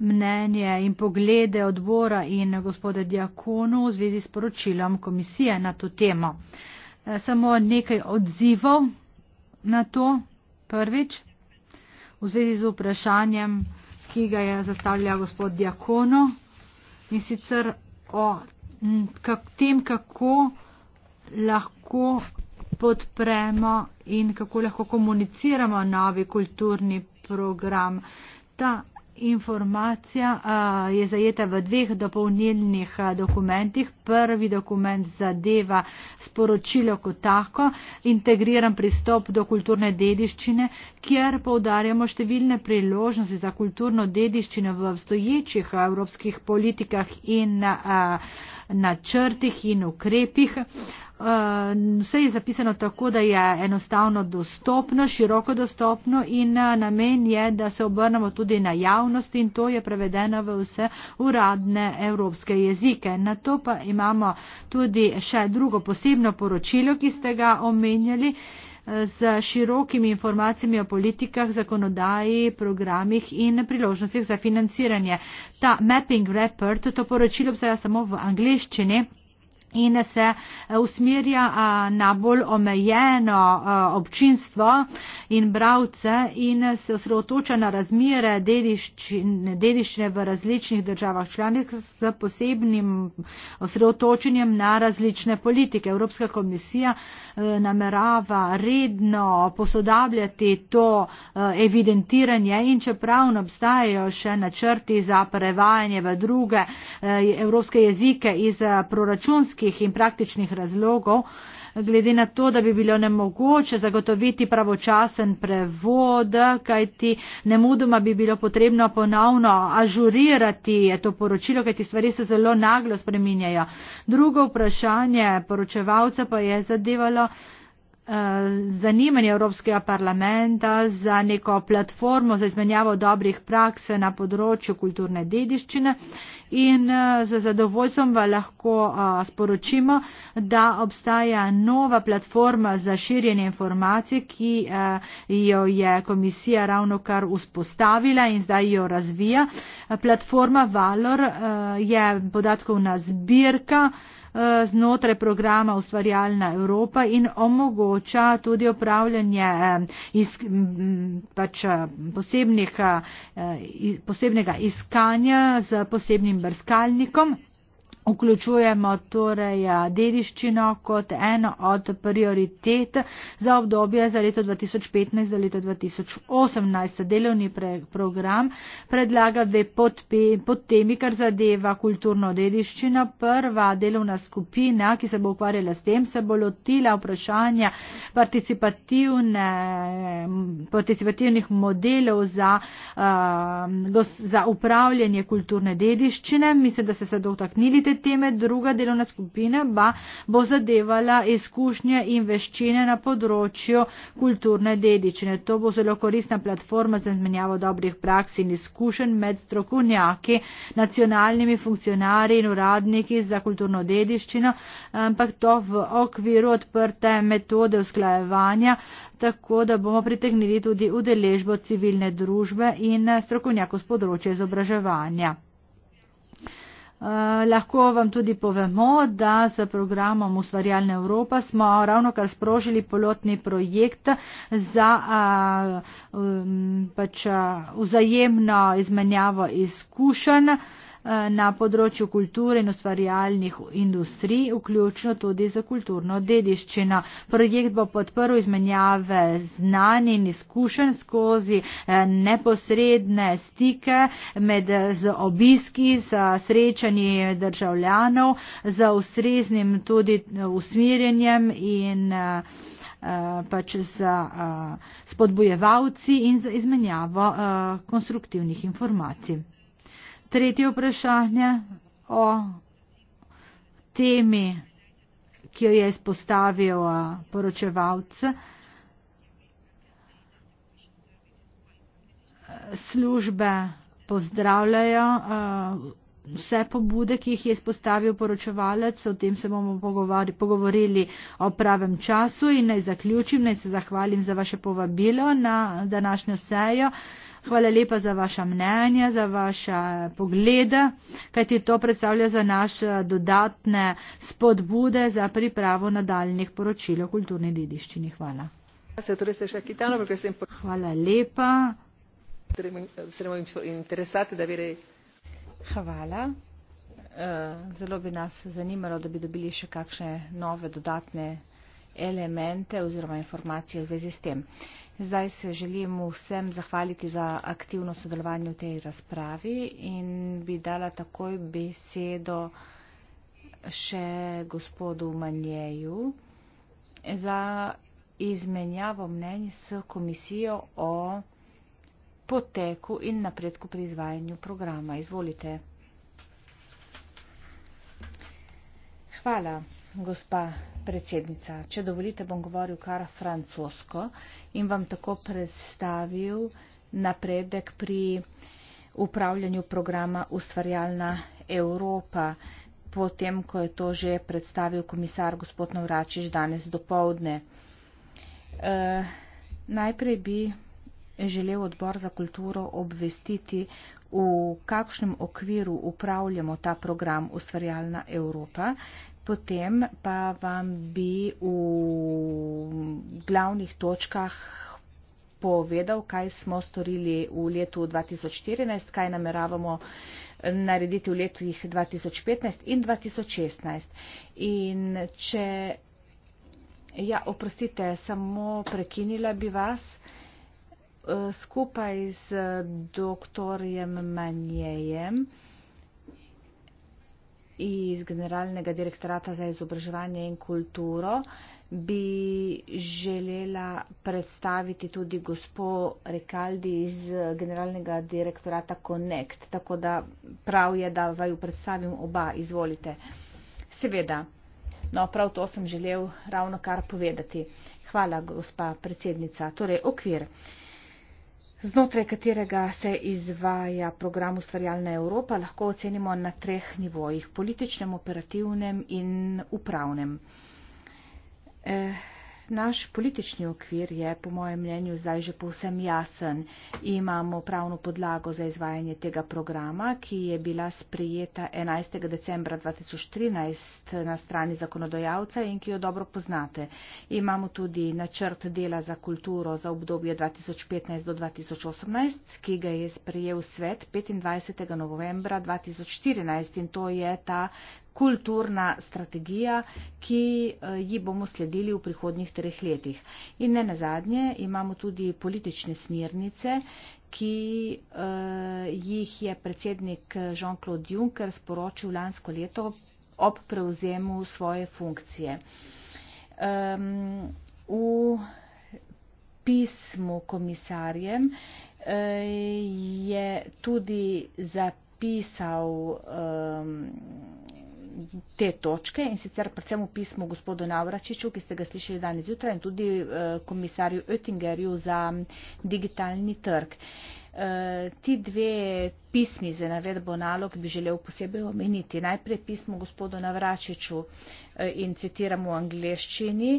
C: mnenje in poglede odbora in gospoda Diakonu v zvezi s poročilom komisije na to temo. E, samo nekaj odzivov na to. Prvič v zvezi z vprašanjem, ki ga je zastavljal gospod Diakono in sicer o tem, kako lahko podpremo in kako lahko komuniciramo novi kulturni program. Ta informacija a, je zajeta v dveh dopolnilnih a, dokumentih. Prvi dokument zadeva sporočilo kot tako, integriran pristop do kulturne dediščine, kjer povdarjamo številne priložnosti za kulturno dediščino v obstoječih evropskih politikah in a, načrtih in ukrepih. A, Eh, vse je zapisano tako, da je enostavno dostopno, široko dostopno in eh, namen je, da se obrnemo tudi na javnost in to je prevedeno v vse uradne evropske jezike. Na to pa imamo tudi še drugo posebno poročilo, ki ste ga omenjali eh, z širokimi informacijami o politikah, zakonodaji, programih in priložnostih za financiranje. Ta mapping report, to poročilo obstaja samo v angliščini in se eh, usmerja eh, na bolj omejeno eh, občinstvo in bravce in se osredotoča na razmere dediščine, dediščine v različnih državah članic s posebnim osredotočenjem na različne politike. Evropska komisija namerava redno posodabljati to evidentiranje in čeprav ne obstajajo še načrti za prevajanje v druge evropske jezike iz proračunske vsebinskih in praktičnih razlogov, glede na to, da bi bilo nemogoče zagotoviti pravočasen prevod, kajti nemudoma bi bilo potrebno ponovno ažurirati to poročilo, kajti stvari se zelo naglo spreminjajo. Drugo vprašanje poročevalca pa je zadevalo eh, zanimanje Evropskega parlamenta za neko platformo za izmenjavo dobrih praks na področju kulturne dediščine in eh, z zadovoljstvom vam lahko eh, sporočimo, da obstaja nova platforma za širjenje informacij, ki eh, jo je komisija ravno kar vzpostavila in zdaj jo razvija. Platforma Valor je podatkovna zbirka, znotraj programa Ustvarjalna Evropa in omogoča tudi opravljanje iz, pač eh, posebnega iskanja z posebnim brskalnikom. Vključujemo torej dediščino kot eno od prioritet za obdobje za leto 2015 do leta 2018. Delovni pre program predlaga dve podtemi, kar zadeva kulturno dediščino. Prva delovna skupina, ki se bo ukvarjala s tem, se bo lotila vprašanja participativnih modelov za, uh, za upravljanje kulturne dediščine. Mislim, da ste se dotaknili te teme druga delovna skupina pa bo zadevala izkušnje in veščine na področju kulturne dedičine. To bo zelo koristna platforma za izmenjavo dobrih praks in izkušenj med strokovnjaki, nacionalnimi funkcionarji in uradniki za kulturno dediščino, ampak to v okviru odprte metode usklajevanja, tako da bomo pritegnili tudi udeležbo civilne družbe in strokovnjakov z področja izobraževanja. Eh, lahko vam tudi povemo, da s programom Ustvarjalna Evropa smo ravno kar sprožili pilotni projekt za a, eh, um, pač, a, eh, vzajemno izmenjavo izkušenj. Eh, na področju kulture in ustvarjalnih industrij, vključno tudi za kulturno dediščino. Projekt bo podprl izmenjave znanj in izkušenj skozi eh, neposredne stike med z obiski, z srečanji državljanov, z ustreznim tudi eh, usmirjenjem in pač z spodbojevalci in z izmenjavo konstruktivnih informacij. Tretje vprašanje o temi, ki jo je izpostavil poročevalce. Službe pozdravljajo vse pobude, ki jih je izpostavil poročevalec. O tem se bomo pogovorili o pravem času in naj zaključim, naj se zahvalim za vaše povabilo na današnjo sejo. Hvala lepa za vaša mnenja, za vaša poglede, kajti to predstavlja za naše eh, dodatne spodbude za pripravo nadaljnih poročil o kulturni dediščini. Hvala. Hvala lepa.
B: Hvala. Eh, zelo bi nas zanimalo, da bi dobili še kakšne nove dodatne elemente oziroma informacije v zvezi s tem. Zdaj se želim vsem zahvaliti za aktivno sodelovanje v tej razpravi in bi dala takoj besedo še gospodu Manjeju za izmenjavo mnenj s komisijo o poteku in napredku pri izvajanju programa. Izvolite. Hvala, gospa predsednica. Če dovolite, bom govoril kar francosko in vam tako predstavil napredek pri upravljanju programa Ustvarjalna Evropa, potem, ko je to že predstavil komisar gospod Navračiš danes do povdne. E, najprej bi želel odbor za kulturo obvestiti, v kakšnem okviru upravljamo ta program Ustvarjalna Evropa. Potem pa vam bi v glavnih točkah povedal, kaj smo storili v letu 2014, kaj nameravamo narediti v letu 2015 in 2016. In če, ja, oprostite, samo prekinila bi vas eh, skupaj z doktorjem Manjejem iz Generalnega direktorata za izobraževanje in kulturo bi želela predstaviti tudi gospo Rekaldi iz Generalnega direktorata Connect, tako da prav je, da vaju predstavim oba, izvolite. Seveda, no prav to sem želel ravno kar povedati. Hvala, gospa predsednica. Torej, okvir. Uh, znotraj katerega se izvaja program Ustvarjalna Evropa, lahko ocenimo na treh nivojih: političnem, operativnem in upravnem. Eh, Naš politični okvir je, po mojem mnenju, zdaj že povsem jasen. Imamo pravno podlago za izvajanje tega programa, ki je bila sprijeta 11. decembra 2013 na strani zakonodajalca in ki jo dobro poznate. Imamo tudi načrt dela za kulturo za obdobje 2015 do 2018, ki ga je sprijel svet 25. novembra 2014 in to je ta kulturna strategija, ki eh, ji bomo sledili v prihodnjih treh letih. In ne nazadnje imamo tudi politične smernice, ki eh, jih je predsednik eh, Jean-Claude Juncker sporočil lansko leto ob prevzemu svoje funkcije. V pismu komisarjem je tudi zapisal te točke in sicer predvsem v pismu gospodu Navračiču, ki ste ga slišali danes zjutraj in tudi eh, komisarju Oettingerju za digitalni trg. Eh, ti dve pismi za navedbo nalog bi želel posebej omeniti. Najprej pismo gospodu Navračiču eh, in citiram v angleščini.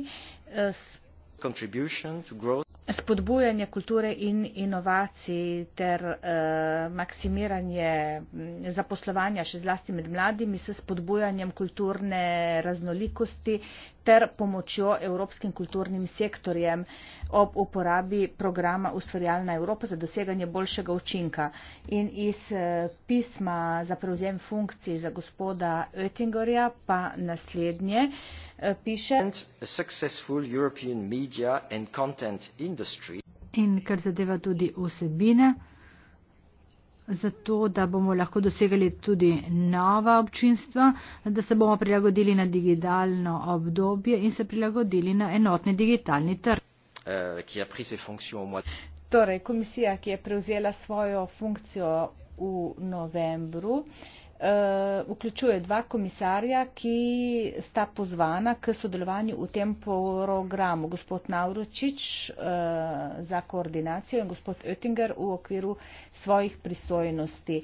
B: Contribution to growth spodbujanje kulture in inovacij ter eh, maksimiranje mm, zaposlovanja še zlasti med mladimi s spodbujanjem kulturne raznolikosti ter pomočjo evropskim kulturnim sektorjem ob uporabi programa Ustvarjalna Evropa za doseganje boljšega učinka. In iz eh, pisma za prevzem funkcij za gospoda Oettingerja pa
C: naslednje. Eh, Eh, piše. In kar zadeva tudi osebine, zato da bomo lahko dosegali tudi nova občinstva, da se bomo prilagodili na digitalno obdobje in se prilagodili na enotni digitalni trg.
B: Eh,
C: torej, komisija, ki je prevzela svojo funkcijo
B: v novembru, uh, Eh, vključuje dva komisarja, ki sta pozvana k sodelovanju v tem programu. Gospod Navročič eh, za koordinacijo in gospod Oettinger v okviru svojih pristojnosti.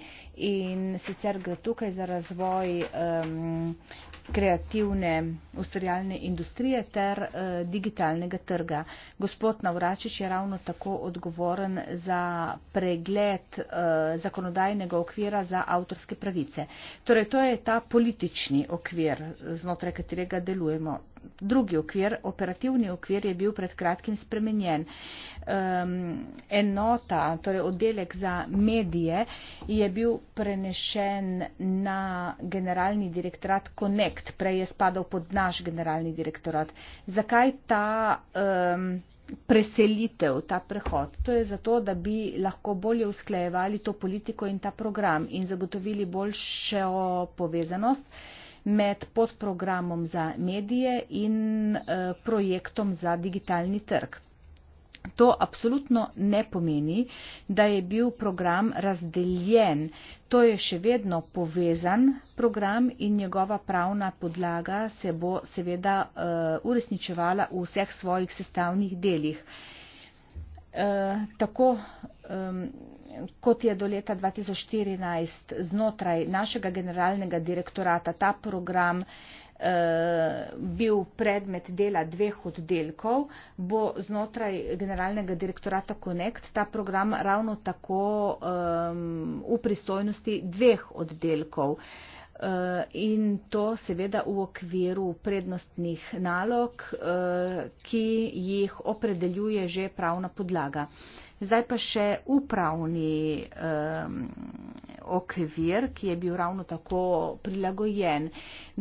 B: In sicer gre tukaj za razvoj um, kreativne ustvarjalne industrije ter uh, digitalnega trga. Gospod Navračič je ravno tako odgovoren za pregled uh, zakonodajnega okvira za avtorske pravice. Torej, to je ta politični okvir, znotraj katerega delujemo drugi okvir, operativni okvir je bil pred kratkim spremenjen. Um, enota, torej oddelek za medije je bil prenešen na generalni direktorat Connect, prej je spadal pod naš generalni direktorat. Zakaj ta um, preselitev, ta prehod? To je zato, da bi lahko bolje usklajevali to politiko in ta program in zagotovili boljšo povezanost. Uh, med podprogramom za medije in eh, projektom za digitalni trg. To absolutno ne pomeni, da je bil program razdeljen. To je še vedno povezan program in njegova pravna podlaga se bo seveda eh, uresničevala v vseh svojih sestavnih delih. Eh, tako kot je do leta 2014 znotraj našega generalnega direktorata ta program eh, bil predmet dela dveh oddelkov, bo znotraj generalnega direktorata Connect ta program ravno tako um, v pristojnosti dveh oddelkov. Eh, in to seveda v okviru prednostnih nalog, eh, ki jih opredeljuje že pravna podlaga. Uh, Zdaj pa še upravni um, okvir, ki je bil ravno tako prilagojen.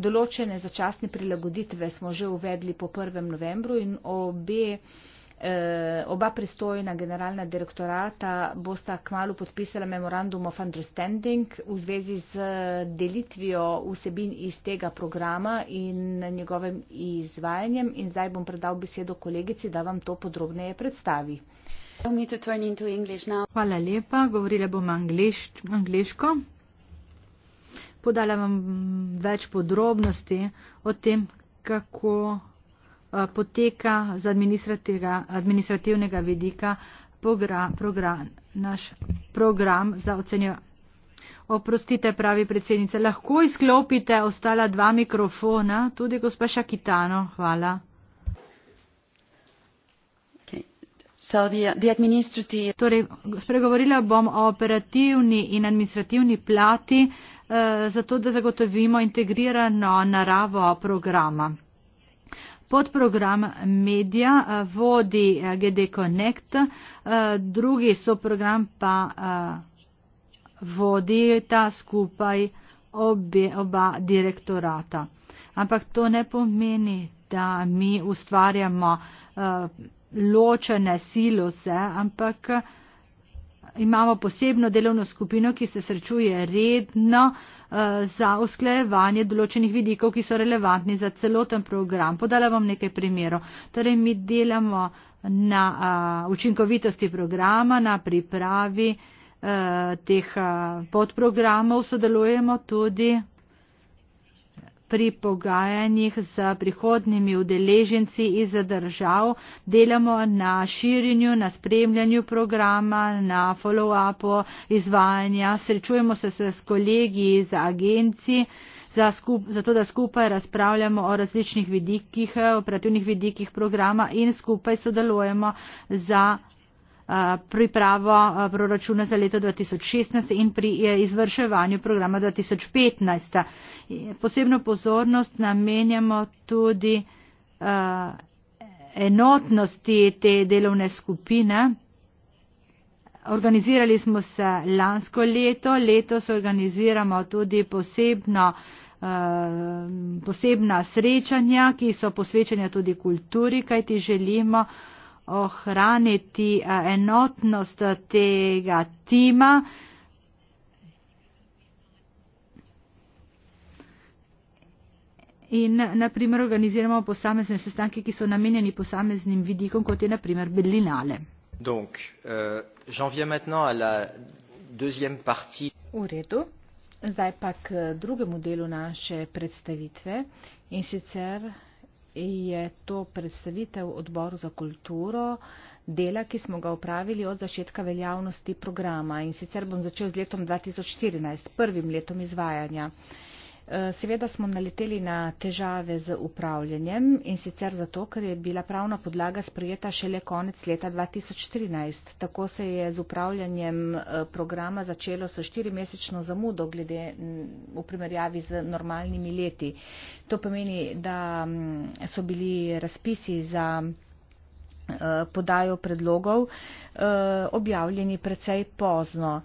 B: Določene začasne prilagoditve smo že uvedli po 1. novembru in obe, uh, oba pristojna generalna direktorata bosta kmalo podpisala memorandum of understanding v zvezi z e, delitvijo vsebin iz tega programa in njegovim izvajanjem. In zdaj bom predal besedo kolegici, da vam to podrobneje
C: predstavi. Hvala lepa, govorila bom anglič, angliško. Podala vam več podrobnosti o tem, kako eh, poteka z administrativnega vidika program, program, naš program za ocenjevanje. Oprostite, pravi predsednica, lahko izklopite ostala dva mikrofona, tudi gospa Šakitano. Hvala. Torej, spregovorila bom o operativni in administrativni plati, eh, zato da zagotovimo integrirano naravo programa. Podprogram medija eh, vodi eh, GD Connect, eh, drugi soprogram pa vodi ta skupaj obje, oba direktorata. Ampak to ne pomeni, da mi ustvarjamo ločene silose, ampak imamo posebno delovno skupino, ki se srečuje redno eh, za usklejevanje določenih vidikov, ki so relevantni za celoten program. Podala vam nekaj primerov. Torej, mi delamo na eh, učinkovitosti programa, na pripravi eh, teh podprogramov, sodelujemo tudi pri pogajanjih z prihodnimi udeleženci iz držav, delamo na širjenju, na spremljanju programa, na follow-upu izvajanja. Srečujemo se s kolegi iz agencij. Zato, da skupaj razpravljamo o različnih vidikih, operativnih vidikih programa in skupaj sodelujemo za Eh, pripravo eh, proračuna za leto 2016 in pri eh, izvrševanju programa 2015. Posebno pozornost namenjamo tudi enotnosti te delovne skupine. Organizirali smo se lansko leto, letos organiziramo tudi posebno, posebna srečanja, ki so posvečanja tudi kulturi, kajti želimo ohraniti eh, enotnost eh, tega tima. In, eh, naprimer, organiziramo posamezne sestanke, ki so namenjeni posameznim vidikom, kot je, naprimer, Berlinale. Donc, euh,
B: v redu. Zdaj pa k drugemu delu naše predstavitve in sicer je to predstavitev odboru za kulturo dela, ki smo ga upravili od začetka veljavnosti programa. In sicer bom začel z letom 2014, prvim letom izvajanja. Eh, seveda smo naleteli na težave z upravljanjem in sicer zato, ker je bila pravna podlaga sprejeta šele konec leta 2013. Tako se je z upravljanjem eh, programa začelo s štirimesečno zamudo glede v primerjavi z normalnimi leti. To pomeni, da so bili razpisi za eh, podajo predlogov objavljeni precej pozno.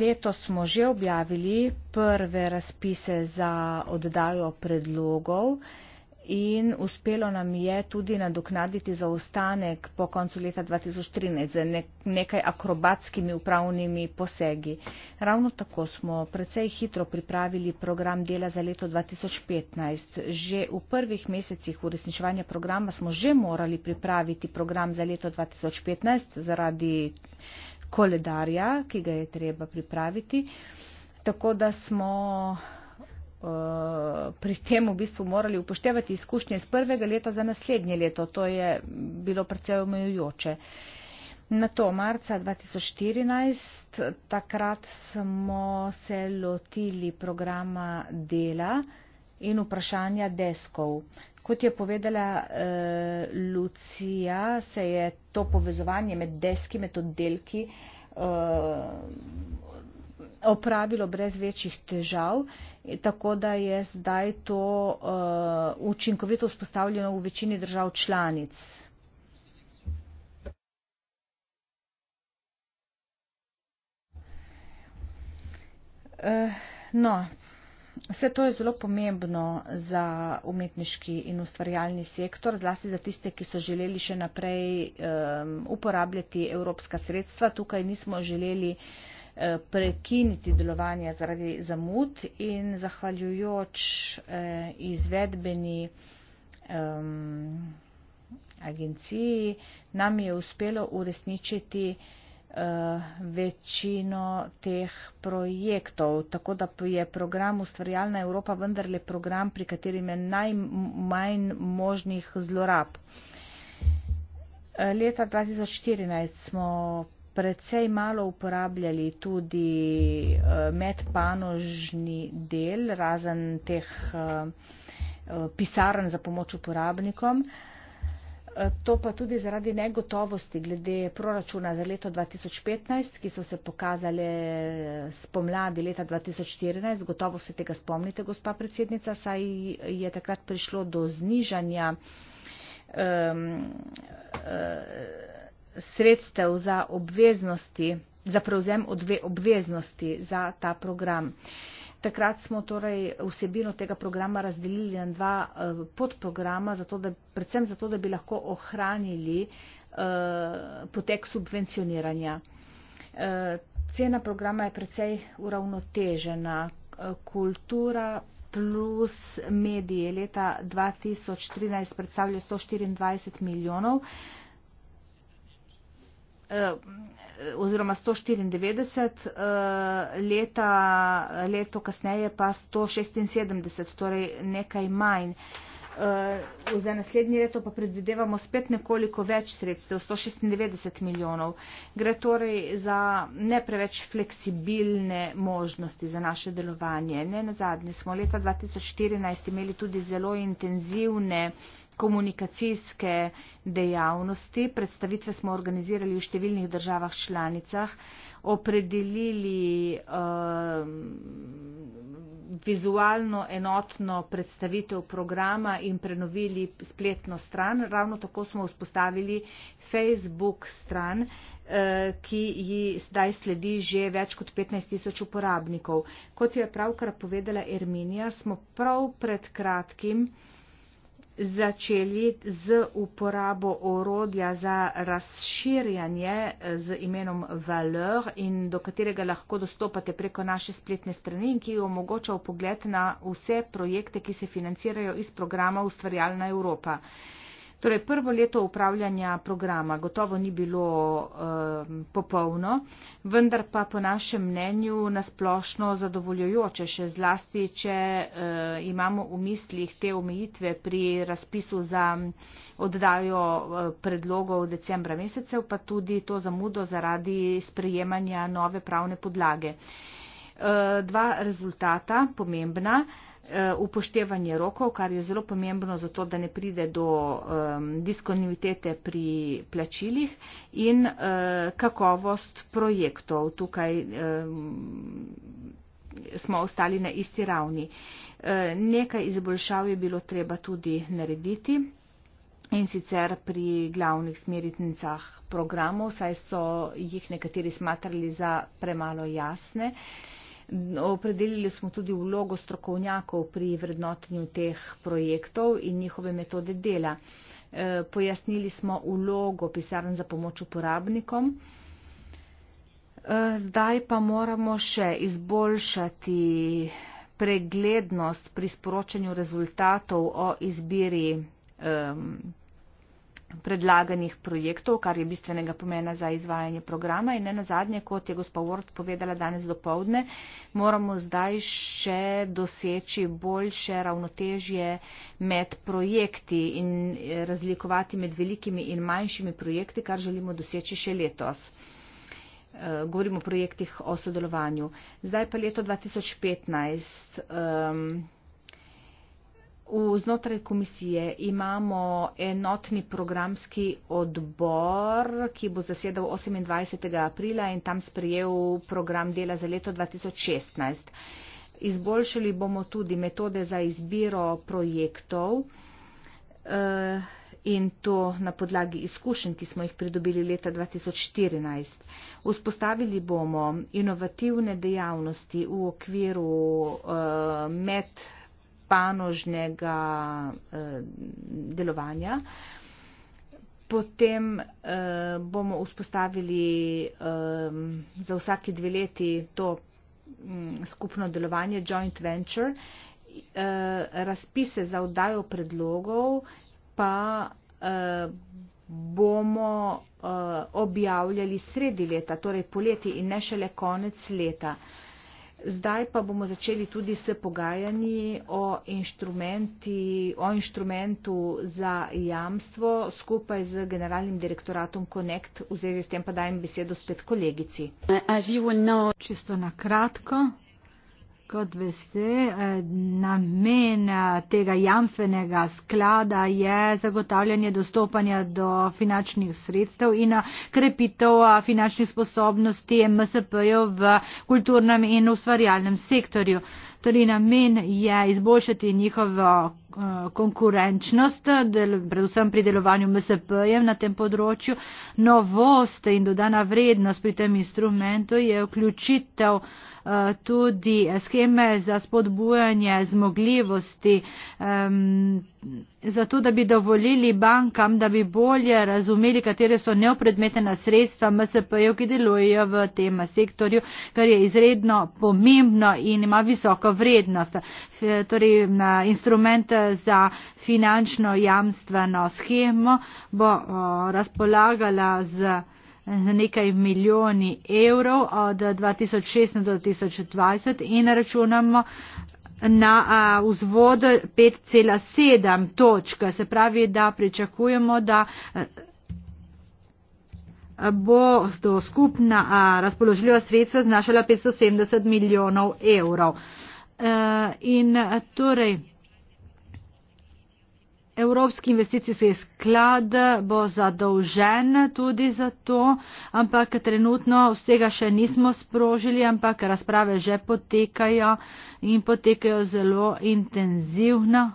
B: Letos smo že objavili prve razpise za oddajo predlogov in uspelo nam je tudi nadoknaditi zaostanek po koncu leta 2013 z nekaj akrobatskimi upravnimi posegi. Ravno tako smo precej hitro pripravili program dela za leto 2015. Že v prvih mesecih uresničevanja programa smo že morali pripraviti program za leto 2015 zaradi koledarja, ki ga je treba pripraviti. Tako da smo uh, pri tem v bistvu morali upoštevati izkušnje iz prvega leta za naslednje leto. To je bilo precej omejujoče. Na to marca 2014 takrat smo se lotili programa dela in vprašanja deskov. Uh, Kot je povedala uh, Lucija, se je to povezovanje med deskimi oddelki uh, opravilo brez večjih težav, tako da je zdaj to uh, učinkovito vzpostavljeno v večini držav članic. No, Vse to je zelo pomembno za umetniški in ustvarjalni sektor, zlasti za tiste, ki so želeli še naprej um, uporabljati evropska sredstva. Tukaj nismo želeli eh, prekiniti delovanje zaradi zamud in zahvaljujoč eh, izvedbeni um, agenciji nam je uspelo uresničiti uh, Eh, večino teh projektov. Tako da je program Ustvarjalna Evropa vendarle program, pri katerem je najmanj možnih zlorab. Eh, leta 2014 smo precej malo uporabljali tudi eh, medpanožni del, razen teh pisarn za pomoč uporabnikom to pa tudi zaradi negotovosti glede proračuna za leto 2015, ki so se pokazali spomladi leta 2014. Gotovo se tega spomnite, gospa predsednica, saj je takrat prišlo do znižanja um, sredstev za obveznosti, za prevzem obveznosti za ta program. Uh, Takrat smo torej vsebino tega programa razdelili na dva eh, podprograma, zato da, predvsem zato, da bi lahko ohranili eh, potek subvencioniranja. Eh, cena programa je precej uravnotežena. Kultura plus medije leta 2013 predstavlja 124 milijonov oziroma 194 eh, leta, leto kasneje pa 176, torej nekaj manj. Eh, za naslednje leto pa predvidevamo spet nekoliko več sredstev, 196 milijonov. Gre torej za ne preveč fleksibilne možnosti za naše delovanje. Ne na zadnje smo leta 2014 imeli tudi zelo intenzivne komunikacijske dejavnosti. Predstavitve smo organizirali v številnih državah članicah, opredelili uh, vizualno enotno predstavitev programa in prenovili spletno stran. Ravno tako smo vzpostavili Facebook stran eh, ki ji zdaj sledi že več kot 15 tisoč uporabnikov. Kot je pravkar povedala Erminija, smo prav pred kratkim uh, začeli z uporabo orodja za razširjanje eh, z imenom Valor in do katerega lahko dostopate preko naše spletne strani in ki omogoča pogled na vse projekte, ki se financirajo iz programa Ustvarjalna Evropa. Torej, prvo leto upravljanja programa gotovo ni bilo um, popolno, vendar pa po našem mnenju nasplošno zadovoljujoče, še zlasti, če uh, imamo v mislih te omejitve pri razpisu za mm, oddajo uh, predlogov decembra mesecev, pa tudi to zamudo zaradi sprejemanja nove pravne podlage. Uh, dva rezultata pomembna. Uh, Eh, upoštevanje rokov, kar je zelo pomembno zato, da ne pride do um, diskonivitete pri plačilih in uh, kakovost projektov. Tukaj um, smo ostali na isti ravni. Uh, nekaj izboljšav je bilo treba tudi narediti in sicer pri glavnih smeritnicah programov, saj so jih nekateri smatrali za premalo jasne. Uh, Opredelili smo tudi vlogo strokovnjakov pri vrednotenju teh projektov in njihove metode dela. E, pojasnili smo vlogo pisarn za pomoč uporabnikom. E, zdaj pa moramo še izboljšati preglednost pri sporočanju rezultatov o izbiri um, predlaganih projektov, kar je bistvenega pomena za izvajanje programa. In ne na zadnje, kot je gospa Ward povedala danes do povdne, moramo zdaj še doseči boljše ravnotežje med projekti in eh, razlikovati med velikimi in manjšimi projekti, kar želimo doseči še letos. Eh, Govorimo o projektih o sodelovanju. Zdaj pa leto 2015. Um, V znotraj komisije imamo enotni programski odbor, ki bo zasedal 28. aprila in tam sprejel program dela za leto 2016. Izboljšali bomo tudi metode za izbiro projektov eh, in to na podlagi izkušenj, ki smo jih pridobili leta 2014. Vzpostavili bomo inovativne dejavnosti v okviru eh, med panožnega eh, delovanja. Potem eh, bomo vzpostavili eh, za vsaki dve leti to hm, skupno delovanje joint venture. Eh, razpise za vdajo predlogov pa eh, bomo eh, objavljali sredi leta, torej poleti in ne šele konec leta. Eh, Zdaj pa bomo začeli tudi s pogajanji o, o inštrumentu za jamstvo skupaj z generalnim direktoratom Connect. V zvezi s tem pa dajem besedo spet kolegici.
C: Čisto na kratko. Kot veste, eh, namen eh, tega jamstvenega sklada je zagotavljanje dostopanja do finančnih sredstev in eh, krepitev finančnih sposobnosti MSP-jev v kulturnem in ustvarjalnem sektorju. Torej, namen je izboljšati njihovo konkurenčnost, del, predvsem pri delovanju MSP-jev na tem področju. Novost in dodana vrednost pri tem instrumentu je vključitev tudi skeme za spodbujanje zmogljivosti, um, zato da bi dovolili bankam, da bi bolje razumeli, katere so neopredmetena sredstva MSP-jev, ki delujejo v tem sektorju, kar je izredno pomembno in ima visoko vrednost. Torej, instrument za finančno jamstveno schemo bo razpolagala z za nekaj milijoni evrov od 2016 do 2020 in računamo na vzvod 5,7 točk. Se pravi, da pričakujemo, da bo to skupna razpoložljiva sredstva znašala 570 milijonov evrov. E, in torej, Evropski investicijski sklad bo zadolžen tudi za to, ampak trenutno vsega še nismo sprožili, ampak razprave že potekajo in potekajo zelo intenzivno.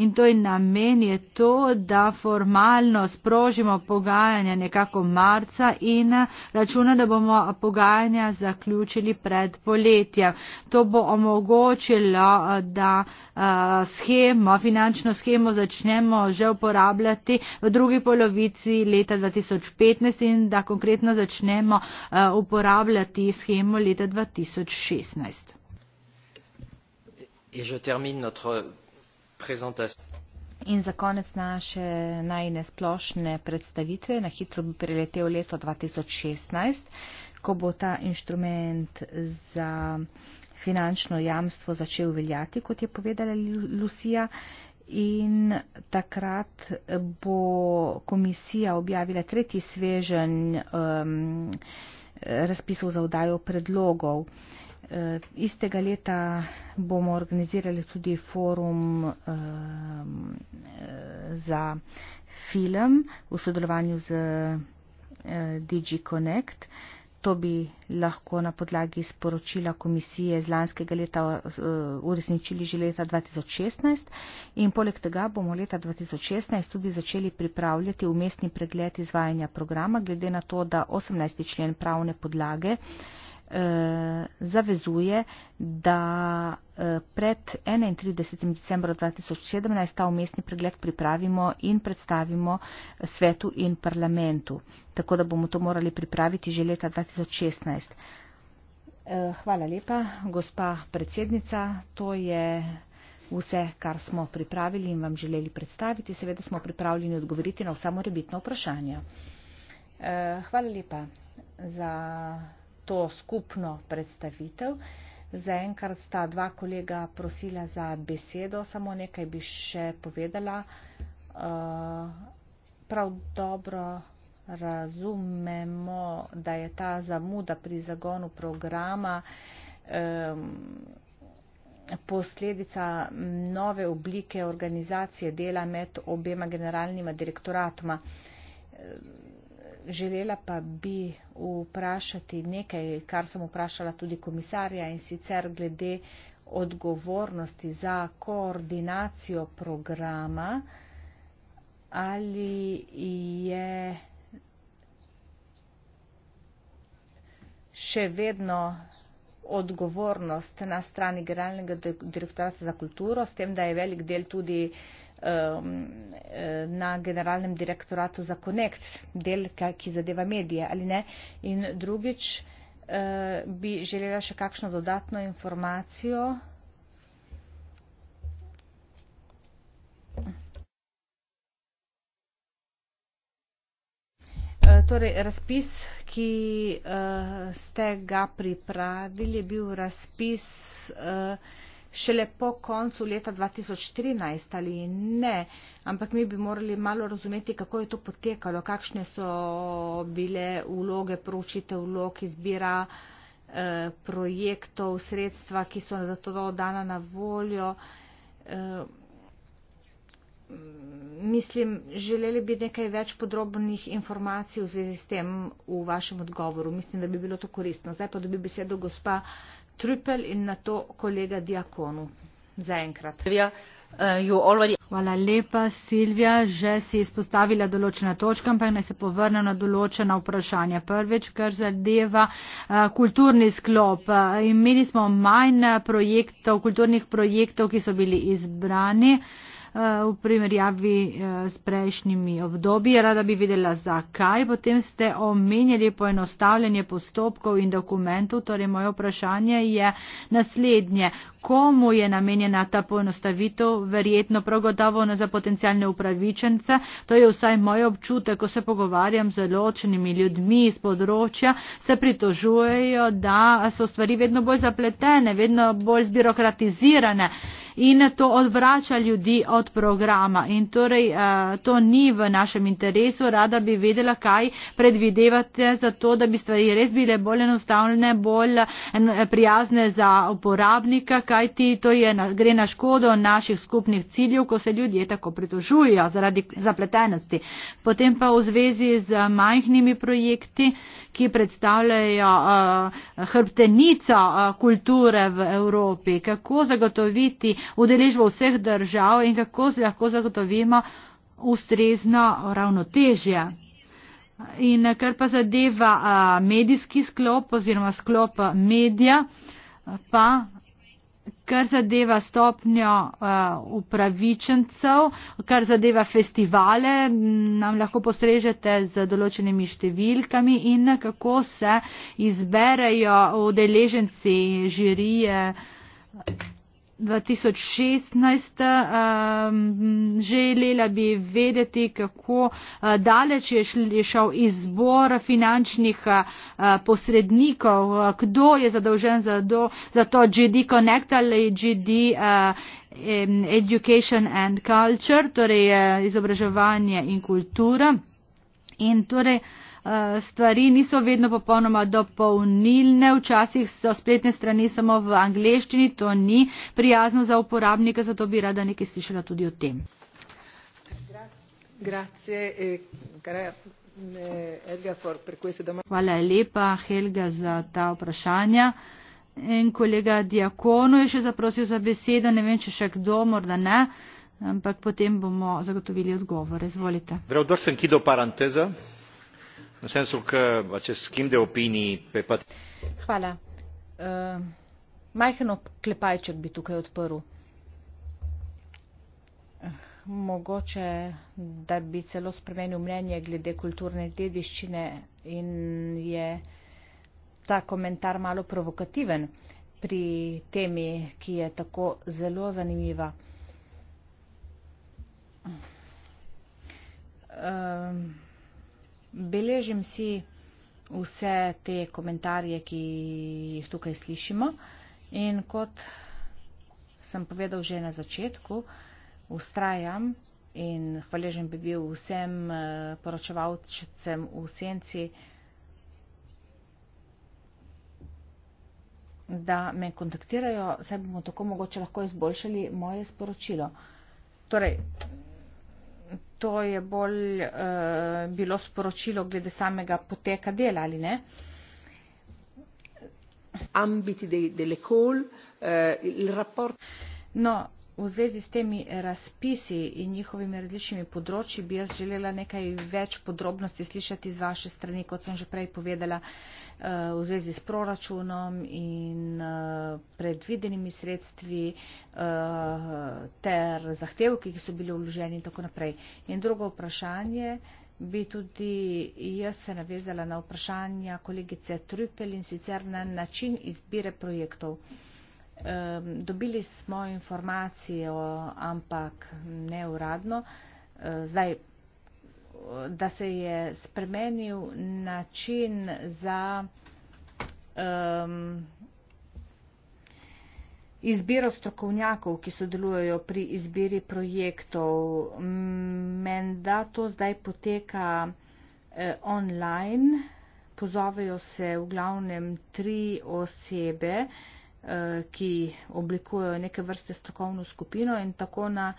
C: In to je namen je to, da formalno sprožimo pogajanja nekako marca in računa, da bomo pogajanja zaključili pred poletjem. To bo omogočilo, da schemo, finančno schemo začnemo že uporabljati v drugi polovici leta 2015 in da konkretno začnemo uporabljati schemo leta 2016 prezentacijo.
B: In za konec naše najne splošne predstavitve, na hitro bi preletel leto 2016, ko bo ta inštrument za finančno jamstvo začel veljati, kot je povedala Lucija. In takrat bo komisija objavila tretji svežen um, razpisov za vdajo predlogov. Uh, Eh, istega leta bomo organizirali tudi forum ehm, eh, za film v sodelovanju z eh, DigiConnect. To bi lahko na podlagi sporočila komisije z lanskega leta uresničili že leta 2016 in poleg tega bomo leta 2016 tudi začeli pripravljati umestni pregled izvajanja programa, glede na to, da 18. člen pravne podlage eh, Eh, zavezuje, da eh, pred 31. decembrom 2017 ta umestni pregled pripravimo in predstavimo svetu in parlamentu. Tako da bomo to morali pripraviti že leta 2016. Eh, hvala lepa, gospa predsednica. To je vse, kar smo pripravili in vam želeli predstaviti. Seveda smo pripravljeni odgovoriti na vsa morebitna vprašanja. Hvala lepa za to skupno predstavitev. Zaenkrat sta dva kolega prosila za besedo, samo nekaj bi še povedala. Uh, prav dobro razumemo, da je ta zamuda pri zagonu programa um, posledica nove oblike organizacije dela med obema generalnima direktoratoma želela pa bi vprašati nekaj, kar sem vprašala tudi komisarja in sicer glede odgovornosti za koordinacijo programa, ali je še vedno odgovornost na strani Generalnega direktorata za kulturo, s tem, da je velik del tudi uh, Um, eh, na generalnem direktoratu za Connect, del, ki zadeva medije ali ne. In drugič eh, bi želela še kakšno dodatno informacijo. Eh, torej, razpis, ki ste ga pripravili, je bil razpis šele po koncu leta 2013 ali ne, ampak mi bi morali malo razumeti, kako je to potekalo, kakšne so bile vloge, pročitev vlog, izbira eh, projektov, sredstva, ki so za to dana na voljo. Eh, mislim, želeli bi nekaj več podrobnih informacij v zvezi s tem v vašem odgovoru. Mislim, da bi bilo to koristno. Zdaj pa dobi besedo gospa
C: Trüppel in na to kolega Diakonu. Zaenkrat. Uh, Hvala lepa, Silvija. Že si izpostavila določena točka, ampak naj se povrne na določena vprašanja. Prvič, kar zadeva uh, kulturni sklop. Uh, imeli smo manj projektov, kulturnih projektov, ki so bili izbrani. Eh, v primerjavi eh, s prejšnjimi obdobji. Rada bi vedela, zakaj. Potem ste omenjali poenostavljanje postopkov in dokumentov. Torej, moje vprašanje je naslednje. Komu je namenjena ta poenostavitev? Verjetno progotovo za potencijalne upravičence. To je vsaj moj občutek, ko se pogovarjam z ločenimi ljudmi iz področja, se pritožujejo, da so stvari vedno bolj zapletene, vedno bolj zbirokratizirane in to odvrača ljudi od od programa in torej eh, to ni v našem interesu. Rada bi vedela, kaj predvidevate za to, da bi stvari res bile bolj enostavne, bolj eh, prijazne za uporabnika, kaj ti to je, gre na škodo naših skupnih ciljev, ko se ljudje tako pritožujejo zaradi zapletenosti. Potem pa v zvezi z majhnimi projekti, ki predstavljajo eh, hrbtenico kulture v Evropi, kako zagotoviti udeležbo vseh držav in kako tako se lahko zagotovimo ustrezno ravnotežje. In kar pa zadeva medijski sklop oziroma sklop medija, pa kar zadeva stopnjo upravičencev, kar zadeva festivale, nam lahko postrežete z določenimi številkami in kako se izberejo udeleženci žirije. 2016. Ehm, želela bi vedeti, kako eh, daleč je šel izbor finančnih eh, posrednikov, kdo je zadolžen za to, za to GD Connect ali GD eh, Education and Culture, torej izobraževanje in kultura. In torej, Eh, stvari niso vedno popolnoma dopolnilne, včasih so spletne strani samo v angleščini, to ni prijazno za uporabnike, zato bi rada nekaj slišala tudi o tem. E, e, Hvala lepa, Helga, za ta vprašanja. In kolega Diakonu je še zaprosil za besedo, ne vem, če še kdo, morda ne, ampak potem bomo zagotovili odgovor. Izvolite. Vreo, dor sem kido paranteza
B: nel senso che ma c'è schim de opinii pe pat Hvala. Uh, majhen oklepajček bi tukaj odprl. Mogoče, da bi celo spremenil mnenje glede kulturne dediščine in je ta komentar malo provokativen pri temi, ki je tako zelo zanimiva. Uh, beležim si vse te komentarje, ki jih tukaj slišimo. In kot sem povedal že na začetku, ustrajam in hvaležen bi bil vsem eh, poročevalcem v senci, da me kontaktirajo, saj bomo tako mogoče lahko izboljšali moje sporočilo. Torej, to je bolj uh, bilo sporočilo glede samega poteka dela ali ne. Eh, no, v zvezi s temi razpisi in njihovimi različnimi področji bi jaz želela nekaj več podrobnosti slišati z vaše strani, kot sem že prej povedala, eh, v zvezi s proračunom in eh, predvidenimi sredstvi eh, ter zahtevki, ki so bili vloženi in tako naprej. In drugo vprašanje bi tudi jaz se navezala na vprašanja kolegice Trupel in sicer na način izbire projektov. Um, dobili smo informacije, o, ampak neuradno, uh, zdaj, da se je spremenil način za um, izbiro strokovnjakov, ki sodelujejo pri izbiri projektov. Menda to zdaj poteka uh, online, pozovejo se v glavnem tri osebe. Uh, ki oblikujejo neke vrste strokovno skupino in tako na,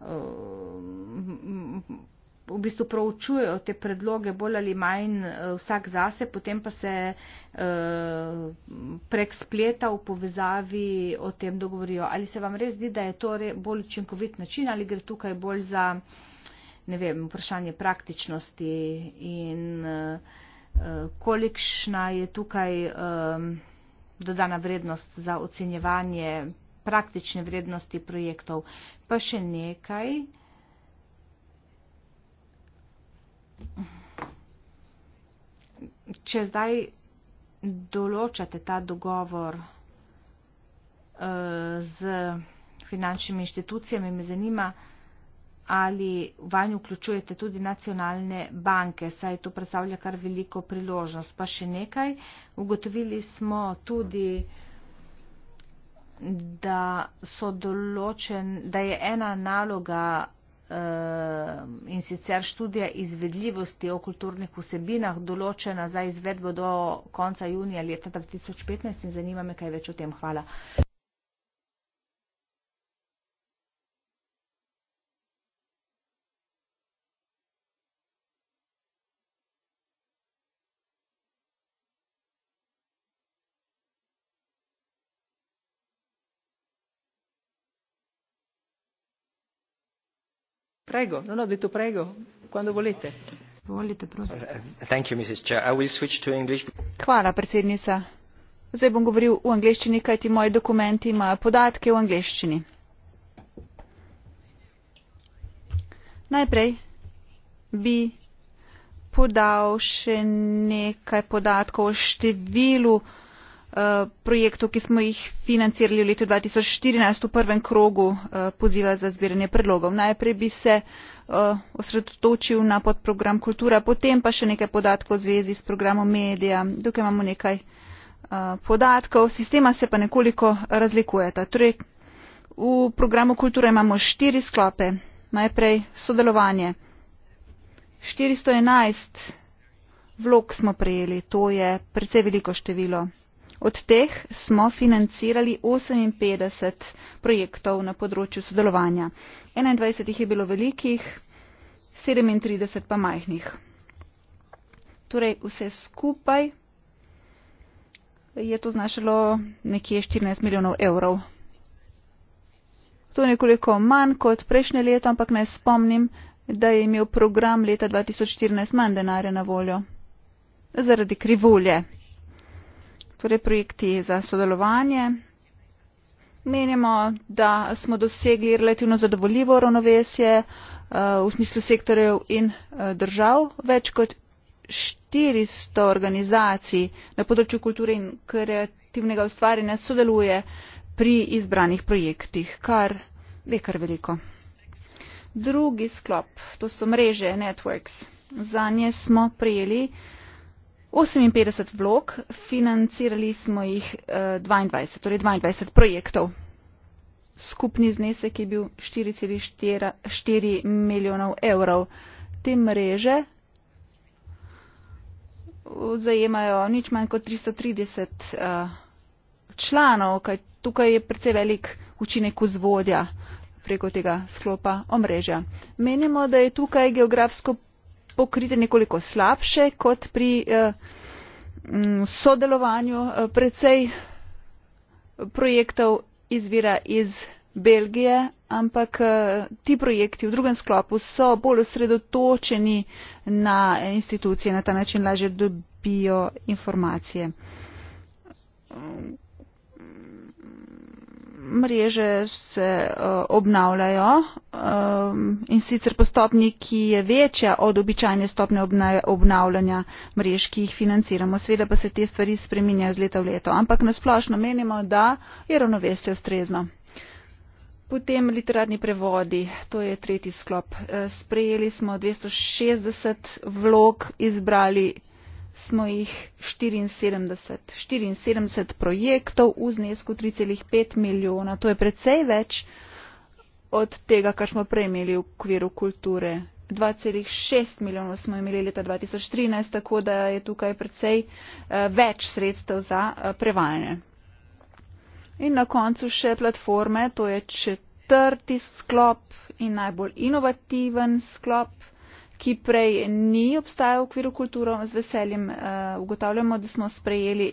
B: eh, v bistvu proučujejo te predloge bolj ali manj eh, vsak zase, potem pa se eh, prek spleta v povezavi o tem dogovorijo. Ali se vam res zdi, da je to bolj učinkovit način ali gre tukaj bolj za, ne vem, vprašanje praktičnosti in kolikšna je tukaj. Um, dodana vrednost za ocenjevanje praktične vrednosti projektov. Pa še nekaj. Če zdaj določate ta dogovor uh, z finančnimi inštitucijami, me zanima, ali vanj vključujete tudi nacionalne banke, saj to predstavlja kar veliko priložnost. Pa še nekaj, ugotovili smo tudi, da, določen, da je ena naloga eh, in sicer študija izvedljivosti o kulturnih vsebinah določena za izvedbo do konca junija leta 2015 in zanima me kaj več o tem. Hvala.
A: prego non no, ho detto prego quando volete volete prosto eh,
C: thank you mrs chair i will switch to english
A: hvala predsednica zdaj bom govoril v angleščini kajti moji dokumenti imajo podatke v angleščini najprej bi podal še nekaj podatkov o številu Eh, projektov, ki smo jih financirali v letu 2014 v prvem krogu eh, poziva za zbiranje predlogov. Najprej bi se eh, osredotočil na podprogram Kultura, potem pa še nekaj podatkov v zvezi s programom Medija. Tukaj imamo nekaj podatkov, sistema se pa nekoliko razlikujeta. Torej, v programu Kultura imamo štiri sklope. Najprej sodelovanje. 411 vlog smo prejeli, to je precej veliko število. Od teh smo financirali 58 projektov na področju sodelovanja. 21 jih je bilo velikih, 37 pa majhnih. Torej vse skupaj je to znašalo nekje 14 milijonov evrov. To je nekoliko manj kot prejšnje leto, ampak naj spomnim, da je imel program leta 2014 manj denarja na voljo zaradi krivulje torej projekti za sodelovanje. Menimo, da smo dosegli relativno zadovoljivo ravnovesje eh, v smislu sektorjev in eh, držav. Več kot 400 organizacij na področju kulture in kreativnega ustvarjanja sodeluje pri izbranih projektih, kar je kar veliko. Drugi sklop, to so mreže, networks. Za nje smo prijeli 58 vlog, financirali smo jih 22, eh, torej 22 projektov. Skupni znesek je bil 4,4 milijonov evrov. Te mreže eh, zajemajo nič manj kot 330 eh, članov, kaj tukaj je precej velik učinek vzvodja preko tega sklopa omrežja. Menimo, da je tukaj geografsko pokrite nekoliko slabše kot pri eh, mm, sodelovanju eh, precej projektov izvira iz Belgije, ampak eh, ti projekti v drugem sklopu so bolj osredotočeni na institucije, na ta način lažje dobijo informacije mreže se uh, obnavljajo um, in sicer po stopni, ki je večja od običajne stopne obna obnavljanja mrež, ki jih financiramo. Sveda pa se te stvari spreminjajo z leta v leto, ampak nasplošno menimo, da je ravnovesje ustrezno. Potem literarni prevodi, to je tretji sklop. E, sprejeli smo 260 vlog, izbrali smo jih 74. 74 projektov v znesku 3,5 milijona. To je precej več od tega, kar smo prej imeli v okviru kulture. 2,6 milijonov smo imeli leta 2013, tako da je tukaj precej eh, več sredstev za eh, prevajanje. In na koncu še platforme, to je četrti sklop in najbolj inovativen sklop ki prej ni obstajal v okviru kulturo, z veseljem uh, ugotavljamo, da smo sprejeli,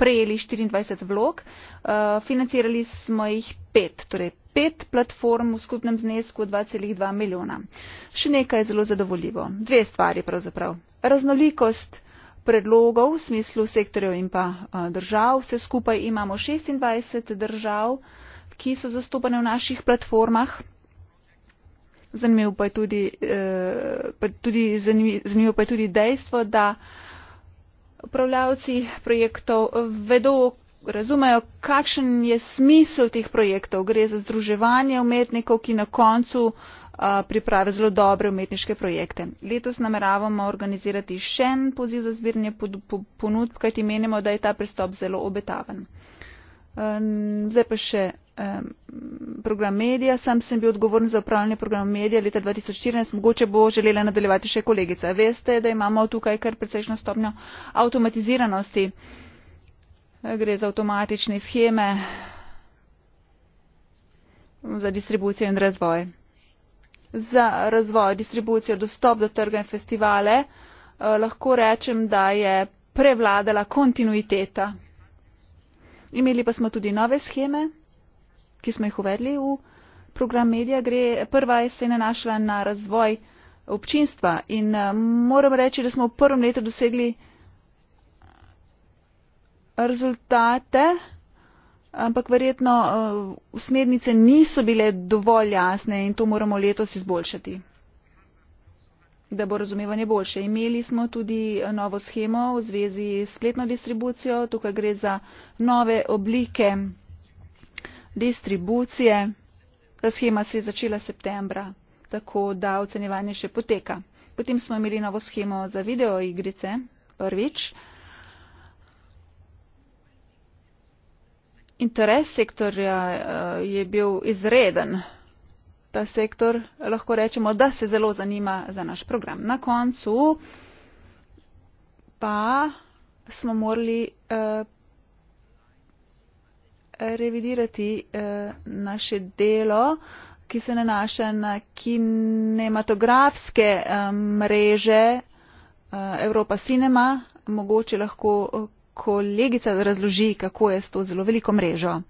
A: prejeli 24 vlog, uh, financirali smo jih pet, torej pet platform v skupnem znesku 2,2 milijona. Še nekaj je zelo zadovoljivo. Dve stvari pravzaprav. Raznolikost predlogov v smislu sektorjev in pa uh, držav. Vse skupaj imamo 26 držav, ki so zastopane v naših platformah. Zanimivo pa je tudi, eh, pa tudi, zanimivo, zanimivo pa je tudi dejstvo, da upravljavci projektov vedo, razumejo, kakšen je smisel teh projektov. Gre za združevanje umetnikov, ki na koncu eh, priprave zelo dobre umetniške projekte. Letos nameravamo organizirati še en poziv za zbiranje ponudb, kajti menimo, da je ta pristop zelo obetaven. Eh, zdaj pa še program medija, sam sem bil odgovoren za upravljanje programa medija leta 2014, mogoče bo želela nadaljevati še kolegica. Veste, da imamo tukaj kar precejšno stopnjo avtomatiziranosti, gre za avtomatične scheme za distribucijo in razvoj. Za razvoj, distribucijo, dostop do trga in festivale eh, lahko rečem, da je prevladala kontinuiteta. Imeli pa smo tudi nove scheme ki smo jih uvedli v program medija, gre, prva se je nanašala na razvoj občinstva in eh, moram reči, da smo v prvem letu dosegli eh, rezultate, ampak verjetno usmernice eh, niso bile dovolj jasne in to moramo letos izboljšati da bo razumevanje boljše. Imeli smo tudi novo schemo v zvezi s spletno distribucijo. Tukaj gre za nove oblike distribucije. Ta schema se je začela septembra, tako da ocenjevanje še poteka. Potem smo imeli novo schemo za videoigrice prvič. Interes sektorja eh, je bil izreden. Ta sektor lahko rečemo, da se zelo zanima za naš program. Na koncu pa smo morali eh, revidirati eh, naše delo, ki se nanaša na kinematografske eh, mreže eh, Evropa Cinema. Mogoče lahko eh, kolegica razloži, kako je s to zelo veliko mrežo.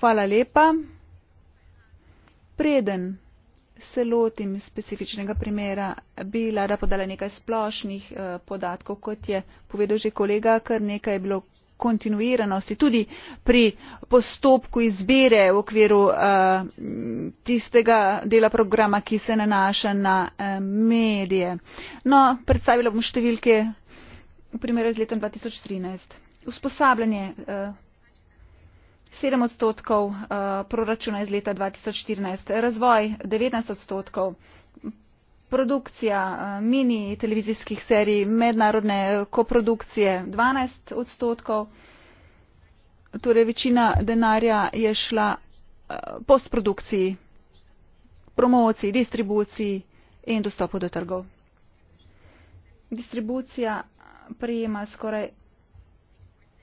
A: Hvala lepa. Preden se lotim specifičnega primera, bi rada podala nekaj splošnih eh, podatkov, kot je povedal že kolega, kar nekaj je bilo kontinuiranosti, tudi pri postopku izbire v okviru eh, tistega dela programa, ki se nanaša na eh, medije. No, predstavila bom številke v primeru iz leta 2013. Usposabljanje eh, sedem odstotkov proračuna iz leta 2014, razvoj devetnajst odstotkov, produkcija eh, mini televizijskih serij, mednarodne koprodukcije 12 odstotkov, torej večina denarja je šla eh, postprodukciji, promociji, distribuciji in dostopu do trgov. Distribucija prijema skoraj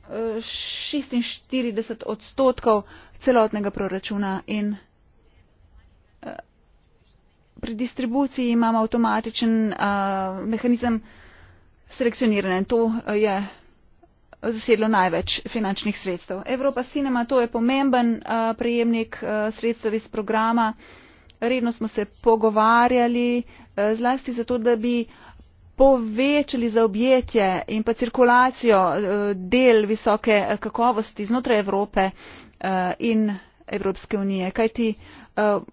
A: 46 eh, odstotkov celotnega proračuna in pri distribuciji imamo avtomatičen uh, mehanizem selekcioniranja in to je zasedlo največ finančnih sredstev. Evropa Cinema, to je pomemben uh, prejemnik uh, sredstev iz programa. Redno smo se pogovarjali, uh, zlasti zato, da bi povečali zaobjetje in pa cirkulacijo uh, del visoke kakovosti znotraj Evrope uh, in Evropske unije. Kajti, uh,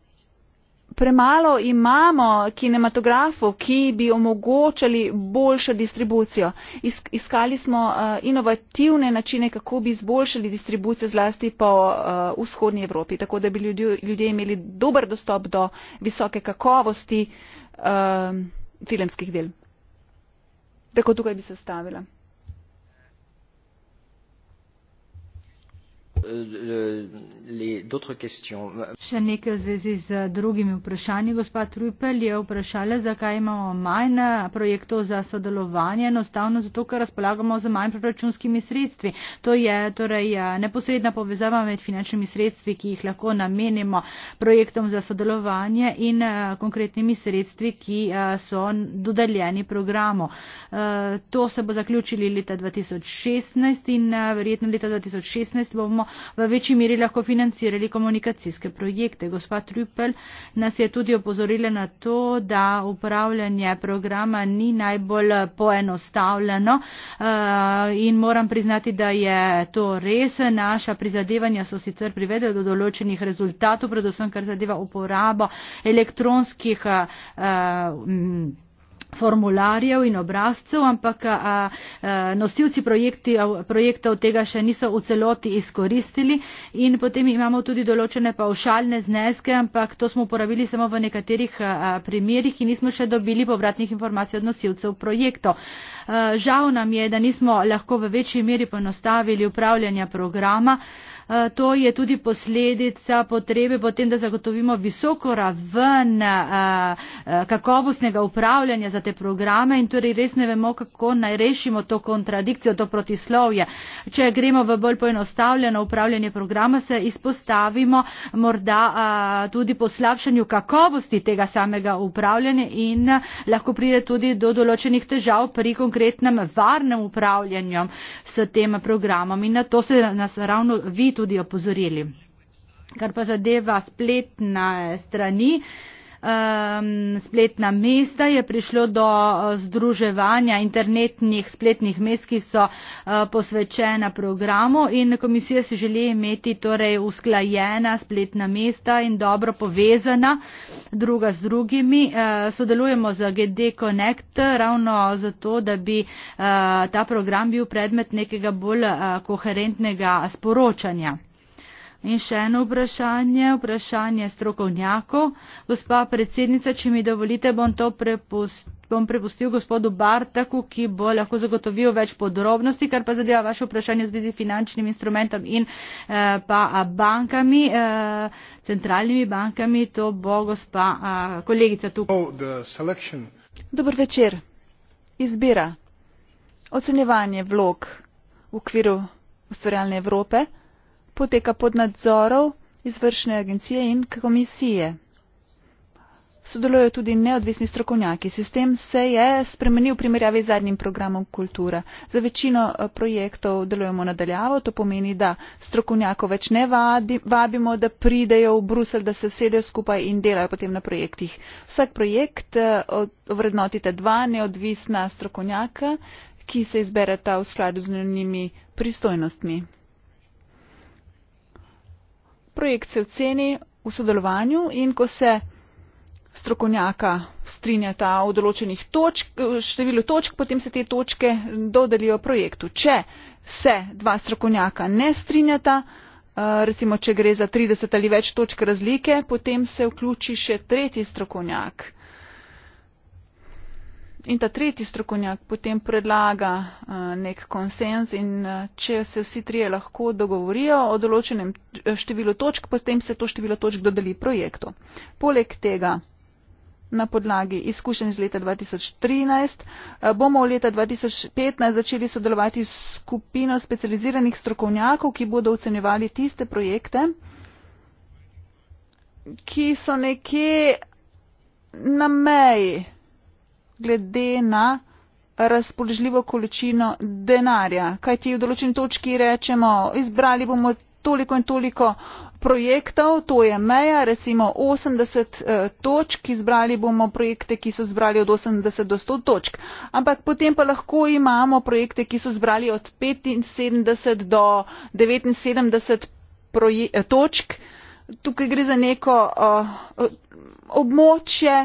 A: premalo imamo kinematografov, ki bi omogočali boljšo distribucijo. Iskali smo eh, inovativne načine, kako bi izboljšali distribucijo zlasti po eh, vzhodnji Evropi, tako da bi ljudje imeli dober dostop do visoke kakovosti eh, filmskih del.
C: Tako tukaj bi se ustavila. Euh, euh, Še nekaj v zvezi z drugimi vprašanji. Gospa Trupel je vprašala, zakaj imamo manj projektov za sodelovanje. Enostavno zato, ker razpolagamo z manj proračunskimi sredstvi. To je torej, eh, neposredna povezava med finančnimi sredstvi, ki jih lahko namenimo projektom za sodelovanje in eh, konkretnimi sredstvi, ki eh, so dodeljeni programu. To se bo zaključili leta 2016 in verjetno leta 2016 bomo v večji miri lahko financirali komunikacijske projekte. Gospa Trupel nas je tudi opozorila na to, da upravljanje programa ni najbolj poenostavljeno eh, in moram priznati, da je to res. Naša prizadevanja so sicer privedela do določenih rezultatov, predvsem kar zadeva uporabo elektronskih uh, formularjev in obrazcev, ampak a, a, nosilci projektov, projektov tega še niso v celoti izkoristili in potem imamo tudi določene paušalne zneske, ampak to smo uporabili samo v nekaterih a, a, primerih in nismo še dobili povratnih informacij od nosilcev projektov. Žal nam je, da nismo lahko v večji meri ponostavili upravljanja programa. A, Eh, to je tudi posledica potrebe potem, da zagotovimo visoko raven eh, eh, kakovostnega upravljanja za te programe in torej res ne vemo, kako naj rešimo to kontradikcijo, to protislovje. Če gremo v bolj poenostavljeno upravljanje programa, se izpostavimo morda tudi poslavšanju kakovosti tega samega upravljanja in lahko pride tudi do določenih težav pri konkretnem varnem upravljanju s tem programom. In na to se nas ravno vi tudi opozorili. Kar pa zadeva spletne strani, um, spletna mesta, je prišlo do eh, združevanja internetnih spletnih mest, ki so uh, posvečena programu in komisija si želi imeti torej usklajena spletna mesta in dobro povezana druga z drugimi. Uh, sodelujemo z GD Connect ravno zato, da bi uh, ta program bil predmet nekega bolj uh, koherentnega sporočanja. In še eno vprašanje, vprašanje strokovnjakov. Gospa predsednica, če mi dovolite, bom to prepust, bom prepustil gospodu Bartaku, ki bo lahko zagotovil več podrobnosti, kar pa zadeva vaše vprašanje z vidi finančnim instrumentom in eh, pa bankami, eh, centralnimi bankami. To bo gospa eh, kolegica tukaj. Oh, Dobro večer. Izbira.
A: Ocenjevanje vlog v okviru ustvarjalne Evrope poteka pod nadzorom izvršne agencije in komisije. Sodelujo tudi neodvisni strokovnjaki. Sistem se je spremenil v primerjavi z zadnjim programom kultura. Za večino eh, projektov delujemo nadaljavo, to pomeni, da strokovnjakov več ne vabimo, da pridejo v Bruselj, da se sedejo skupaj in delajo potem na projektih. Vsak projekt eh, ovrednotite dva neodvisna strokovnjaka, ki se izbereta v skladu z njenimi pristojnostmi projekt se oceni v sodelovanju in ko se strokovnjaka strinjata v določenih točk, številu točk, potem se te točke dodelijo projektu. Če se dva strokovnjaka ne strinjata, eh, recimo če gre za 30 ali več točk razlike, potem se vključi še tretji strokovnjak. In ta tretji strokovnjak potem predlaga eh, nek konsens in eh, če se vsi trije lahko dogovorijo o določenem eh, številu točk, potem se to število točk dodeli projektu. Poleg tega na podlagi izkušenj iz leta 2013 bomo v leta 2015 začeli sodelovati s skupino specializiranih strokovnjakov, ki bodo ocenjevali tiste projekte, ki so nekje na meji glede na razpoložljivo količino denarja. Kaj ti v določeni točki rečemo, izbrali bomo toliko in toliko projektov, to je meja, recimo 80 eh, točk, izbrali bomo projekte, ki so zbrali od 80 do 100 točk. Ampak potem pa lahko imamo projekte, ki so zbrali od 75 do 79 točk. Tukaj gre za neko uh, območje,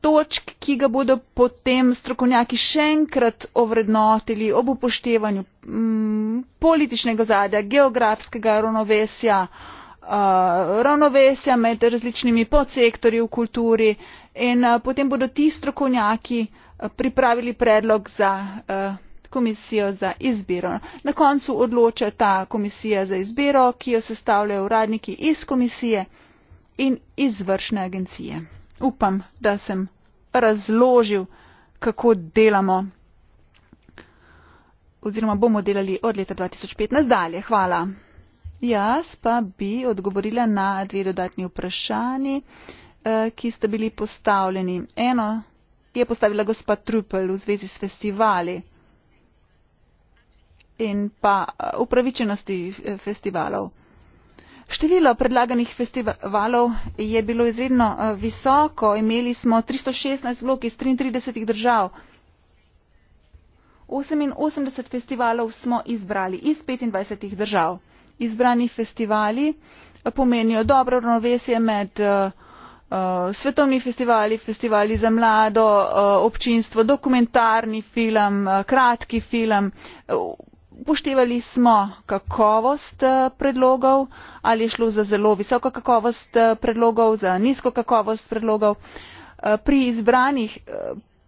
A: točk, ki ga bodo potem strokovnjaki še enkrat ovrednotili ob upoštevanju mm, političnega zadja, geografskega ravnovesja, uh, ravnovesja med različnimi podsektori v kulturi in uh, potem bodo ti strokovnjaki uh, pripravili predlog za uh, komisijo za izbiro. Na koncu odloča ta komisija za izbiro, ki jo sestavljajo uradniki iz komisije in izvršne agencije. Upam, da sem razložil, kako delamo oziroma bomo delali od leta 2015 dalje. Hvala. Jaz pa bi odgovorila na dve dodatni vprašanji, eh, ki sta bili postavljeni. Eno je postavila gospa Trupel v zvezi s festivali in pa eh, upravičenosti eh, festivalov število predlaganih festivalov je bilo izredno eh, visoko imeli smo tristo šestnajst vlog iz triintrideset držav oseminosemdeset festivalov smo izbrali iz petindvajset držav izbrani festivali eh, pomenijo dobro ravnovesje med eh, svetovnimi festivali festivali za mlado občinstvo dokumentarni film kratki film upoštevali smo kakovost eh, predlogov, ali je šlo za zelo visoko kakovost eh, predlogov, za nizko kakovost predlogov. Eh, pri izbranih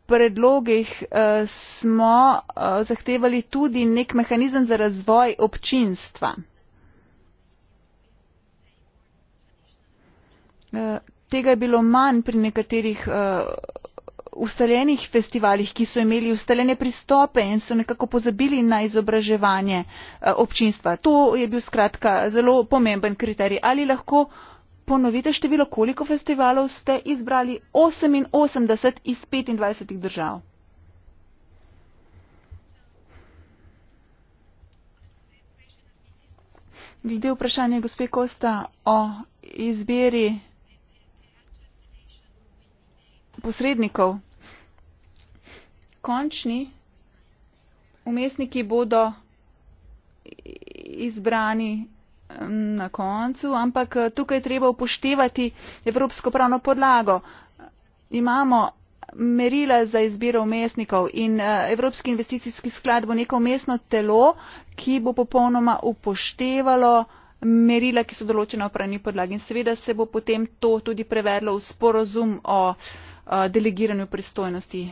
A: predlogih smo zahtevali tudi nek mehanizem za razvoj občinstva. Tega je bilo manj pri nekaterih ustaljenih festivalih, ki so imeli ustaljene pristope in so nekako pozabili na izobraževanje eh, občinstva. To je bil skratka zelo pomemben kriterij. Ali lahko ponovite število, koliko festivalov ste izbrali 88 iz 25 držav? Glede vprašanja gospe Kosta o izbiri posrednikov. Končni umestniki bodo izbrani na koncu, ampak eh, tukaj treba upoštevati evropsko pravno podlago. Imamo merila za izbiro umestnikov in eh, Evropski investicijski sklad bo neko umestno telo, ki bo popolnoma upoštevalo merila, ki so določena v pravni podlagi. In seveda se bo potem to tudi prevedlo v sporozum o Eh, delegiranju pristojnosti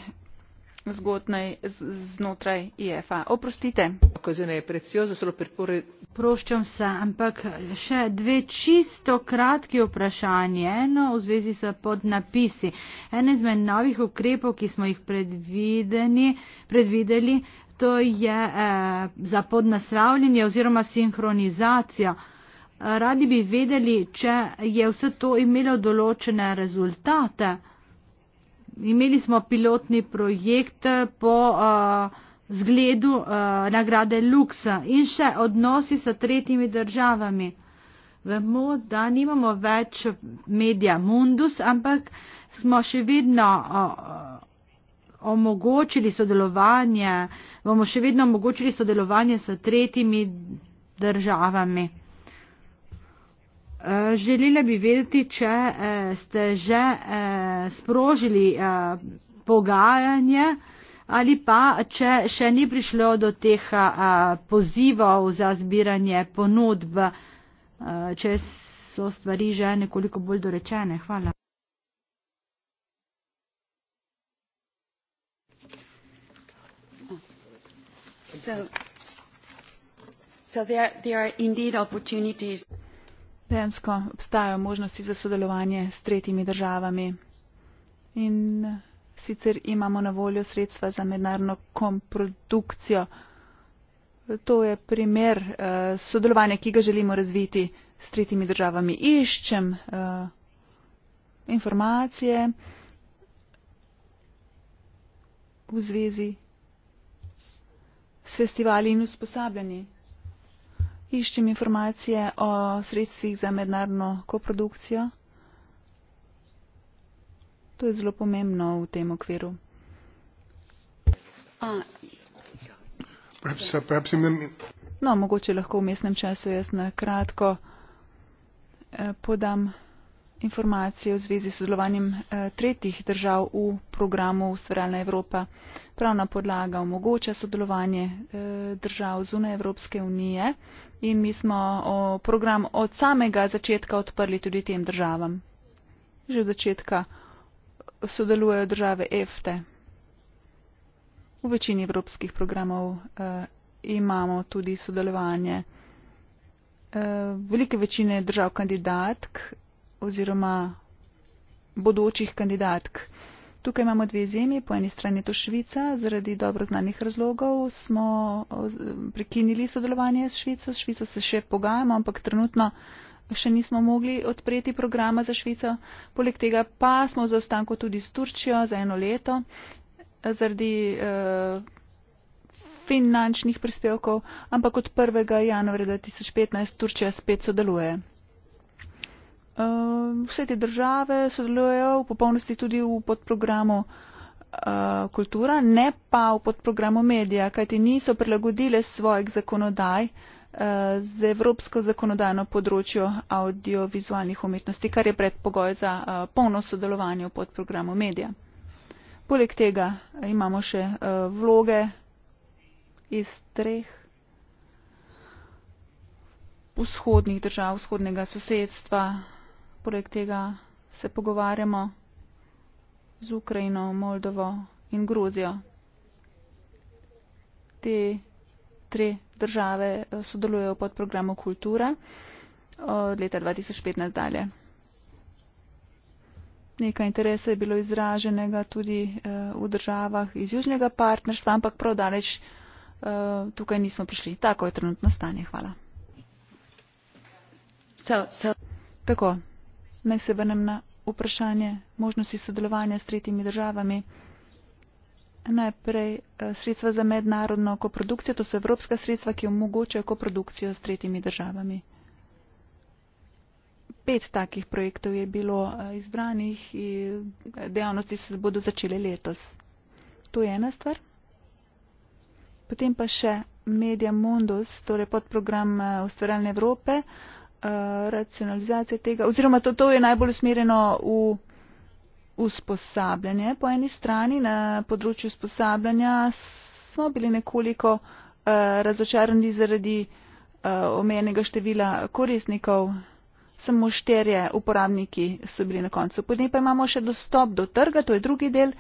A: zgodnaj znotraj ef a. oprostite.
C: oproščam se ampak še dve čisto kratki vprašanji eno v zvezi s podnapisi en izmed novih ukrepov ki smo jih predvideli to je eh, za podnaslavljanje oziroma sinhronizacijo radi bi vedeli če je vse to imelo določene rezultate imeli smo pilotni projekt po uh, zgledu uh, nagrade Luxa in še odnosi s tretjimi državami. Vemo, da nimamo več medija Mundus, ampak smo še vedno uh, omogočili sodelovanje, bomo še vedno omogočili sodelovanje s tretjimi državami. Eh, želela bi vedeti, če eh, ste že eh, sprožili pogajanje ali pa če še ni prišlo do teh pozivov za zbiranje ponudb, če so stvari že nekoliko bolj dorečene. Hvala. So, so there, there
A: Pensko obstajajo možnosti za sodelovanje s tretjimi državami. In sicer imamo na voljo sredstva za mednarodno komprodukcijo. To je primer uh, sodelovanja, ki ga želimo razviti s tretjimi državami. Iščem uh, informacije v zvezi s festivali in usposabljanji. Iščem informacije o sredstvih za mednarno koprodukcijo. To je zelo pomembno v tem okviru. Uh, no, mogoče lahko v mestnem času jaz na kratko eh, podam informacije v zvezi s sodelovanjem eh, tretjih držav v programu Ustvarjalna Evropa. Pravna podlaga omogoča sodelovanje eh, držav zunaj Evropske unije in mi smo program od samega začetka odprli tudi tem državam. Že od začetka sodelujejo države EFTE. V večini evropskih programov eh, imamo tudi sodelovanje. Velike večine držav kandidatk oziroma bodočih kandidatk. Tukaj imamo dve zemlji, po eni strani je to Švica, zaradi dobro znanih razlogov smo prekinili sodelovanje s Švico, s Švico se še pogajamo, ampak trenutno še nismo mogli odpreti programa za Švico. Poleg tega pa smo v zaostanku tudi s Turčijo za eno leto zaradi eh, finančnih prispevkov, ampak od 1. januarja 2015 Turčija spet sodeluje. Ehm, vse te države sodelujejo v popolnosti tudi v podprogramu eh, kultura, ne pa v podprogramu medija, kajti niso prilagodile svojih zakonodaj eh, z evropsko zakonodajno področjo audiovizualnih umetnosti, kar je predpogoj za eh, polno sodelovanje v podprogramu medija. Poleg tega imamo še vloge iz treh vzhodnih držav, vzhodnega sosedstva, poleg tega se pogovarjamo z Ukrajino, Moldovo in Gruzijo. Te tri države eh, sodelujejo pod programom Kultura od leta 2015 dalje. Nekaj interesa je bilo izraženega tudi eh, v državah iz južnega partnerstva, ampak prav daleč eh, tukaj nismo prišli. Tako je trenutno stanje. Hvala. So, so. Tako. Naj se vrnem na vprašanje možnosti sodelovanja s tretjimi državami. Najprej eh, sredstva za mednarodno koprodukcijo, to so evropska sredstva, ki omogočajo koprodukcijo s tretjimi državami. Pet takih projektov je bilo eh, izbranih in dejavnosti se bodo začele letos. To je ena stvar. Potem pa še Media Mundus, torej podprogram eh, Ustvarjalne Evrope. Eh, racionalizacija tega, oziroma to, to je najbolj usmerjeno v usposabljanje. Po eni strani na področju usposabljanja smo bili nekoliko uh, razočarani zaradi uh, eh, omenjenega števila koristnikov, samo šterje uporabniki so bili na koncu. Potem pa imamo še dostop do trga, to je drugi del.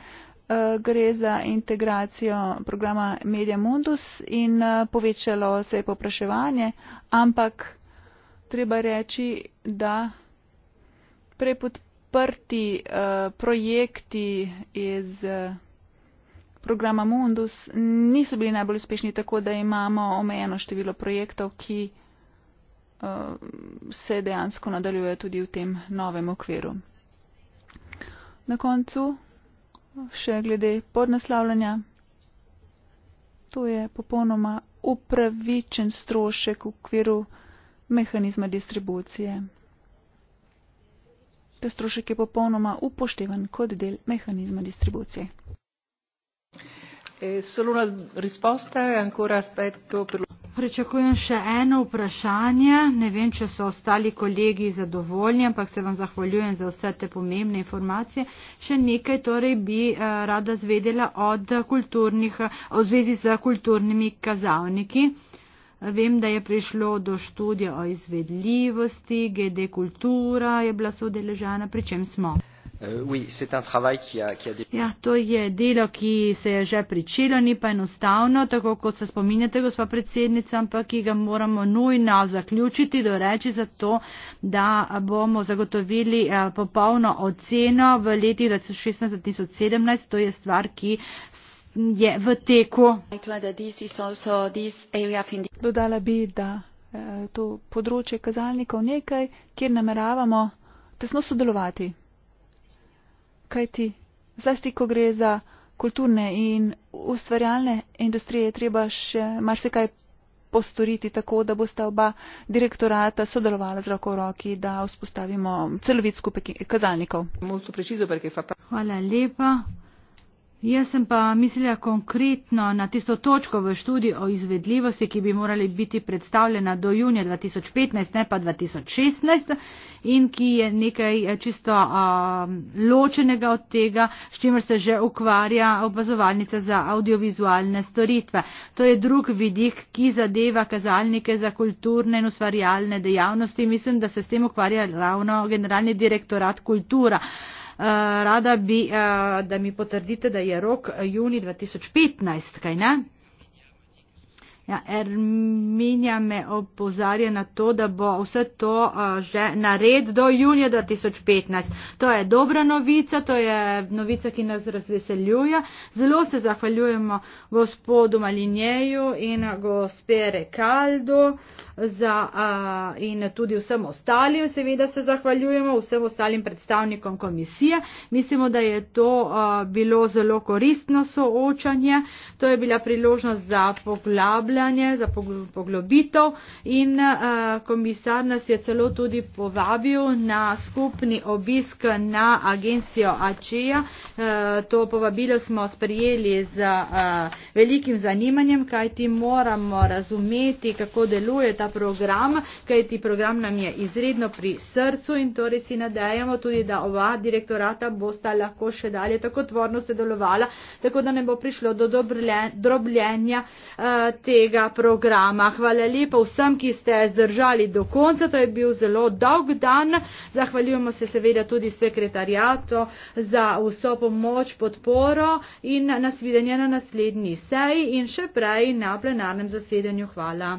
A: Gre za integracijo programa Media Mundus in povečalo se je popraševanje, ampak treba reči, da preputprti uh, eh, projekti iz uh, programa Mundus niso bili najbolj uspešni, tako da imamo omejeno število projektov, ki uh, se dejansko nadaljuje tudi v tem novem okviru. Na koncu še glede podnaslavljanja. To je popolnoma upravičen strošek v okviru mehanizma distribucije. Ta strošek je popolnoma upoštevan kot del mehanizma distribucije.
C: Eh, solo una risposta e ancora aspetto per. Pričakujem še eno vprašanje. Ne vem, če so ostali kolegi zadovoljni, ampak se vam zahvaljujem za vse te pomembne informacije. Še nekaj torej bi eh, rada zvedela od kulturnih, eh, v zvezi z kulturnimi kazavniki. Vem, da je prišlo do študija o izvedljivosti, GD kultura je bila sodeležana, pri čem smo. Euh, ja, to je delo, ki se je že pričelo, ni pa enostavno, tako kot se spominjate, gospa predsednica, ampak ki ga moramo nujno zaključiti, doreči za to, da bomo zagotovili eh, popolno oceno v letih 2016-2017. To je stvar, ki je v teku.
A: Dodala bi, da eh, to področje kazalnikov nekaj, kjer nameravamo tesno sodelovati. Kaj ti? Zlasti, ko gre za kulturne in ustvarjalne industrije, je treba še marsikaj postoriti tako, da bosta oba direktorata sodelovala z roko v roki, da vzpostavimo celovit skupek kazalnikov.
C: Hvala lepa. Jaz sem pa mislila konkretno na tisto točko v študiji o izvedljivosti, ki bi morali biti predstavljena do junija 2015, ne pa 2016 in ki je nekaj eh, čisto a, ločenega od tega, s čimer se že ukvarja opazovalnica za audiovizualne storitve. To je drug vidik, ki zadeva kazalnike za kulturne in ustvarjalne dejavnosti. Mislim, da se s tem ukvarja ravno generalni direktorat kultura. Eh, rada bi, eh, da mi potrdite, da je rok juni 2015, kaj ne? Ja, Erminja me opozarja na to, da bo vse to uh, že nared do junija 2015. To je dobra novica, to je novica, ki nas razveseljuje. Zelo se zahvaljujemo gospodu Malinjeju in uh, gospe Rekaldu za, uh, in tudi vsem ostalim, seveda se zahvaljujemo, vsem ostalim predstavnikom komisije. Mislimo, da je to uh, bilo zelo koristno soočanje. To je bila priložnost za poglabljanje spremljanje, za poglobitev in eh, komisar nas je celo tudi povabil na skupni obisk na agencijo ACEA. E eh, to povabilo smo sprijeli z eh, velikim zanimanjem, kajti moramo razumeti, kako deluje ta program, kajti program nam je izredno pri srcu in torej si nadejamo tudi, da ova direktorata bosta lahko še dalje tako tvorno sodelovala, tako da ne bo prišlo do drobljenja tega tega programa. Hvala lepa vsem, ki ste zdržali do konca. To je bil zelo dolg dan. Zahvaljujemo se seveda tudi sekretarjato za vso pomoč, podporo in nasvidenje na naslednji seji in še prej na plenarnem zasedanju. Hvala.